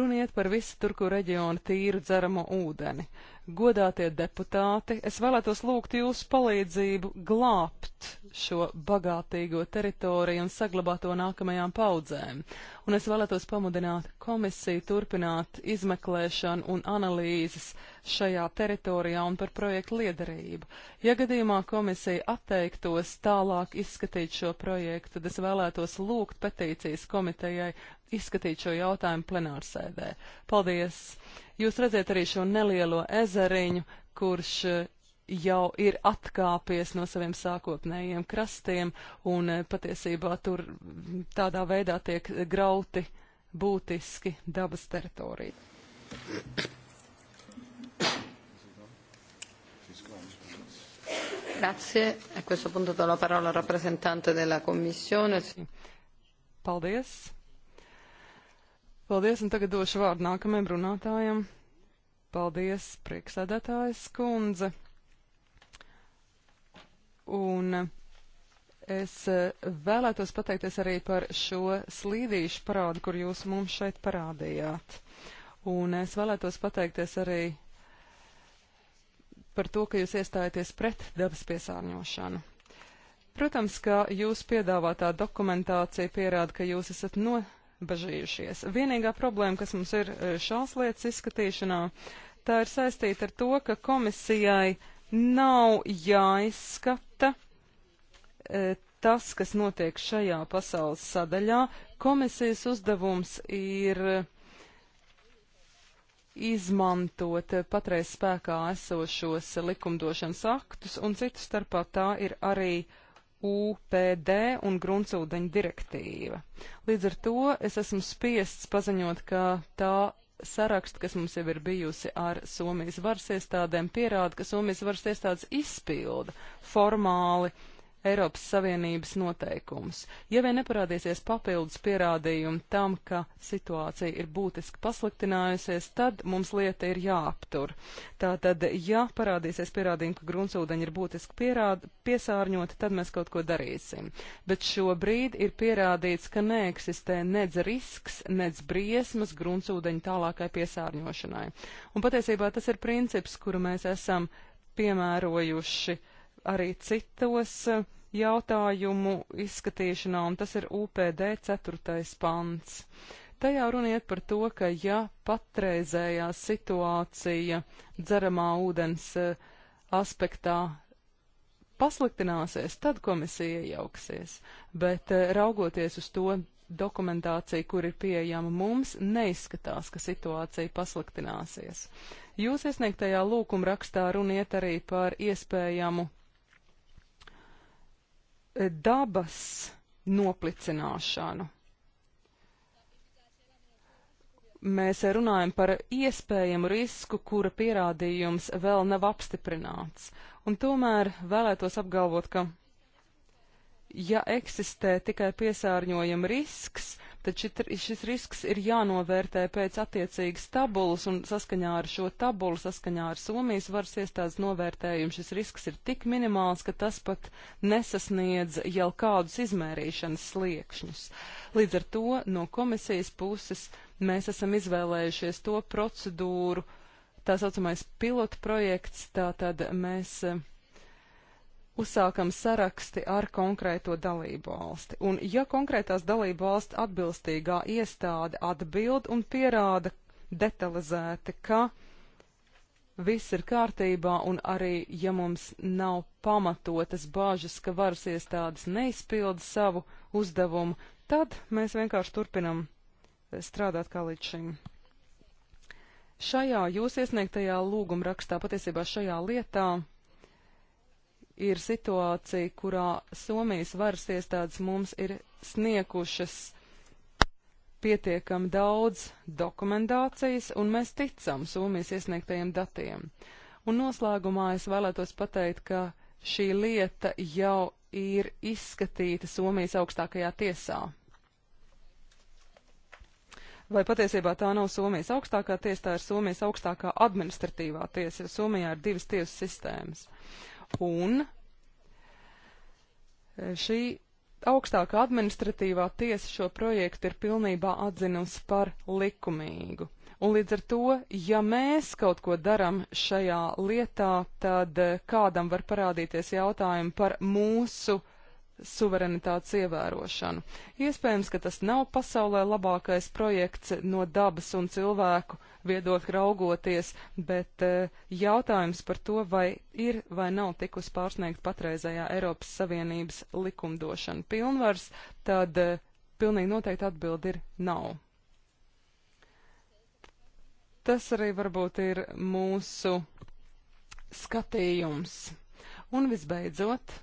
Runiet par visu turku reģionu tīru dzeramo ūdeni. Godātie deputāti, es vēlētos lūgt jūsu palīdzību glābt šo bagātīgo teritoriju un saglabāt to nākamajām paudzēm. Un es vēlētos pamudināt komisiju turpināt izmeklēšanu un analīzes šajā teritorijā un par projektu liederību. Ja gadījumā komisija atteiktos tālāk izskatīt šo projektu, tad es vēlētos lūgt petīcijas komitejai izskatīt šo jautājumu plenārsēdē. Paldies! Jūs redzat arī šo nelielo ezeriņu, kurš eh, jau ir atkāpies no saviem sākotnējiem krastiem, un eh, patiesībā tur mm, tādā veidā tiek grauti būtiski dabas teritorija. Grazie. A questo punto do la parola al rappresentante della Commissione. Paldies. Paldies, un tagad došu vārdu nākamajam runātājam. Paldies, prieksēdētājs kundze. Un es eh, vēlētos pateikties arī par šo slīdīšu parādu, kur jūs mums šeit parādījāt. Un es vēlētos pateikties arī par to, ka jūs iestājaties pret dabas piesārņošanu. Protams, ka jūs piedāvātā dokumentācija pierāda, ka jūs esat no nobežījušies. Vienīgā problēma, kas mums ir eh, šās lietas izskatīšanā, tā ir saistīta ar to, ka komisijai nav jāizskata e, tas, kas notiek šajā pasaules sadaļā. Komisijas uzdevums ir eh, izmantot patreiz spēkā esošos likumdošanas aktus, un citu starpā tā ir arī UPD un gruntsūdeņu direktīva. Līdz ar to es esmu spiests paziņot, ka tā saraksts, kas mums jau ir bijusi ar Somijas varas iestādēm, pierāda, ka Somijas varas iestādes izpilda formāli uh, Eiropas Savienības noteikumus. Ja vien neparādīsies papildus pierādījumi tam, ka situācija ir būtiski pasliktinājusies, tad mums lieta ir jāaptur. Tātad, ja parādīsies pierādījumi, ka gruntsūdeņi ir būtiski pierād, piesārņoti, tad mēs kaut ko darīsim. Bet šobrīd ir pierādīts, ka neeksistē nedz risks, nedz briesmas gruntsūdeņu tālākai piesārņošanai. Un patiesībā tas ir princips, kuru mēs esam piemērojuši uh, arī citos e, jautājumu izskatīšanā, un tas ir UPD 4. pants. Tajā runiet par to, ka ja patreizējā situācija dzeramā ūdens e, aspektā pasliktināsies, tad komisija iejauksies, bet e, raugoties uz to dokumentāciju, kur ir pieejama mums, neizskatās, ka situācija pasliktināsies. Jūs iesniegtajā lūkuma rakstā runiet arī par iespējamu Eh, dabas noplicināšanu. Mēs runājam par iespējamu risku, kura pierādījums vēl nav apstiprināts, un tomēr vēlētos apgalvot, ka ja eksistē tikai piesārņojuma risks, tad šit, šis risks ir jānovērtē pēc attiecīgas tabulas, un saskaņā ar šo tabulu, saskaņā ar Somijas varas iestādes novērtējumu, šis risks ir tik minimāls, ka tas pat nesasniedz jau kādus izmērīšanas sliekšņus. Līdz ar to no komisijas puses mēs esam izvēlējušies to procedūru, tā saucamais pilotprojekts, tātad mēs. Uh, uzsākam saraksti ar konkrēto dalību valsti. Un ja konkrētās dalību valsts atbilstīgā iestāde atbild un pierāda detalizēti, ka viss ir kārtībā un arī, ja mums nav pamatotas bāžas, ka varas iestādes neizpilda savu uzdevumu, tad mēs vienkārši turpinam eh, strādāt kā līdz šim. Šajā jūs iesniegtajā lūgumrakstā, patiesībā šajā lietā, ir situācija, kurā Somijas varas iestādes mums ir sniegušas pietiekami daudz dokumentācijas, un mēs ticam Somijas iesniegtajiem datiem. Un noslēgumā es vēlētos pateikt, ka šī lieta jau ir izskatīta Somijas augstākajā tiesā. Vai patiesībā tā nav Somijas augstākā tiesa, tā ir Somijas augstākā administratīvā tiesa, jo Somijā ir divas tiesu sistēmas. Uh, un e, šī augstākā administratīvā tiesa šo projektu ir pilnībā atzinusi par likumīgu. Un līdz ar to, ja mēs kaut ko daram šajā lietā, tad e, kādam var parādīties jautājumi par mūsu suverenitātes ievērošanu. Iespējams, ka tas nav pasaulē labākais projekts no dabas un cilvēku viedokļa raugoties, bet eh, jautājums par to, vai ir vai nav tikus pārsniegt patreizējā Eiropas Savienības likumdošana pilnvars, tad eh, pilnīgi noteikti atbildi ir nav. Tas arī varbūt ir mūsu skatījums. Un visbeidzot,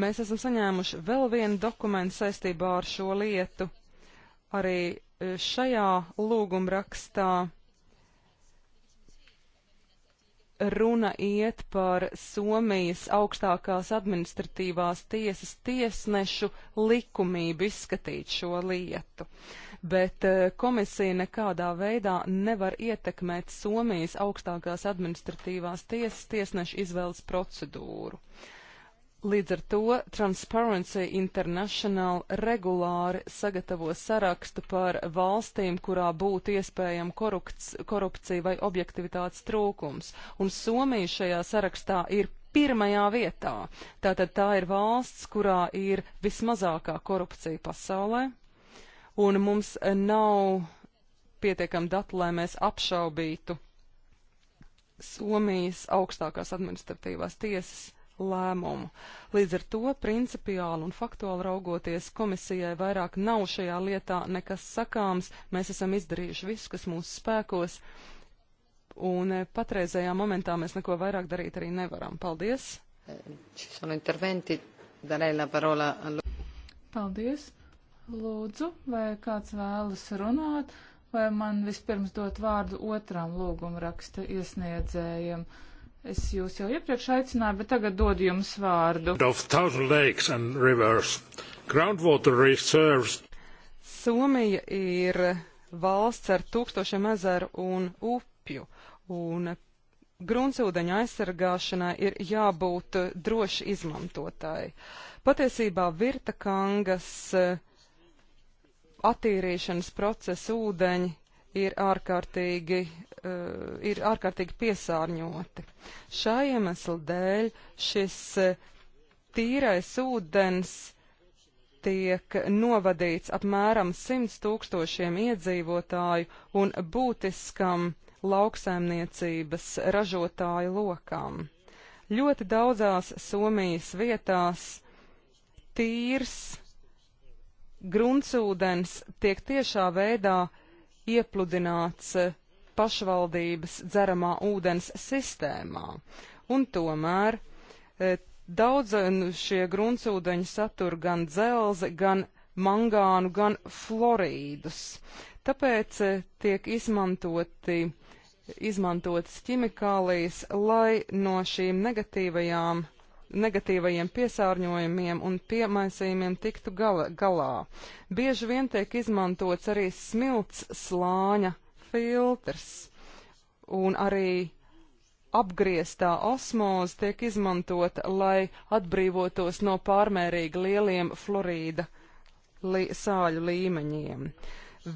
mēs esam saņēmuši vēl vienu dokumentu saistībā ar šo lietu, arī e, šajā lūgumrakstā runa iet par Somijas augstākās administratīvās tiesas tiesnešu likumību izskatīt šo lietu, bet e, komisija nekādā veidā nevar ietekmēt Somijas augstākās administratīvās tiesas tiesnešu izvēles procedūru. Uh, Līdz ar to Transparency International regulāri sagatavo sarakstu par valstīm, kurā būtu iespējama korupcija vai objektivitātes trūkums, un Somija šajā sarakstā ir pirmajā vietā. Tātad tā ir valsts, kurā ir vismazākā korupcija pasaulē, un mums nav pietiekami dati, lai mēs apšaubītu Somijas augstākās administratīvās tiesas lēmumu. Līdz ar to principiāli un faktuāli raugoties komisijai vairāk nav šajā lietā nekas sakāms, mēs esam izdarījuši visu, kas mūsu spēkos, un e, patreizējā momentā mēs neko vairāk darīt arī nevaram. Paldies! Paldies! Lūdzu, vai kāds vēlas runāt, vai man vispirms dot vārdu otram lūgumraksta iesniedzējiem? Uh, Es jūs jau iepriekš aicināju, bet tagad dodu jums vārdu. Somija ir valsts ar tūkstošiem ezeru un upju, un gruntsūdeņa aizsargāšanai ir jābūt droši izmantotāji. Patiesībā virta kangas eh, attīrīšanas procesa ūdeņi ir ārkārtīgi uh, ir ārkārtīgi piesārņoti. Šā iemesla dēļ šis eh, tīrais ūdens tiek novadīts apmēram 100 tūkstošiem iedzīvotāju un būtiskam lauksaimniecības ražotāju lokam. Ļoti daudzās Somijas vietās tīrs gruntsūdens tiek tiešā veidā iepludināts eh, pašvaldības dzeramā ūdens sistēmā. Un tomēr e, daudz e, nu, šie gruntsūdeņi satur gan dzelzi, gan mangānu, gan florīdus. Tāpēc e, tiek izmantoti, izmantotas ķimikālijas, lai no šīm negatīvajām negatīvajiem piesārņojumiem un piemaisījumiem tiktu gala, galā. Bieži vien tiek izmantots arī smilts slāņa filtrs. Un arī apgrieztā osmoze tiek izmantota, lai atbrīvotos no pārmērīgi lieliem florīda li sāļu līmeņiem.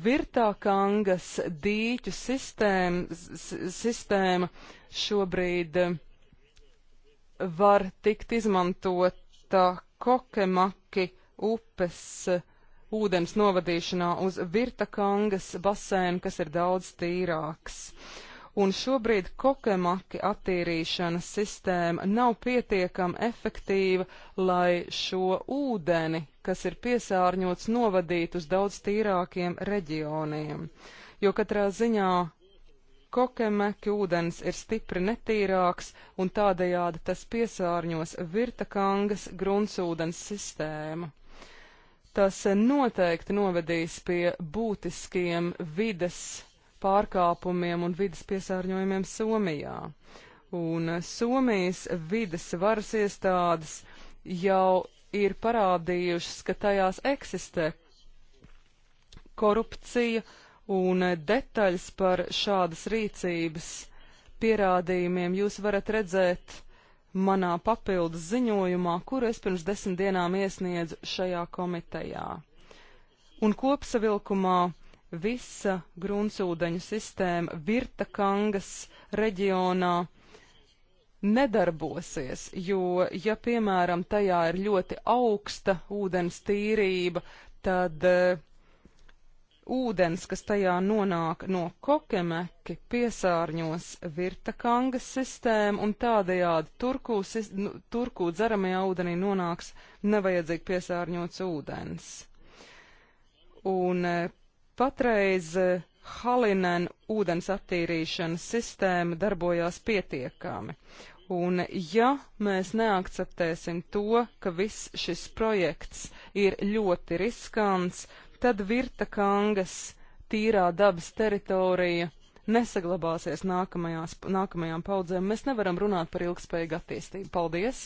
Virtākangas dīķu sistēma, sistēma šobrīd eh, var tikt izmantota kokemaki upes eh, ūdens novadīšanā uz Virtakangas basēnu, kas ir daudz tīrāks. Un šobrīd kokemaki attīrīšanas sistēma nav pietiekami efektīva, lai šo ūdeni, kas ir piesārņots, novadītu uz daudz tīrākiem reģioniem. Jo katrā ziņā kokemeki ūdens ir stipri netīrāks, un tādējādi tas piesārņos Virtakangas gruntsūdens sistēmu. Tas noteikti novedīs pie būtiskiem vides pārkāpumiem un vidas piesārņojumiem Somijā. Un Somijas vidas varas iestādes jau ir parādījušas, ka tajās eksistē korupcija un detaļas par šādas rīcības pierādījumiem jūs varat redzēt manā papildus ziņojumā, kuru es pirms desmit dienām iesniedzu šajā komitejā. Un kopsavilkumā visa gruntsūdeņu sistēma Virta Kangas reģionā nedarbosies, jo, ja, piemēram, tajā ir ļoti augsta ūdens tīrība, tad eh, ūdens, kas tajā nonāk no kokemeki, piesārņos virtakangas sistēmu un tādējādi turkū, nu, turkū dzeramajā ūdenī nonāks nevajadzīgi piesārņots ūdens. Un e, patreiz e, Halinen ūdens attīrīšanas sistēma darbojās pietiekami. Un ja mēs neakceptēsim to, ka viss šis projekts ir ļoti riskants, tad Virta Kangas tīrā dabas teritorija nesaglabāsies nākamajās, nākamajām paudzēm. Mēs nevaram runāt par ilgspējīgu attīstību. Paldies!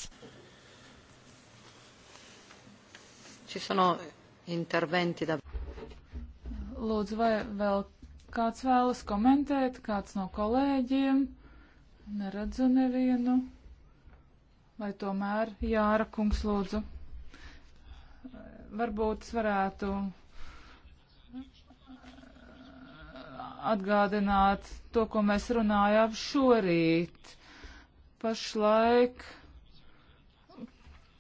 Lūdzu, vai vēl kāds vēlas komentēt, kāds no kolēģiem? Neredzu nevienu. Vai tomēr Jāra kungs lūdzu? Varbūt varētu atgādināt to, ko mēs runājām šorīt. Pašlaik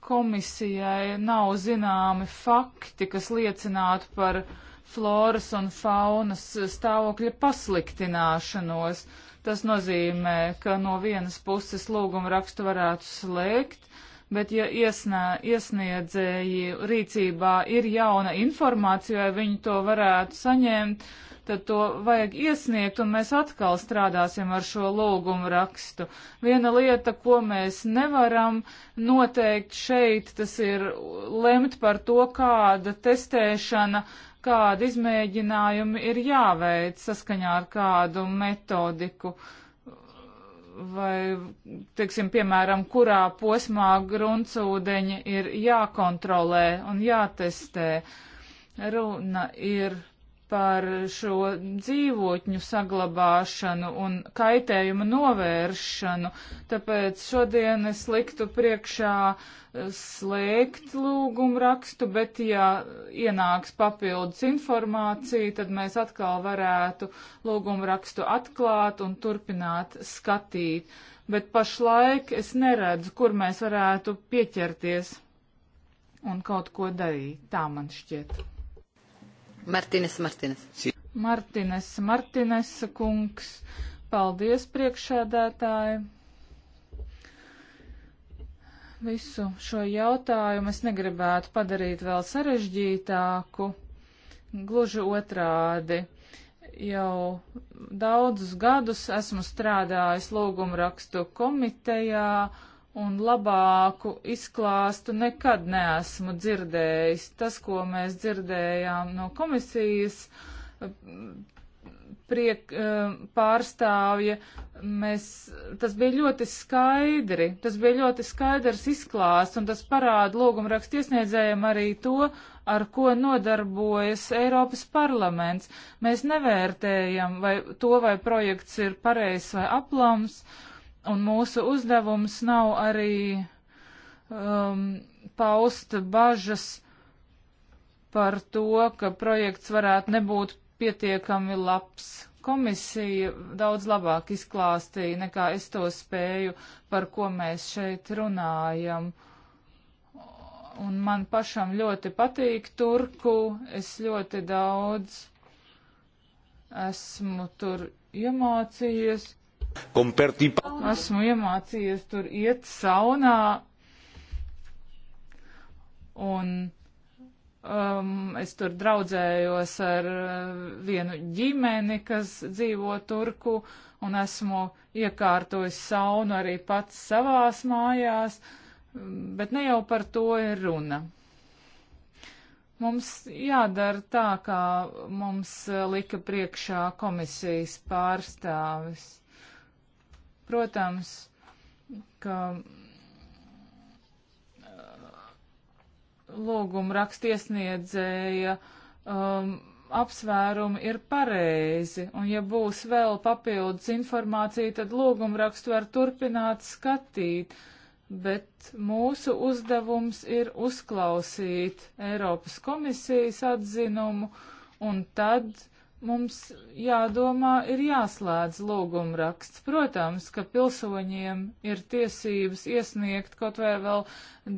komisijai nav zināmi fakti, kas liecinātu par floras un faunas stāvokļa pasliktināšanos. Tas nozīmē, ka no vienas puses lūgumu rakstu varētu slēgt, bet ja iesnē, iesniedzēji rīcībā ir jauna informācija, vai viņi to varētu saņemt, uh, tad to vajag iesniegt, un mēs atkal strādāsim ar šo lūgumu rakstu. Viena lieta, ko mēs nevaram noteikt šeit, tas ir lemt par to, kāda testēšana, kāda izmēģinājumi ir jāveic saskaņā ar kādu metodiku vai, teiksim, piemēram, kurā posmā gruntsūdeņi ir jākontrolē un jātestē. Runa ir par šo dzīvotņu saglabāšanu un kaitējuma novēršanu. Tāpēc šodien es liktu priekšā eh, slēgt lūgumu rakstu, bet ja ienāks papildus informācija, tad mēs atkal varētu lūgumu rakstu atklāt un turpināt skatīt. Bet pašlaik es neredzu, kur mēs varētu pieķerties un kaut ko darīt. Tā man šķiet. Martīnes, Martīnes. Martīnes, Martīnes kungs. Paldies, priekšādātāji. Visu šo jautājumu es negribētu padarīt vēl sarežģītāku. Gluži otrādi. Jau daudzus gadus esmu strādājis lūgumrakstu komitejā un labāku izklāstu nekad neesmu dzirdējis. Tas, ko mēs dzirdējām no komisijas priek, pārstāvja, mēs, tas bija ļoti skaidri, tas bija ļoti skaidrs izklāsts, un tas parāda lūgumrakstu iesniedzējiem arī to, ar ko nodarbojas Eiropas parlaments. Mēs nevērtējam vai to, vai projekts ir pareizs vai aplams. Uh, un mūsu uzdevums nav arī um, paust bažas par to, ka projekts varētu nebūt pietiekami labs. Komisija daudz labāk izklāstīja, nekā es to spēju, par ko mēs šeit runājam. Un man pašam ļoti patīk Turku, es ļoti daudz esmu tur iemācījies. Esmu iemācījies tur iet saunā un um, es tur draudzējos ar uh, vienu ģimeni, kas dzīvo Turku, un esmu iekārtojis saunu arī pats savās mājās, um, bet ne jau par to ir runa. Mums jādara tā, kā mums uh, lika priekšā komisijas pārstāvis. Protams, ka uh, lūguma rakstiesniedzēja um, apsvērumi ir pareizi, un ja būs vēl papildus informācija, tad lūguma rakstu var turpināt skatīt, bet mūsu uzdevums ir uzklausīt Eiropas komisijas atzinumu un tad mums jādomā, ir jāslēdz lūgumraksts. Protams, ka pilsoņiem ir tiesības iesniegt kaut vai vēl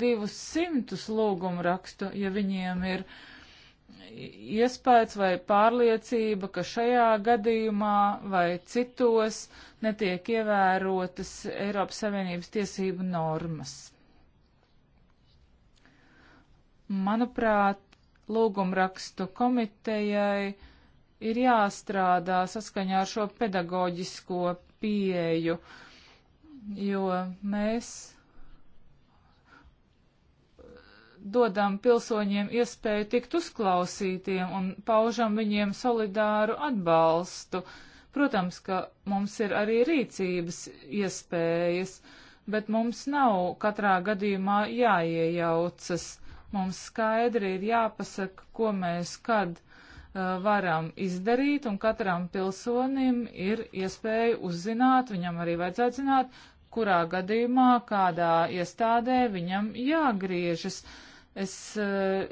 divus simtus lūgumrakstu, ja viņiem ir iespējas vai pārliecība, ka šajā gadījumā vai citos netiek ievērotas Eiropas Savienības tiesību normas. Manuprāt, lūgumrakstu komitejai ir jāstrādā saskaņā ar šo pedagoģisko pieeju, jo mēs dodam pilsoņiem iespēju tikt uzklausītiem un paužam viņiem solidāru atbalstu. Protams, ka mums ir arī rīcības iespējas, bet mums nav katrā gadījumā jāiejaucas. Mums skaidri ir jāpasaka, ko mēs kad Uh, varam izdarīt, un katram pilsonim ir iespēja uzzināt, viņam arī vajadzētu zināt, kurā gadījumā, kādā iestādē viņam jāgriežas. Es uh,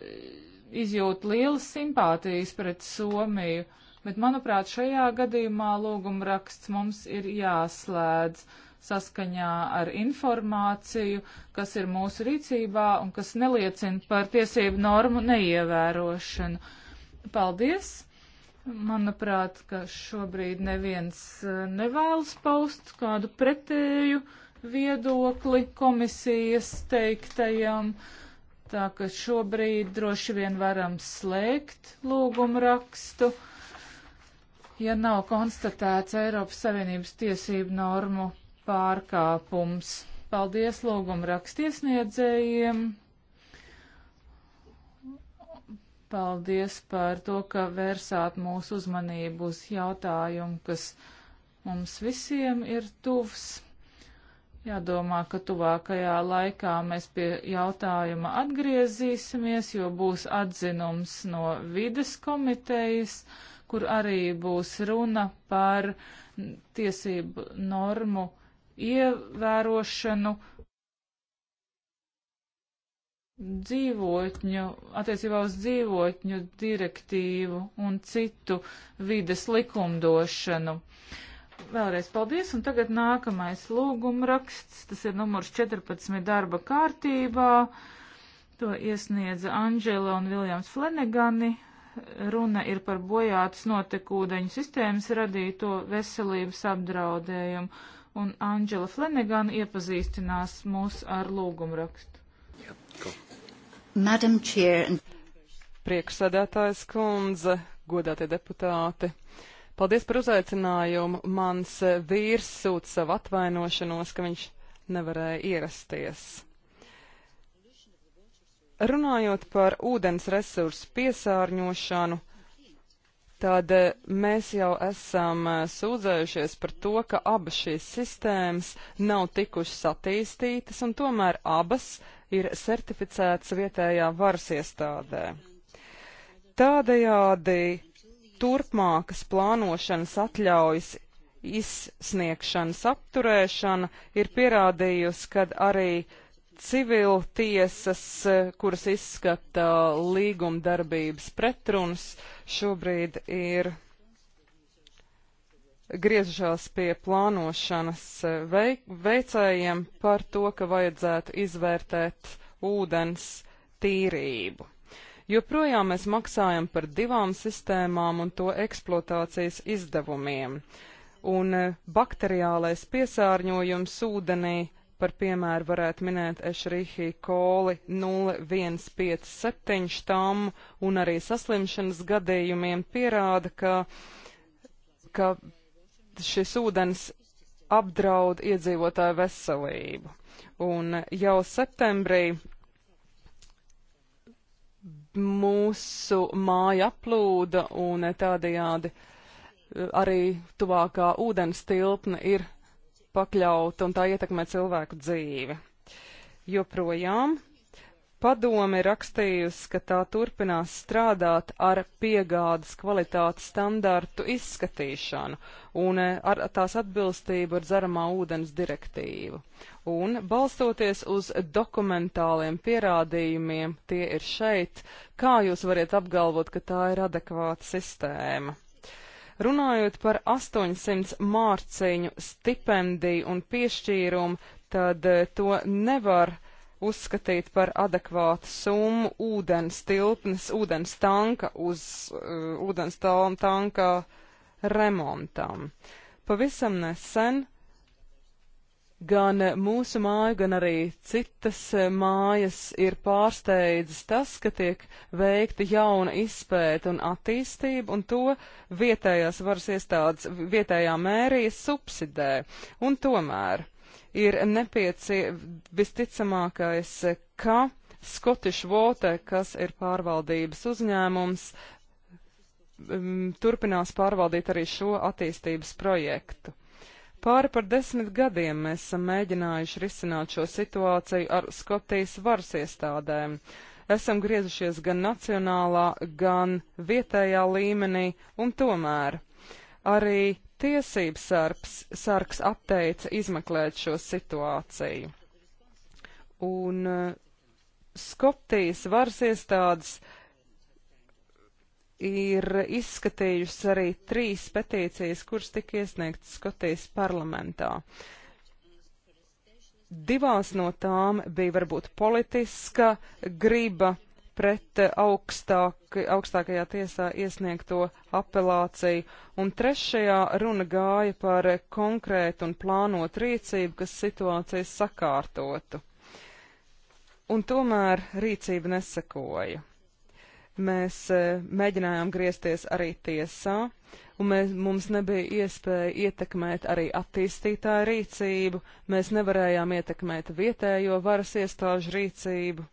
izjūtu lielas simpātijas pret Somiju, bet, manuprāt, šajā gadījumā lūgumraksts mums ir jāslēdz saskaņā ar informāciju, kas ir mūsu rīcībā un kas neliecina par tiesību normu neievērošanu. Uh, Paldies! Manuprāt, ka šobrīd neviens eh, nevēlas paust kādu pretēju viedokli komisijas teiktajam, tā ka šobrīd droši vien varam slēgt lūgumu rakstu, ja nav konstatēts Eiropas Savienības tiesību normu pārkāpums. Paldies lūgumu rakstiesniedzējiem! Paldies par to, ka vērsāt mūsu uzmanību uz jautājumu, kas mums visiem ir tuvs. Jādomā, ka tuvākajā laikā mēs pie jautājuma atgriezīsimies, jo būs atzinums no vides komitejas, kur arī būs runa par tiesību normu ievērošanu dzīvotņu, attiecībā uz dzīvotņu direktīvu un citu vides likumdošanu. Vēlreiz paldies, un tagad nākamais lūguma raksts, tas ir numurs 14 darba kārtībā, to iesniedza Anžela un Viljams Flenegani, runa ir par bojātas notekūdeņu sistēmas radīto veselības apdraudējumu, un Anžela Flenegani iepazīstinās mūs ar lūgumrakstu. Yep, cool. Madam Chair. Prieksēdētājs kundze, godātie deputāti. Paldies par uzaicinājumu. Mans vīrs sūta savu atvainošanos, ka viņš nevarēja ierasties. Runājot par ūdens resursu piesārņošanu, tad mēs jau esam sūdzējušies par to, ka abas šīs sistēmas nav tikušas attīstītas, un tomēr abas ir certificēts vietējā varas iestādē. Tādējādi turpmākas plānošanas atļaujas izsniegšanas apturēšana ir pierādījusi, ka arī civil tiesas, kuras izskata līgumdarbības pretrunas, šobrīd ir griežās pie plānošanas e, veicējiem par to, ka vajadzētu izvērtēt ūdens tīrību. Joprojām mēs maksājam par divām sistēmām un to eksploatācijas izdevumiem. Un e, bakteriālais piesārņojums ūdenī par piemēru varētu minēt Ešrihī koli 0157 štammu un arī saslimšanas gadījumiem pierāda, ka, ka šis ūdens apdraud iedzīvotāju veselību. Un jau septembrī mūsu māja aplūda un tādajādi eh, arī tuvākā ūdens tilpne ir pakļauta un tā ietekmē cilvēku dzīvi. Joprojām Padome ir rakstījusi, ka tā turpinās strādāt ar piegādes kvalitātes standartu izskatīšanu un eh, ar tās atbilstību ar dzeramā ūdens direktīvu. Un balstoties uz dokumentāliem pierādījumiem, tie ir šeit, kā jūs variet apgalvot, ka tā ir adekvāta sistēma. Runājot par 800 mārciņu stipendiju un piešķīrumu, tad eh, to nevar uzskatīt par adekvātu summu ūdens tilpnes, ūdens tanka uz uh, ūdens tanka remontam. Pavisam nesen gan mūsu māju, gan arī citas mājas ir pārsteidzis tas, ka tiek veikta jauna izpēta un attīstība, un to vietējās varas iestādes vietējā mērija subsidē. Un tomēr ir nepieciešams visticamākais, ka Scottish Water, kas ir pārvaldības uzņēmums, mm, turpinās pārvaldīt arī šo attīstības projektu. Pāri par desmit gadiem mēs esam mēģinājuši risināt šo situāciju ar Skotijas varas iestādēm. Esam griezušies gan nacionālā, gan vietējā līmenī, un tomēr Arī tiesības sargs, sargs apteica izmeklēt šo situāciju. Un eh, Skotijas varas iestādes ir izskatījusi arī trīs petīcijas, kuras tika iesniegtas Skotijas parlamentā. Divās no tām bija varbūt politiska griba pret eh, augstāk, augstākajā tiesā iesniegto apelāciju, un trešajā runa gāja par eh, konkrētu un plānot rīcību, kas situācijas sakārtotu. Un tomēr rīcība nesekoja. Mēs e, mēģinājām griezties arī tiesā, un mēs, mums nebija iespēja ietekmēt arī attīstītāju rīcību, mēs nevarējām ietekmēt vietējo varas iestāžu rīcību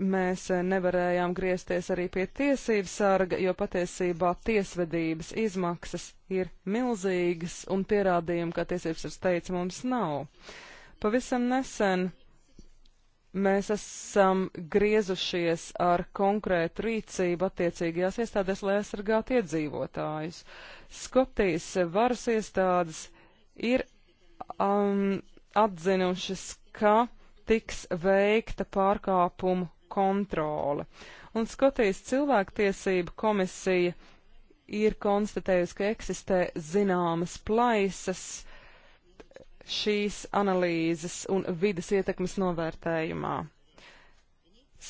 mēs eh, nevarējām griezties arī pie tiesības sarga, jo patiesībā tiesvedības izmaksas ir milzīgas un pierādījumu, kā tiesības sargs teica, mums nav. Pavisam nesen mēs esam griezušies ar konkrētu rīcību attiecīgajās iestādēs, lai aizsargātu iedzīvotājus. Skotijas varas iestādes ir um, atzinušas, ka tiks veikta pārkāpumu kontrole. Un Skotijas cilvēktiesība komisija ir konstatējusi, ka eksistē zināmas plaisas šīs analīzes un vidas ietekmes novērtējumā.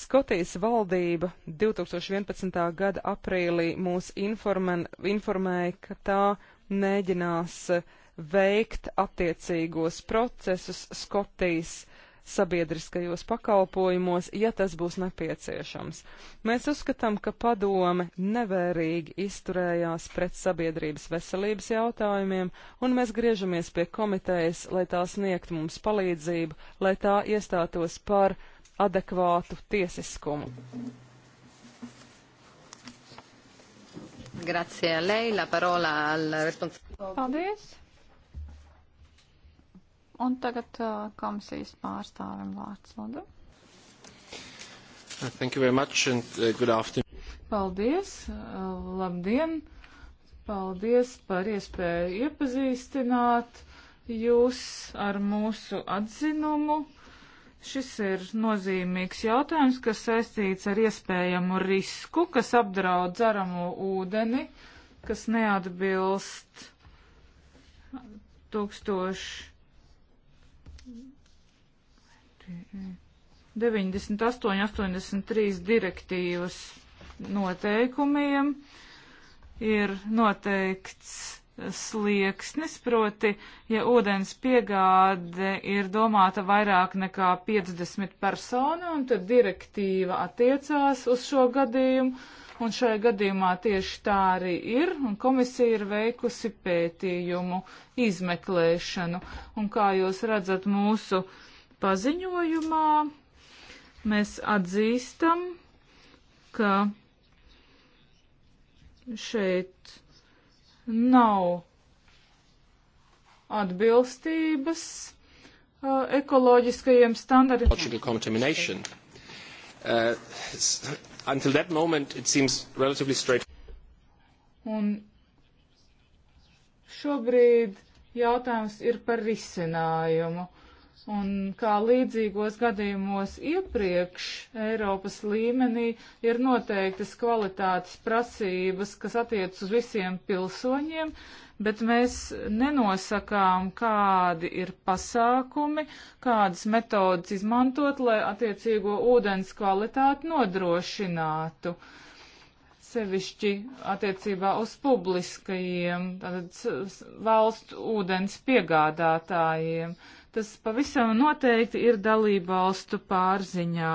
Skotijas valdība 2011. gada aprīlī mūs informen, informēja, ka tā mēģinās veikt attiecīgos procesus Skotijas sabiedriskajos pakalpojumos, ja tas būs nepieciešams. Mēs uzskatām, ka padome nevērīgi izturējās pret sabiedrības veselības jautājumiem, un mēs griežamies pie komitejas, lai tā sniegtu mums palīdzību, lai tā iestātos par adekvātu tiesiskumu. Grazie a lei, la parola al responsabile. Paldies. Un tagad uh, komisijas pārstāvim vārds lūdzu. Uh, thank you very much and uh, good afternoon. Paldies, uh, labdien, paldies par iespēju iepazīstināt jūs ar mūsu atzinumu. Šis ir nozīmīgs jautājums, kas saistīts ar iespējamu risku, kas apdraud dzeramo ūdeni, kas neatbilst 1000. 98, 83 direktīvas noteikumiem ir noteikts slieksnis, proti, ja ūdens piegāde ir domāta vairāk nekā 50 personām, tad direktīva attiecās uz šo gadījumu, un šajā gadījumā tieši tā arī ir, un komisija ir veikusi pētījumu izmeklēšanu, un kā jūs redzat mūsu uh, paziņojumā mēs atzīstam, ka šeit nav atbilstības uh, ekoloģiskajiem standartiem. Uh, until that moment it seems relatively straight. Un šobrīd jautājums ir par risinājumu. Un kā līdzīgos gadījumos iepriekš Eiropas līmenī ir noteiktas kvalitātes prasības, kas attiec uz visiem pilsoņiem, bet mēs nenosakām, kādi ir pasākumi, kādas metodas izmantot, lai attiecīgo ūdens kvalitāti nodrošinātu. Sevišķi attiecībā uz publiskajiem, tātad valstu ūdens piegādātājiem Tas pavisam noteikti ir dalībvalstu pārziņā.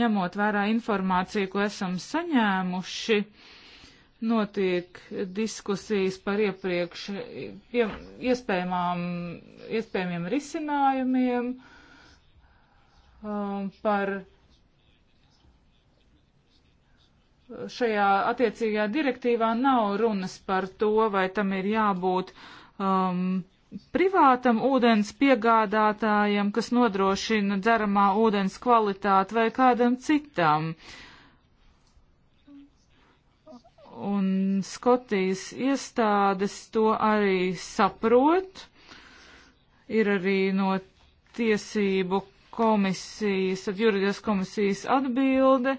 Ņemot vērā informāciju, ko esam saņēmuši, notiek diskusijas par iepriekš iespējamām, iespējamiem risinājumiem, um, par šajā attiecīgajā direktīvā nav runas par to, vai tam ir jābūt um, privātam ūdens piegādātājam, kas nodrošina dzeramā ūdens kvalitāti vai kādam citam. Un Skotijas iestādes to arī saprot. Ir arī no tiesību komisijas, juridiskās komisijas atbilde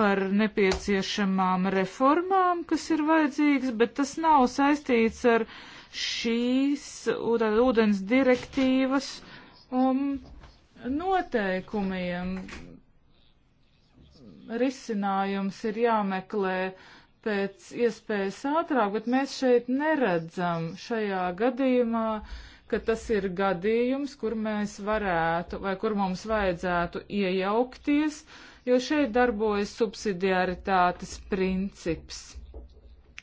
par nepieciešamām reformām, kas ir vajadzīgas, bet tas nav saistīts ar uh, šīs ūdens direktīvas um, noteikumiem. Risinājums ir jāmeklē pēc iespējas ātrāk, bet mēs šeit neredzam šajā gadījumā, ka tas ir gadījums, kur mēs varētu vai kur mums vajadzētu iejaukties, jo šeit darbojas subsidiaritātes princips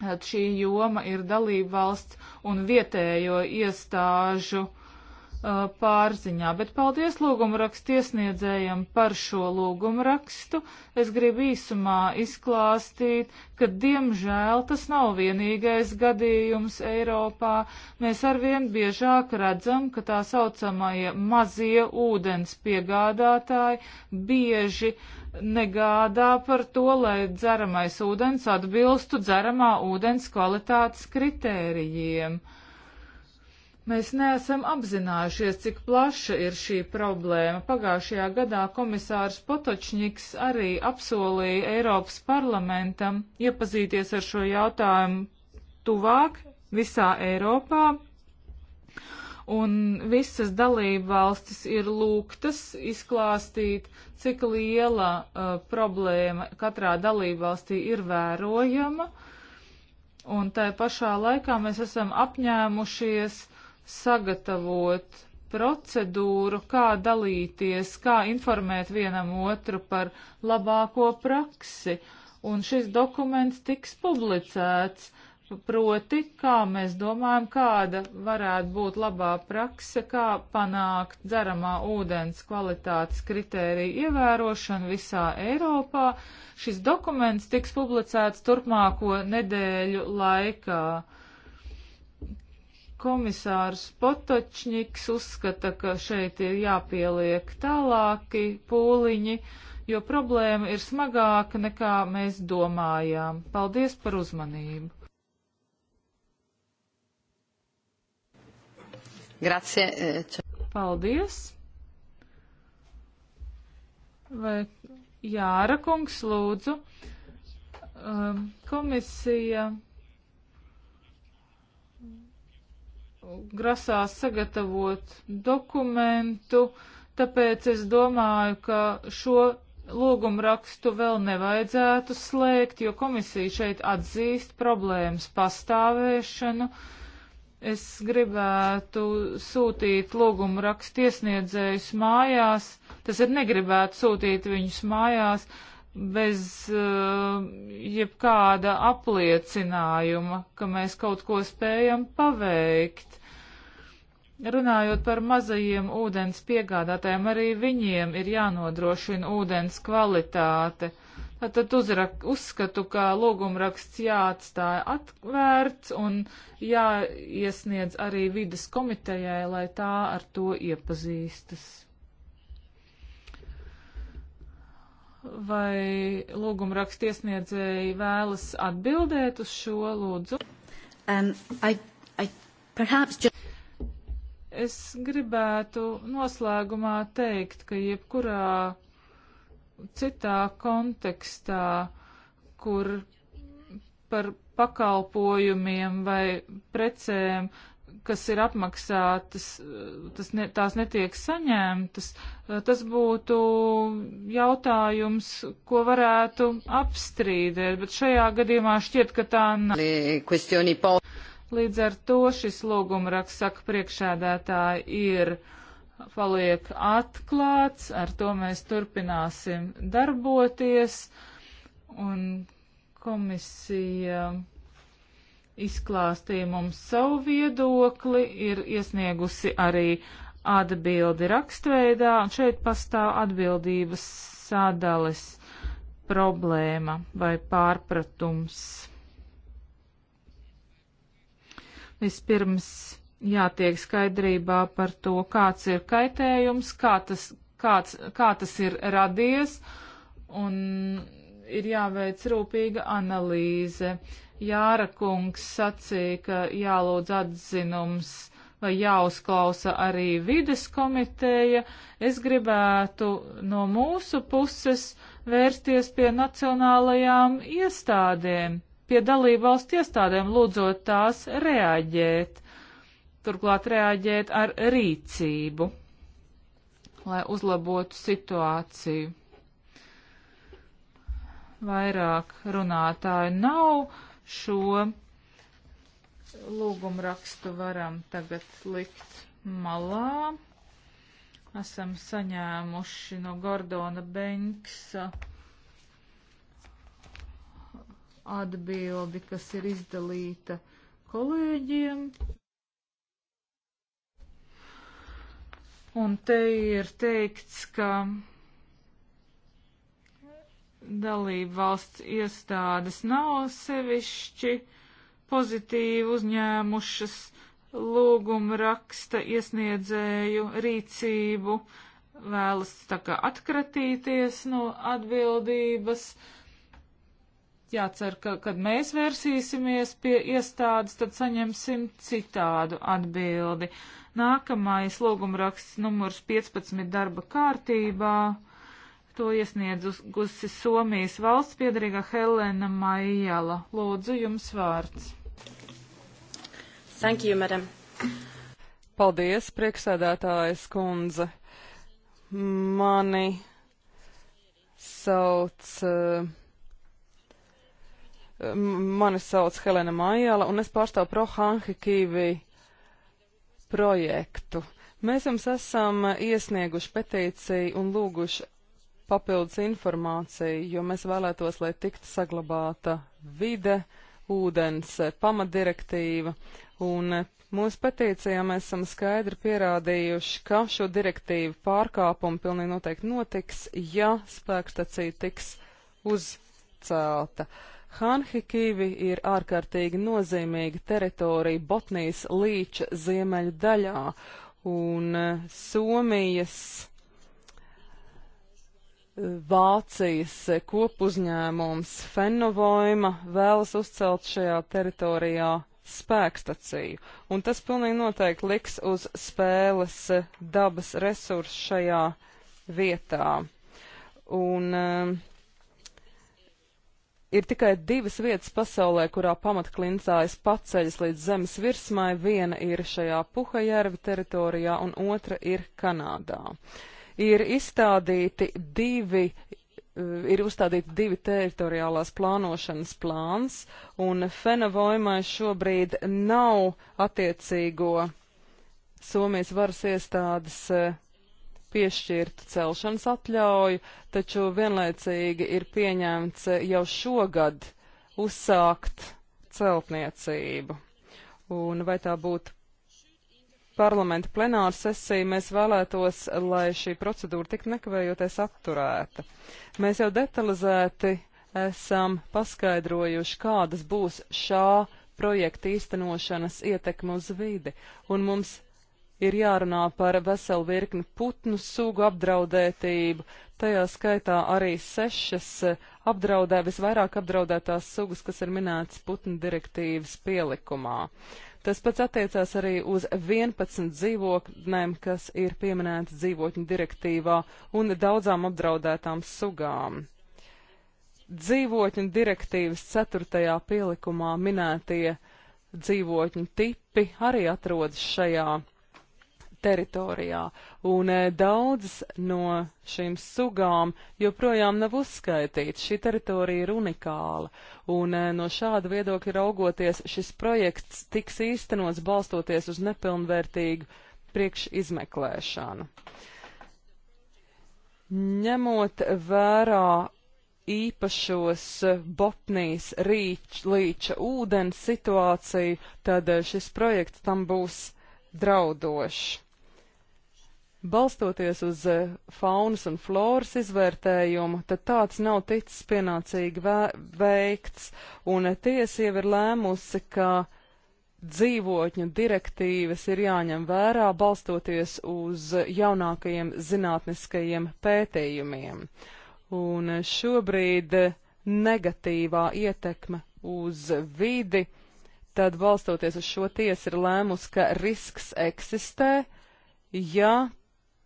šī joma ir dalība valsts un vietējo iestāžu uh, pārziņā. Bet paldies lūgumrakstu iesniedzējiem par šo lūgumrakstu. Es gribu īsumā izklāstīt, ka diemžēl tas nav vienīgais gadījums Eiropā. Mēs arvien biežāk redzam, ka tā saucamie mazie ūdens piegādātāji bieži uh, negādā par to, lai dzeramais ūdens atbilstu dzeramā ūdens kvalitātes kritērijiem. Mēs neesam apzinājušies, cik plaša ir šī problēma. Pagājušajā gadā komisārs Potočņiks arī apsolīja Eiropas parlamentam iepazīties ar šo jautājumu tuvāk visā Eiropā un visas dalībvalstis ir lūgtas izklāstīt, cik liela uh, problēma katrā dalībvalstī ir vērojama, un tai pašā laikā mēs esam apņēmušies sagatavot procedūru, kā dalīties, kā informēt vienam otru par labāko praksi, un šis dokuments tiks publicēts Proti, kā mēs domājam, kāda varētu būt labā prakse, kā panākt dzeramā ūdens kvalitātes kritēriju ievērošanu visā Eiropā. Šis dokuments tiks publicēts turpmāko nedēļu laikā. Komisārs Potočņiks uzskata, ka šeit ir jāpieliek tālāki pūliņi, jo problēma ir smagāka nekā mēs domājām. Paldies par uzmanību! Grazie. Eh, Paldies. Vai Jāra kungs lūdzu? Um, komisija grasās sagatavot dokumentu, tāpēc es domāju, ka šo lūgumrakstu vēl nevajadzētu slēgt, jo komisija šeit atzīst problēmas pastāvēšanu. Uh, es gribētu sūtīt lūgumu rakstiesniedzējus mājās, tas ir negribētu sūtīt viņus mājās bez uh, jebkāda apliecinājuma, ka mēs kaut ko spējam paveikt. Runājot par mazajiem ūdens piegādātājiem, arī viņiem ir jānodrošina ūdens kvalitāte. Uh, Tad uzrak, uzskatu, ka lūgumraksts jāatstāja atvērts un jāiesniedz arī vidas komitejai, lai tā ar to iepazīstas. Vai lūgumraksta iesniedzēji vēlas atbildēt uz šo lūdzu? Um, I, I perhaps just es gribētu noslēgumā teikt, ka jebkurā citā kontekstā, kur par pakalpojumiem vai precēm, kas ir apmaksātas, tas ne, tās netiek saņemtas, tas būtu jautājums, ko varētu apstrīdēt, bet šajā gadījumā šķiet, ka tā nav. Līdz ar to šis lūgumraksts, saka priekšēdētāji, ir paliek atklāts, ar to mēs turpināsim darboties, un komisija izklāstīja mums savu viedokli, ir iesniegusi arī atbildi rakstveidā, un šeit pastāv atbildības sadales problēma vai pārpratums. Vispirms jātiek skaidrībā par to, kāds ir kaitējums, kā tas, kāds, kā tas ir radies, un ir jāveic rūpīga analīze. Jāra kungs sacīja, ka jālūdz atzinums vai jāuzklausa arī vides komiteja. Es gribētu no mūsu puses vērsties pie nacionālajām iestādēm, pie dalībvalstu iestādēm, lūdzot tās reaģēt turklāt reaģēt ar rīcību, lai uzlabotu situāciju. Vairāk runātāju nav šo lūgumrakstu varam tagad likt malā. Esam saņēmuši no Gordona Benksa atbildi, kas ir izdalīta kolēģiem. Un te ir teikts, ka dalība valsts iestādes nav sevišķi pozitīvi uzņēmušas lūguma raksta iesniedzēju rīcību, vēlas tā kā atkratīties no atbildības. Uh, jācer, ka, kad mēs vērsīsimies pie iestādes, tad saņemsim citādu atbildi. Nākamais lūgumraksts numurs 15 darba kārtībā. To iesniegusi Somijas valsts piedarīga Helena Maijala. Lūdzu, jums vārds. Thank you, madam. Paldies, prieksēdētājas kundze. Mani sauc. Uh, Mani sauc Helena Maijala, un es pārstāvu ProHanhi Kīvi projektu. Mēs jums esam iesnieguši petīciju un lūguši papildus informāciju, jo mēs vēlētos, lai tiktu saglabāta vide, ūdens eh, pamatdirektīva, un eh, mūsu petīcijā mēs esam skaidri pierādījuši, ka šo direktīvu pārkāpumu pilnīgi noteikti notiks, ja spēkstacija tiks uzcelta. Uh, Hanhikivi ir ārkārtīgi nozīmīga teritorija Botnijas līča ziemeļu daļā, un e, Somijas e, Vācijas e, kopuzņēmums Fennovoima vēlas uzcelt šajā teritorijā spēkstaciju, un tas pilnīgi noteikti liks uz spēles dabas resursu šajā vietā. Un, uh, Ir tikai divas vietas pasaulē, kurā pamatklincājas paceļas līdz zemes virsmai. Viena ir šajā Puhajērvi teritorijā un otra ir Kanādā. Ir izstādīti divi, eh, ir uzstādīti divi teritoriālās plānošanas plāns, un Fenavoimai šobrīd nav attiecīgo Somijas varas iestādes eh, piešķirtu celšanas atļauju, taču vienlaicīgi ir pieņemts jau šogad uzsākt celtniecību. Un vai tā būtu parlamenta plenāra sesija, mēs vēlētos, lai šī procedūra tik nekavējoties apturēta. Mēs jau detalizēti esam paskaidrojuši, kādas būs šā projekta īstenošanas ietekme uz vidi, un mums ir jārunā par veselu virkni putnu sugu apdraudētību, tajā skaitā arī sešas apdraudē, visvairāk apdraudētās sugas, kas ir minētas putnu direktīvas pielikumā. Tas pats attiecās arī uz 11 dzīvokļiem, kas ir pieminēti dzīvokļu direktīvā un daudzām apdraudētām sugām. Dzīvokļu direktīvas 4. pielikumā minētie dzīvokļu tipi arī atrodas šajā teritorijā, un eh, daudzas no šīm sugām joprojām nav uzskaitītas. Šī teritorija ir unikāla, un eh, no šāda viedokļa raugoties, šis projekts tiks īstenots balstoties uz nepilnvērtīgu priekšizmeklēšanu. Ņemot vērā īpašos botnijas rīč, līča ūdens situāciju, tad eh, šis projekts tam būs draudošs. Balstoties uz eh, faunas un floras izvērtējumu, tad tāds nav ticis pienācīgi veikts, un eh, tiesa jau ir lēmusi, ka dzīvotņu direktīvas ir jāņem vērā balstoties uz eh, jaunākajiem zinātniskajiem pētījumiem. Un šobrīd negatīvā ietekme uz vidi, tad balstoties uz šo tiesu ir lēmus, ka risks eksistē, ja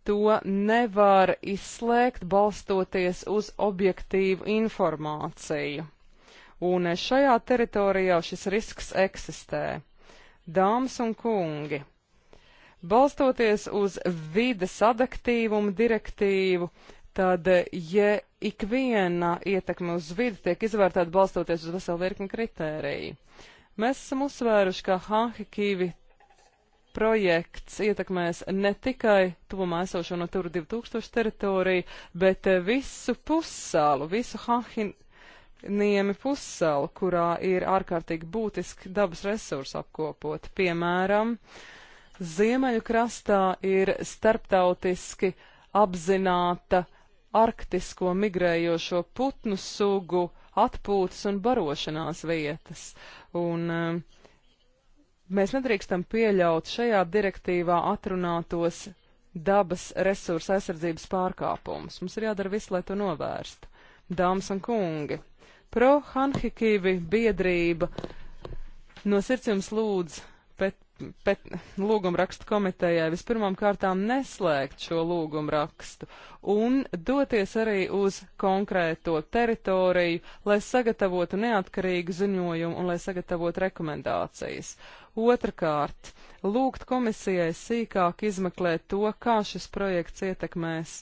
to nevar izslēgt balstoties uz objektīvu informāciju. Un šajā teritorijā šis risks eksistē. Dāmas un kungi, balstoties uz vides adaktīvumu direktīvu, tad, ja ikviena ietekme uz vidi tiek izvērtēta balstoties uz veselu virkni kritēriju, mēs esam uzsvēruši, ka Hanhikivi projekts ietekmēs ne tikai tuvumā esošo no Turu 2000 teritoriju, bet eh, visu pussalu, visu Hahiniemi pussalu, kurā ir ārkārtīgi būtiski dabas resursi apkopot. Piemēram, ziemeļu krastā ir starptautiski apzināta arktisko migrējošo putnu sugu atpūtas un barošanās vietas. Un, uh, Mēs nedrīkstam pieļaut šajā direktīvā atrunātos dabas resursa aizsardzības pārkāpumus. Mums ir jādara viss, lai to novērst. Dāmas un kungi, pro Hanhikīvi biedrība no sirds jums lūdz pet, lūgumrakstu komitejai vispirmām kārtām neslēgt šo lūgumrakstu un doties arī uz konkrēto teritoriju, lai sagatavotu neatkarīgu ziņojumu un lai sagatavotu rekomendācijas. Otrakārt, lūgt komisijai sīkāk izmeklēt to, kā šis projekts ietekmēs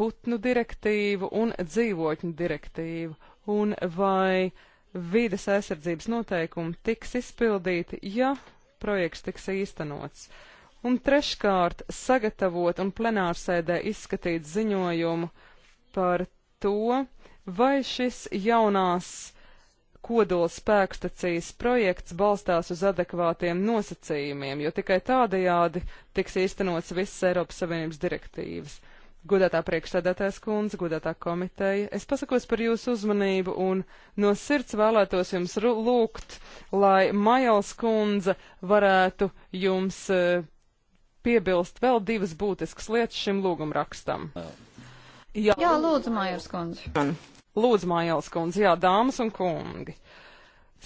putnu direktīvu un dzīvotņu direktīvu, un vai uh, vides aizsardzības noteikumi tiks izpildīti, ja projekts tiks īstenots. Un treškārt, sagatavot un plenārsēdē izskatīt ziņojumu par to, vai šis jaunās kodols spēkstacijas projekts balstās uz adekvātiem nosacījumiem, jo tikai tādajādi tiks īstenots viss Eiropas Savienības direktīvas. Godātā priekšsēdētājs kundze, godātā komiteja, es pasakos par jūsu uzmanību un no sirds vēlētos jums lūgt, lai Majals kundze varētu jums eh, piebilst vēl divas būtiskas lietas šim lūgumrakstam. Jā, jā lūdzu, Majals kundze. Lūdzu, Majals kundze, jā, dāmas un kungi.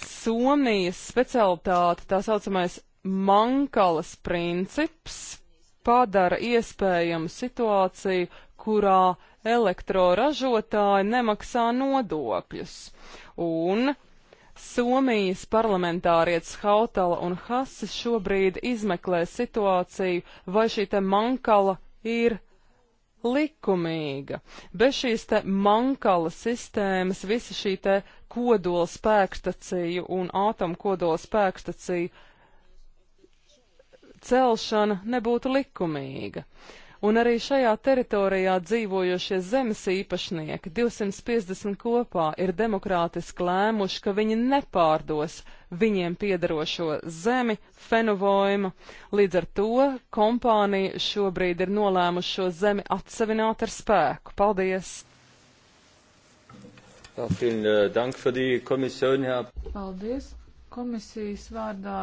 Somijas specialitāte, tā saucamais Mankalas princips, padara iespējamu situāciju, kurā elektroražotāji nemaksā nodokļus. Un Somijas parlamentārietis Hautala un Hasis šobrīd izmeklē situāciju, vai šī te mankala ir likumīga. Bez šīs te mankala sistēmas visa šī te kodola spēkstaciju un atomu kodola spēkstaciju celšana nebūtu likumīga. Un arī šajā teritorijā dzīvojošie zemes īpašnieki, 250 kopā, ir demokrātiski lēmuši, ka viņi nepārdos viņiem piedarošo zemi fenovojuma. Līdz ar to kompānija šobrīd ir nolēmuši šo zemi atsevināt ar spēku. Paldies! Eh, Paldies! komisijas vārdā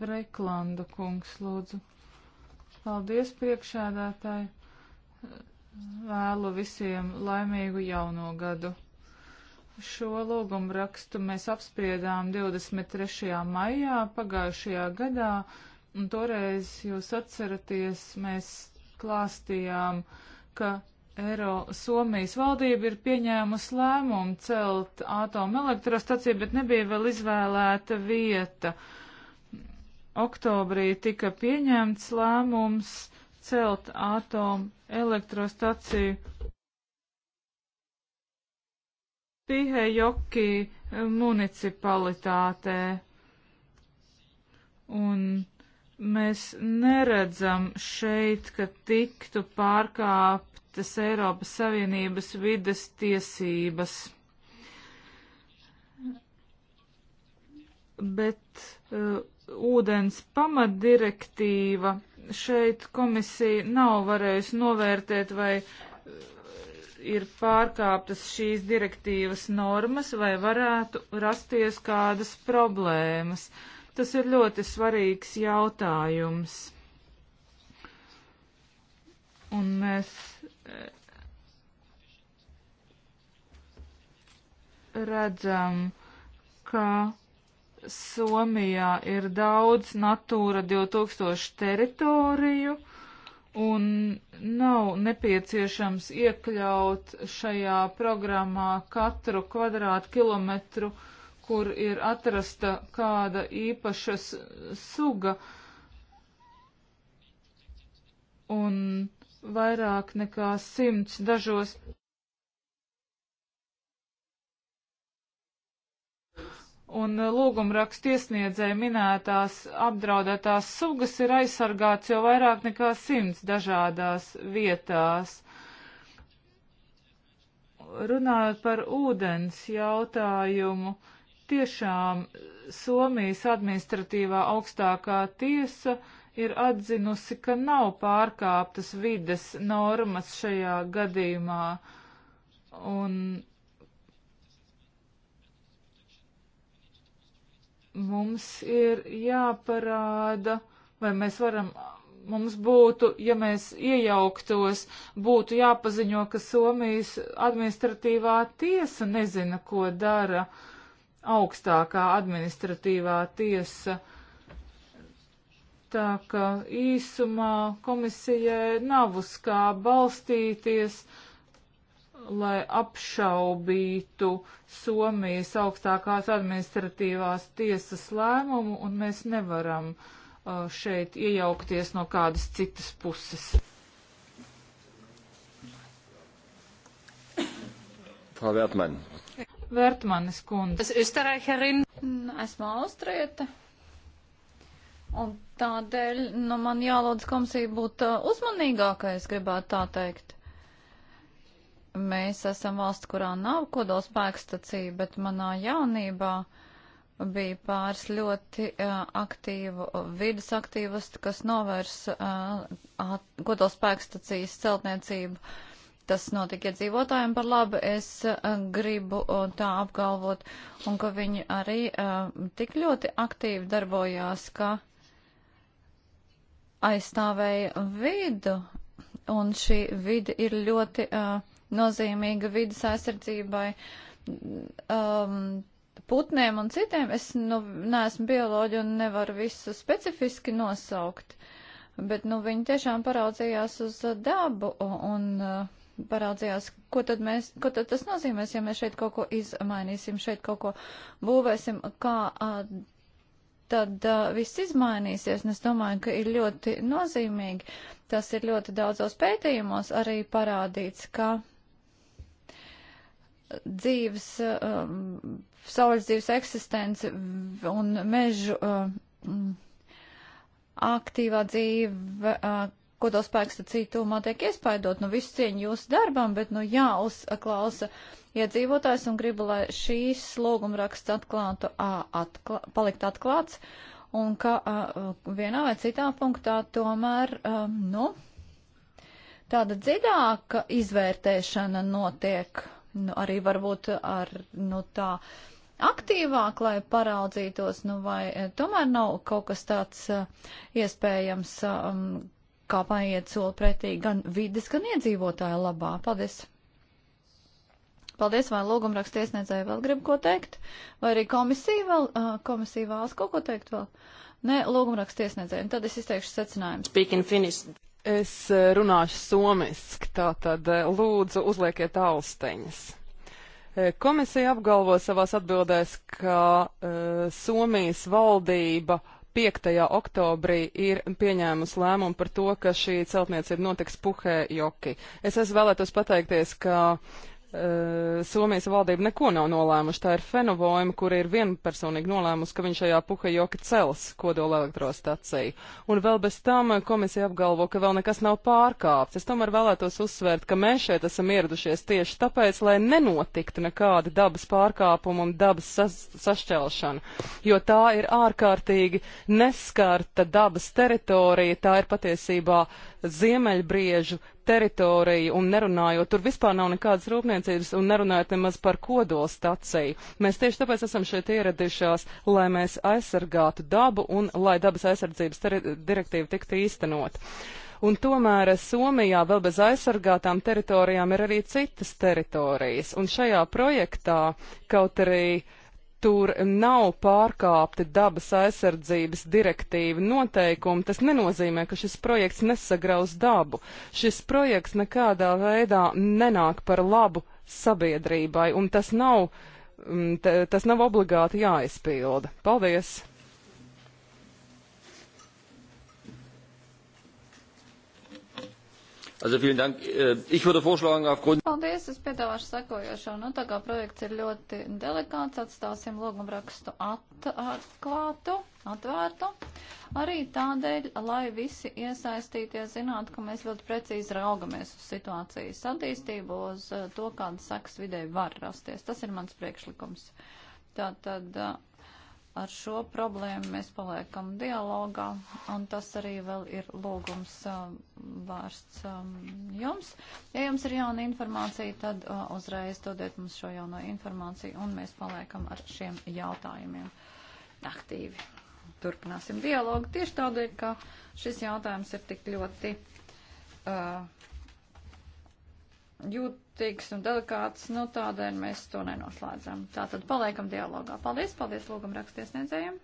Breklanda kungs, lūdzu. Paldies priekšēdātāji. Vēlu visiem laimīgu jauno gadu. Šo lūgumu rakstu mēs apspriedām 23. maijā pagājušajā gadā, un toreiz, jūs atceraties, mēs klāstījām, ka Eiro Somijas valdība ir pieņēmusi lēmumu celt atomelektrostaciju, bet nebija vēl izvēlēta vieta. Oktobrī tika pieņemts lēmums celt atomelektrostaciju. Pihejoki municipalitātē. Un mēs neredzam šeit, ka tiktu pārkāpt tas Eiropas Savienības vides tiesības. Bet uh, ūdens pamatdirektīva šeit komisija nav varējusi novērtēt, vai uh, ir pārkāptas šīs direktīvas normas, vai varētu rasties kādas problēmas. Tas ir ļoti svarīgs jautājums. Un mēs redzam, ka Somijā ir daudz Natūra 2000 teritoriju un nav nepieciešams iekļaut šajā programmā katru kvadrātkilometru, kur ir atrasta kāda īpaša suga. Un vairāk nekā simts dažos. Un eh, lūgumrakstu iesniedzēja minētās apdraudētās sugas ir aizsargāts jau vairāk nekā simts dažādās vietās. Runājot par ūdens jautājumu, tiešām Somijas administratīvā augstākā tiesa uh, ir atzinusi, ka nav pārkāptas vides normas šajā gadījumā. Un mums ir jāparāda, vai mēs varam, mums būtu, ja mēs iejauktos, būtu jāpaziņo, ka Somijas administratīvā tiesa nezina, ko dara augstākā administratīvā tiesa. Uh, Tā ka īsumā komisijai nav uz kā balstīties, lai apšaubītu Somijas augstākās administratīvās tiesas lēmumu, un mēs nevaram uh, šeit iejaukties no kādas citas puses. Frau Wertmann. Wertmannes kundze. Es Österreicherin. Esmu Austrieta. Un tādēļ, nu, man jālūdz komisija būt uh, uzmanīgākai, es gribētu tā teikt. Mēs esam valsts, kurā nav kodolspēka stacija, bet manā jaunībā bija pāris ļoti uh, aktīvu, vidas aktīvistu, kas novērs uh, kodolspēka stacijas celtniecību. Tas notika iedzīvotājiem par labu, es uh, gribu uh, tā apgalvot, un ka viņi arī uh, tik ļoti aktīvi darbojās, ka uh, aizstāvēja vidu, un šī vide ir ļoti uh, nozīmīga vidas aizsardzībai. Um, Putniem un citiem es nu, neesmu bioloģi un nevaru visu specifiski nosaukt, bet nu, viņi tiešām paraudzījās uz dabu un uh, paraudzījās, ko tad, mēs, ko tad tas nozīmēs, ja mēs šeit kaut ko izmainīsim, šeit kaut ko būvēsim, kā uh, tad uh, viss izmainīsies, un es domāju, ka ir ļoti nozīmīgi. Tas ir ļoti daudzos pētījumos arī parādīts, ka dzīves, um, saules dzīves eksistence un mežu um, aktīvā dzīve, uh, ko to spēks citūmā tiek iespaidot, nu visu cieņu jūsu darbam, bet nu jāuzklausa iedzīvotājs un gribu, lai šīs lūguma raksts atklātu, atklā, palikt atklāts un ka vienā vai citā punktā tomēr, nu, tāda dziļāka izvērtēšana notiek, nu, arī varbūt ar, nu, tā aktīvāk, lai paraudzītos, nu, vai e, tomēr nav kaut kas tāds iespējams, kā paiet soli pretī gan vides, gan iedzīvotāju labā. Paldies! Paldies, vai lūgumraksta iesniedzēja vēl grib ko teikt? Vai arī komisija vēl, uh, komisija vēlas kaut ko teikt vēl? Nē, lūgumraksta iesniedzēja, tad es izteikšu secinājumu. Speak in Finnish. Es runāšu somiski, tā tad lūdzu uzliekiet austeņas. Komisija apgalvo savās atbildēs, ka uh, Somijas valdība 5. oktobrī ir pieņēmusi lēmumu par to, ka šī celtniecība notiks Puhē Joki. Es esmu vēlētos pateikties, ka Eh, Somijas valdība neko nav nolēmuši. Tā ir fenovojuma, kur ir vienpersonīgi nolēmusi, ka viņš šajā puha joka cels kodola elektrostaciju. Un vēl bez tam komisija apgalvo, ka vēl nekas nav pārkāpts. Es tomēr vēlētos uzsvērt, ka mēs šeit esam ieradušies tieši tāpēc, lai nenotiktu nekādi dabas pārkāpumi un dabas sas sašķelšana, jo tā ir ārkārtīgi neskarta dabas teritorija, tā ir patiesībā ziemeļbriežu teritoriju un nerunājot, tur vispār nav nekādas rūpniecības un nerunājot nemaz par kodola staciju. Mēs tieši tāpēc esam šeit ieradušās, lai mēs aizsargātu dabu un lai dabas aizsardzības direktīva tiktu īstenot. Un tomēr Somijā vēl bez aizsargātām teritorijām ir arī citas teritorijas. Un šajā projektā, kaut arī uh, tur nav pārkāpti dabas aizsardzības direktīva noteikumi, tas nenozīmē, ka šis projekts nesagraus dabu. Šis projekts nekādā veidā nenāk par labu sabiedrībai, un tas nav, mm, tas nav obligāti jāizpilda. Paldies! Also vielen Dank. Äh, ich würde vorschlagen, aufgrund Es uz piedāvāšu sakojošo. Nu, tā kā projekts ir ļoti delikāts, atstāsim logumrakstu atklātu, atvērtu. Arī tādēļ, lai visi iesaistītie zinātu, ka mēs ļoti precīzi raugamies uz situācijas attīstību, uz eh, to, kādas sekas vidē var rasties. Tas ir mans priekšlikums. Tātad eh, ar šo problēmu mēs paliekam dialogā, un tas arī vēl ir lūgums vārsts jums. Ja jums ir jauna informācija, tad uzreiz dodiet mums šo jauno informāciju, un mēs paliekam ar šiem jautājumiem aktīvi. Turpināsim dialogu tieši tādēļ, ka šis jautājums ir tik ļoti. Uh, jūtīgs un delikāts, nu tādēļ mēs to nenoslēdzam. Tātad paliekam dialogā. Paldies, paldies lūgam rakstiesniedzējiem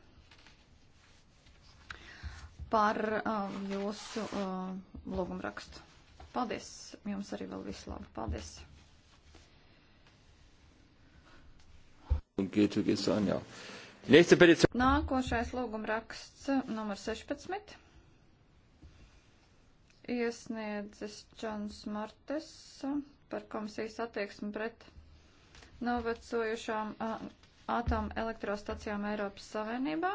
par uh, jūsu uh, lūgumrakstu. Paldies, jums arī vēl visu labu. Paldies. Nākošais lūgumraksts numur 16 iesniedzis Čons Martes par komisijas attieksmi pret novecojušām atomelektrostacijām Eiropas Savienībā.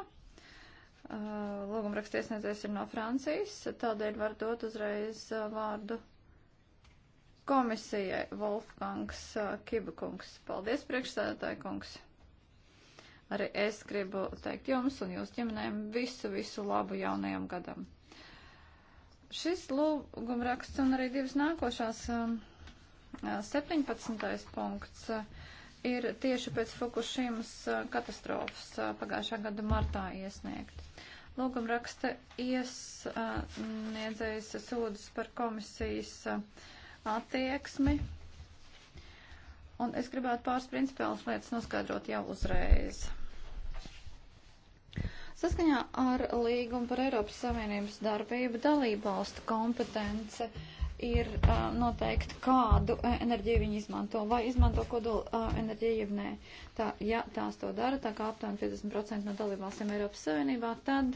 Lūgumraksta iesniedzējs ir no Francijas, tādēļ var dot uzreiz vārdu komisijai Wolfgangs Kibakungs. Paldies, priekšsēdētāji kungs! Arī es gribu teikt jums un jūsu ģimenēm visu, visu labu jaunajam gadam! Šis lūgumraksts un arī divas nākošās 17. Um, uh, punkts uh, ir tieši pēc Fukushimas uh, katastrofas pagājušā gada martā iesniegti. Lūguma raksta iesniedzējs sūdzas par komisijas attieksmi. Un es gribētu pāris principiālas lietas noskaidrot jau uzreiz. Saskaņā ar līgumu par Eiropas Savienības darbību dalību valstu kompetence ir uh, noteikti, kādu enerģiju viņi izmanto, vai izmanto kodolu uh, enerģiju, ja nē. Tā, ja tās to dara, tā kā aptuveni 50% no dalībvalstīm Eiropas Savienībā, tad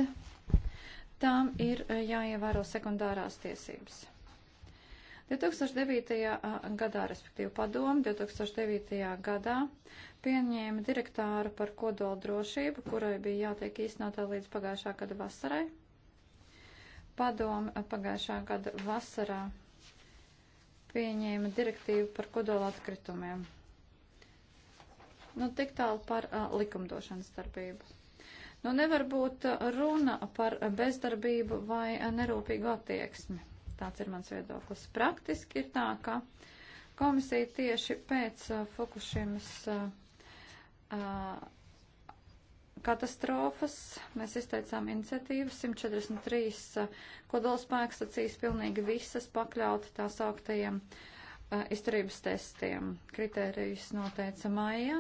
tām ir uh, jāievēro sekundārās tiesības. 2009. gadā, respektīvi padomu, 2009. gadā pieņēma direktāru par kodola drošību, kurai bija jātiek īstenotā līdz pagājušā gada vasarai. Padoma pagājušā gada vasarā pieņēma direktīvu par kodola atkritumiem. Nu, tik tālu par uh, likumdošanas darbību. Nu, nevar būt runa par bezdarbību vai nerūpīgu attieksmi. Tāds ir mans viedoklis. Praktiski ir tā, ka komisija tieši pēc uh, Fukušimas uh, uh, katastrofas. Mēs izteicām iniciatīvas 143 uh, kodolspēks sacīs pilnīgi visas pakļaut tā sauktajiem uh, izturības testiem. Kritērijus noteica maijā.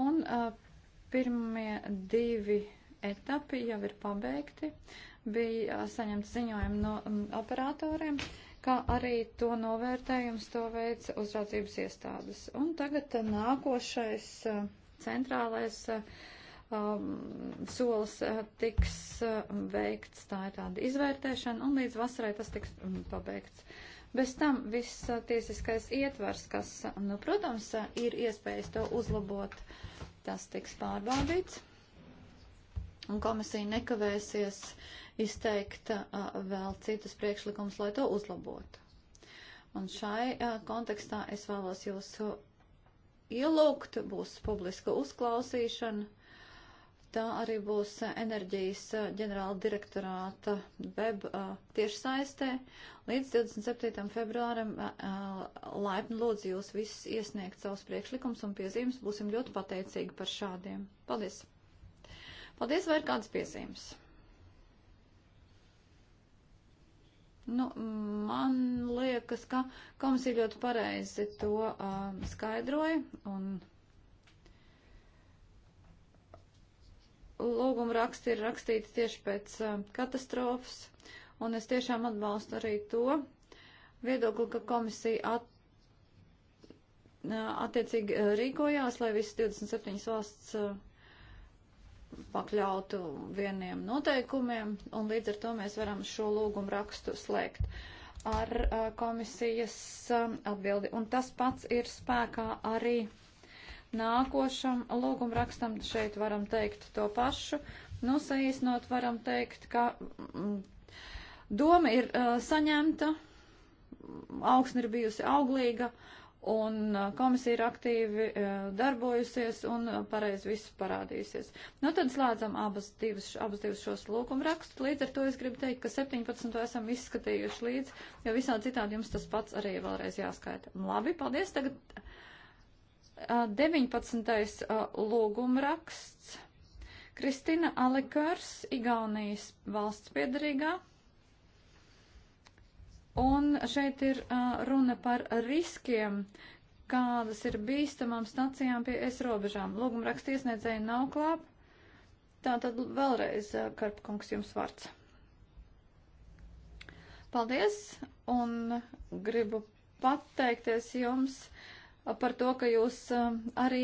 Un uh, pirmie divi etapi jau ir pabeigti. Bija saņemt ziņojumu no um, operatoriem, kā arī to novērtējums to veica uzraudzības iestādes. Un tagad nākošais. Uh, centrālais eh, um, solis eh, tiks eh, veikts, tā ir tāda izvērtēšana, un līdz vasarai tas tiks mm, pabeigts. Bez tam viss tiesiskais ietvers, kas, nu, protams, ir iespējas to uzlabot, tas tiks pārbaudīts. Un komisija nekavēsies izteikt uh, vēl citus priekšlikumus, lai to uzlabotu. Un šai uh, kontekstā es vēlos jūsu ielūgt, būs publiska uzklausīšana. Tā arī būs enerģijas ģenerāla direktorāta web tiešsaistē. Līdz 27. februāram laipni lūdzu jūs visus iesniegt savus priekšlikums un piezīmes. Būsim ļoti pateicīgi par šādiem. Paldies! Paldies, vai ir kādas piezīmes? Nu, man liekas, ka komisija ļoti pareizi to uh, skaidroja un lūguma raksti ir rakstīti tieši pēc uh, katastrofas, un es tiešām atbalstu arī to viedokli, ka komisija at, uh, attiecīgi rīkojās, lai visas 27 valsts uh, pakļautu vieniem noteikumiem, un līdz ar to mēs varam šo lūgumu rakstu slēgt ar uh, komisijas uh, atbildi. Un tas pats ir spēkā arī nākošam lūgumu rakstam. Šeit varam teikt to pašu. Nu, saīsnot varam teikt, ka mm, doma ir uh, saņemta, augsne ir bijusi auglīga. Uh, Un uh, komisija ir aktīvi uh, darbojusies un uh, pareizi viss parādīsies. Nu, tad slēdzam abas divas, abas divas šos lūkumu rakstus. Līdz ar to es gribu teikt, ka 17. esam izskatījuši līdz, jo visā citādi jums tas pats arī vēlreiz jāskaita. Labi, paldies. Tagad 19. lūgumu raksts. Kristina Alikars, Igaunijas valsts piedarīgā. Un šeit ir uh, runa par riskiem, kādas ir bīstamām stacijām pie es robežām. Lūguma raksts iesniedzēja nav klāt. Tā tad vēlreiz, uh, Karpkungs, jums vārds. Paldies un gribu pateikties jums par to, ka jūs arī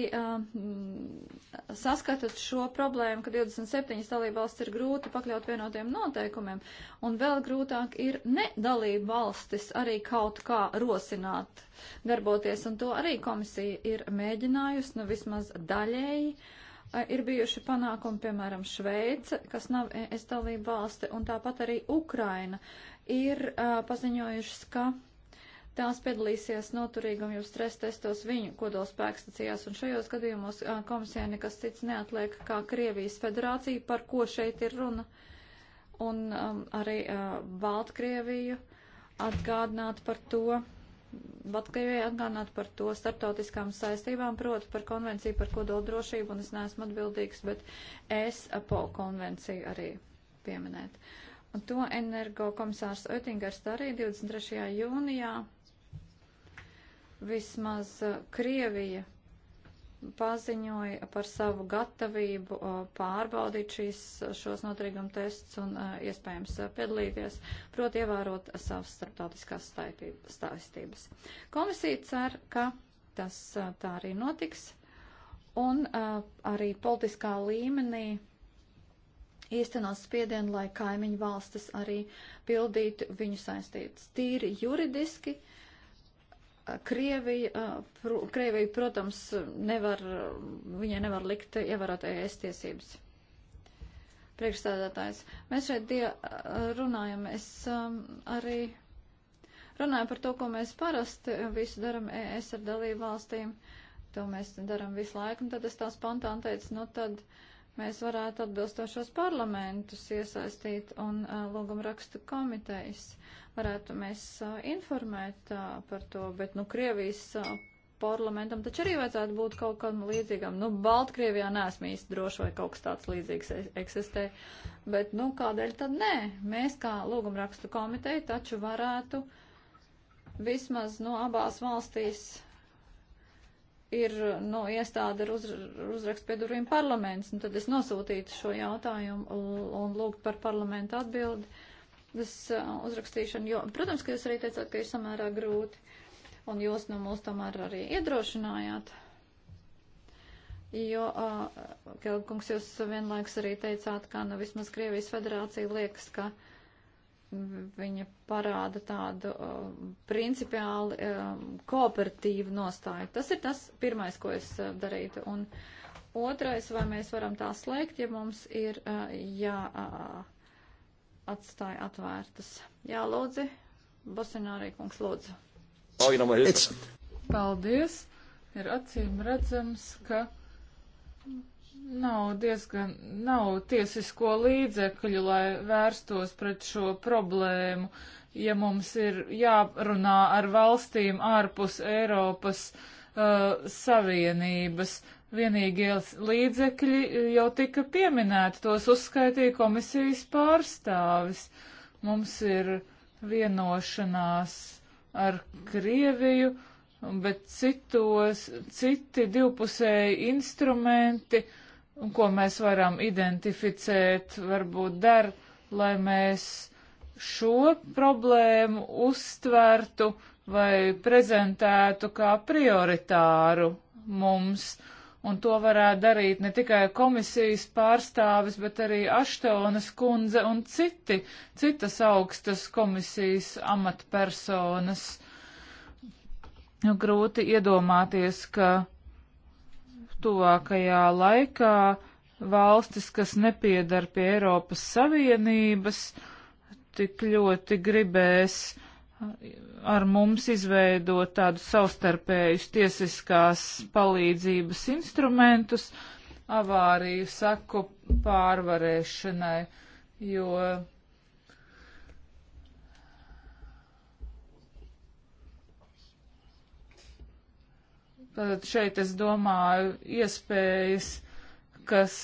saskatat šo problēmu, ka 27 dalībvalsts ir grūti pakļaut vienotiem noteikumiem, un vēl grūtāk ir nedalību valstis arī kaut kā rosināt darboties, un to arī komisija ir mēģinājusi, nu vismaz daļēji. Ir bijuši panākumi, piemēram, Šveice, kas nav es dalība valsti, un tāpat arī Ukraina ir uh, paziņojušas, ka uh, Tās piedalīsies noturīguma jau stresa testos viņu kodolspēkstacijās, un šajos gadījumos komisijai nekas cits neatliek kā Krievijas federācija, par ko šeit ir runa, un um, arī uh, Baltkrieviju atgādināt par to, Baltkrievijai atgādināt par to starptautiskām saistībām, proti par konvenciju par kodoldrošību, un es neesmu atbildīgs, bet es apo konvenciju arī pieminēt. Un to energo komisārs Oettingers darīja 23. jūnijā Vismaz eh, Krievija paziņoja par savu gatavību eh, pārbaudīt šīs, šos noturīguma tests un eh, iespējams piedalīties, proti ievērot savas starptautiskās stāstības. Komisija cer, ka tas tā arī notiks un arī politiskā līmenī īstenos spiedienu, lai kaimiņu valstis arī pildītu viņu saistības. Tīri juridiski uh, Krievija, Krievija, protams, nevar, viņai nevar likt ievērot ES tiesības. Priekšstādātājs. Mēs šeit die, runājam, es arī runāju par to, ko mēs parasti visu daram ES ar dalību valstīm. To mēs daram visu laiku, un tad es tā spontāni teicu, nu tad mēs varētu atbilstošos parlamentus iesaistīt un lūgumrakstu komitejas. Uh, varētu mēs informēt par to, bet, nu, Krievijas parlamentam taču arī vajadzētu būt kaut kam līdzīgam. Nu, Baltkrievijā neesmu īsti droši, vai kaut kas tāds līdzīgs eksistē, bet, nu, kādēļ tad nē? Mēs kā lūgumrakstu komiteja taču varētu vismaz no nu, abās valstīs ir, nu, iestāde ar uz, uzrakstu pie durvīm parlaments, un nu, tad es nosūtītu šo jautājumu un lūgtu par parlamentu atbildi vārdas uzrakstīšanu, jo, protams, ka jūs arī teicāt, ka ir samērā grūti, un jūs no nu, mūs tomēr arī iedrošinājāt. Jo, uh, Kelkungs, jūs vienlaiks arī teicāt, ka nu, vismaz Krievijas federācija liekas, ka viņa parāda tādu uh, principiāli uh, kooperatīvu nostāju. Tas ir tas pirmais, ko es uh, darītu. Un otrais, vai mēs varam tā slēgt, ja mums ir uh, jā. Uh, atstāja atvērtas. Jā, lūdzi, Bosinārī kungs, lūdzu. Paldies! Ir acīm redzams, ka nav diezgan, nav tiesisko līdzekļu, lai vērstos pret šo problēmu, ja mums ir jārunā ar valstīm ārpus Eiropas uh, Savienības. Uh, vienīgie līdzekļi jau tika pieminēti, tos uzskaitīja komisijas pārstāvis. Mums ir vienošanās ar Krieviju, bet citos, citi divpusēji instrumenti, ko mēs varam identificēt, varbūt der, lai mēs šo problēmu uztvertu vai prezentētu kā prioritāru mums un to varētu darīt ne tikai komisijas pārstāvis, bet arī Aštonas kundze un citi, citas augstas komisijas amatpersonas. Nu, grūti iedomāties, ka tuvākajā laikā valstis, kas nepiedar pie Eiropas Savienības, tik ļoti gribēs uh, ar mums izveidot tādus savstarpējus tiesiskās palīdzības instrumentus avāriju saku pārvarēšanai, jo tad šeit es domāju iespējas, kas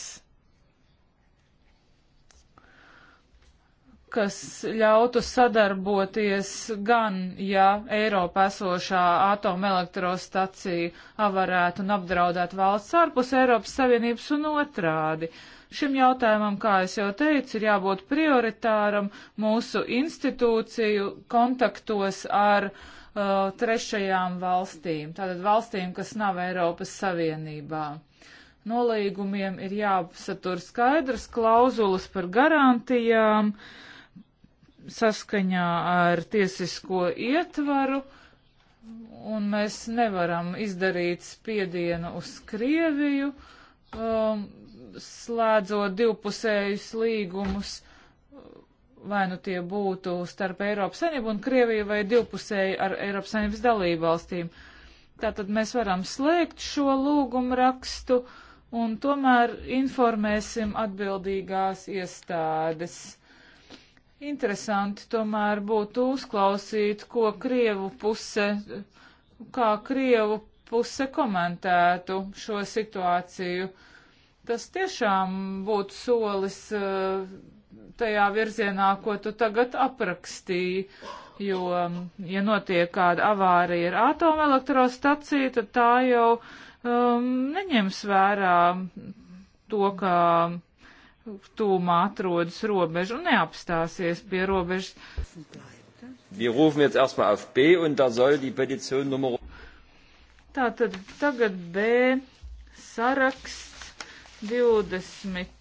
kas ļautu sadarboties gan, ja Eiropā esošā atomelektrostacija avarētu un apdraudētu valsts ārpus Eiropas Savienības un otrādi. Šim jautājumam, kā es jau teicu, ir jābūt prioritāram mūsu institūciju kontaktos ar uh, trešajām valstīm, tātad valstīm, kas nav Eiropas Savienībā. Nolīgumiem ir jāapsatur skaidras klauzulas par garantijām, uh, saskaņā ar tiesisko ietvaru, un mēs nevaram izdarīt spiedienu uz Krieviju, um, slēdzot divpusējus līgumus, vai nu tie būtu starp Eiropas Savienību un Krieviju vai divpusēji ar Eiropas Savienības dalību valstīm. Tātad mēs varam slēgt šo lūgumu rakstu un tomēr informēsim atbildīgās iestādes Interesanti tomēr būtu uzklausīt, ko Krievu puse, kā Krievu puse komentētu šo situāciju. Tas tiešām būtu solis eh, tajā virzienā, ko tu tagad aprakstīji, jo, ja notiek kāda avārija ar atomelektrostaciju, tad tā jau um, neņems vērā to, kā tūmā atrodas robeža un neapstāsies pie robežas. Wir rufen jetzt erstmal auf B un da soll die Petition Nummer. Tātad tagad B saraksts 20.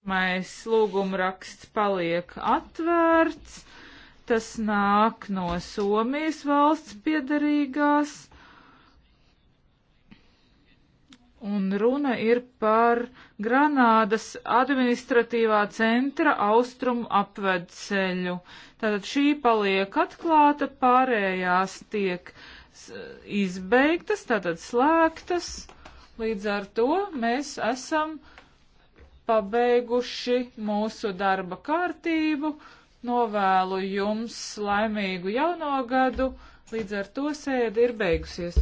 Pirmais lūgumraksts paliek atvērts, tas nāk no Somijas valsts piedarīgās Un runa ir par Granādas administratīvā centra austrumu apvedceļu. Tātad šī paliek atklāta, pārējās tiek izbeigtas, tātad slēgtas. Līdz ar to mēs esam pabeiguši mūsu darba kārtību. Novēlu jums laimīgu jauno gadu. Līdz ar to sēde ir beigusies.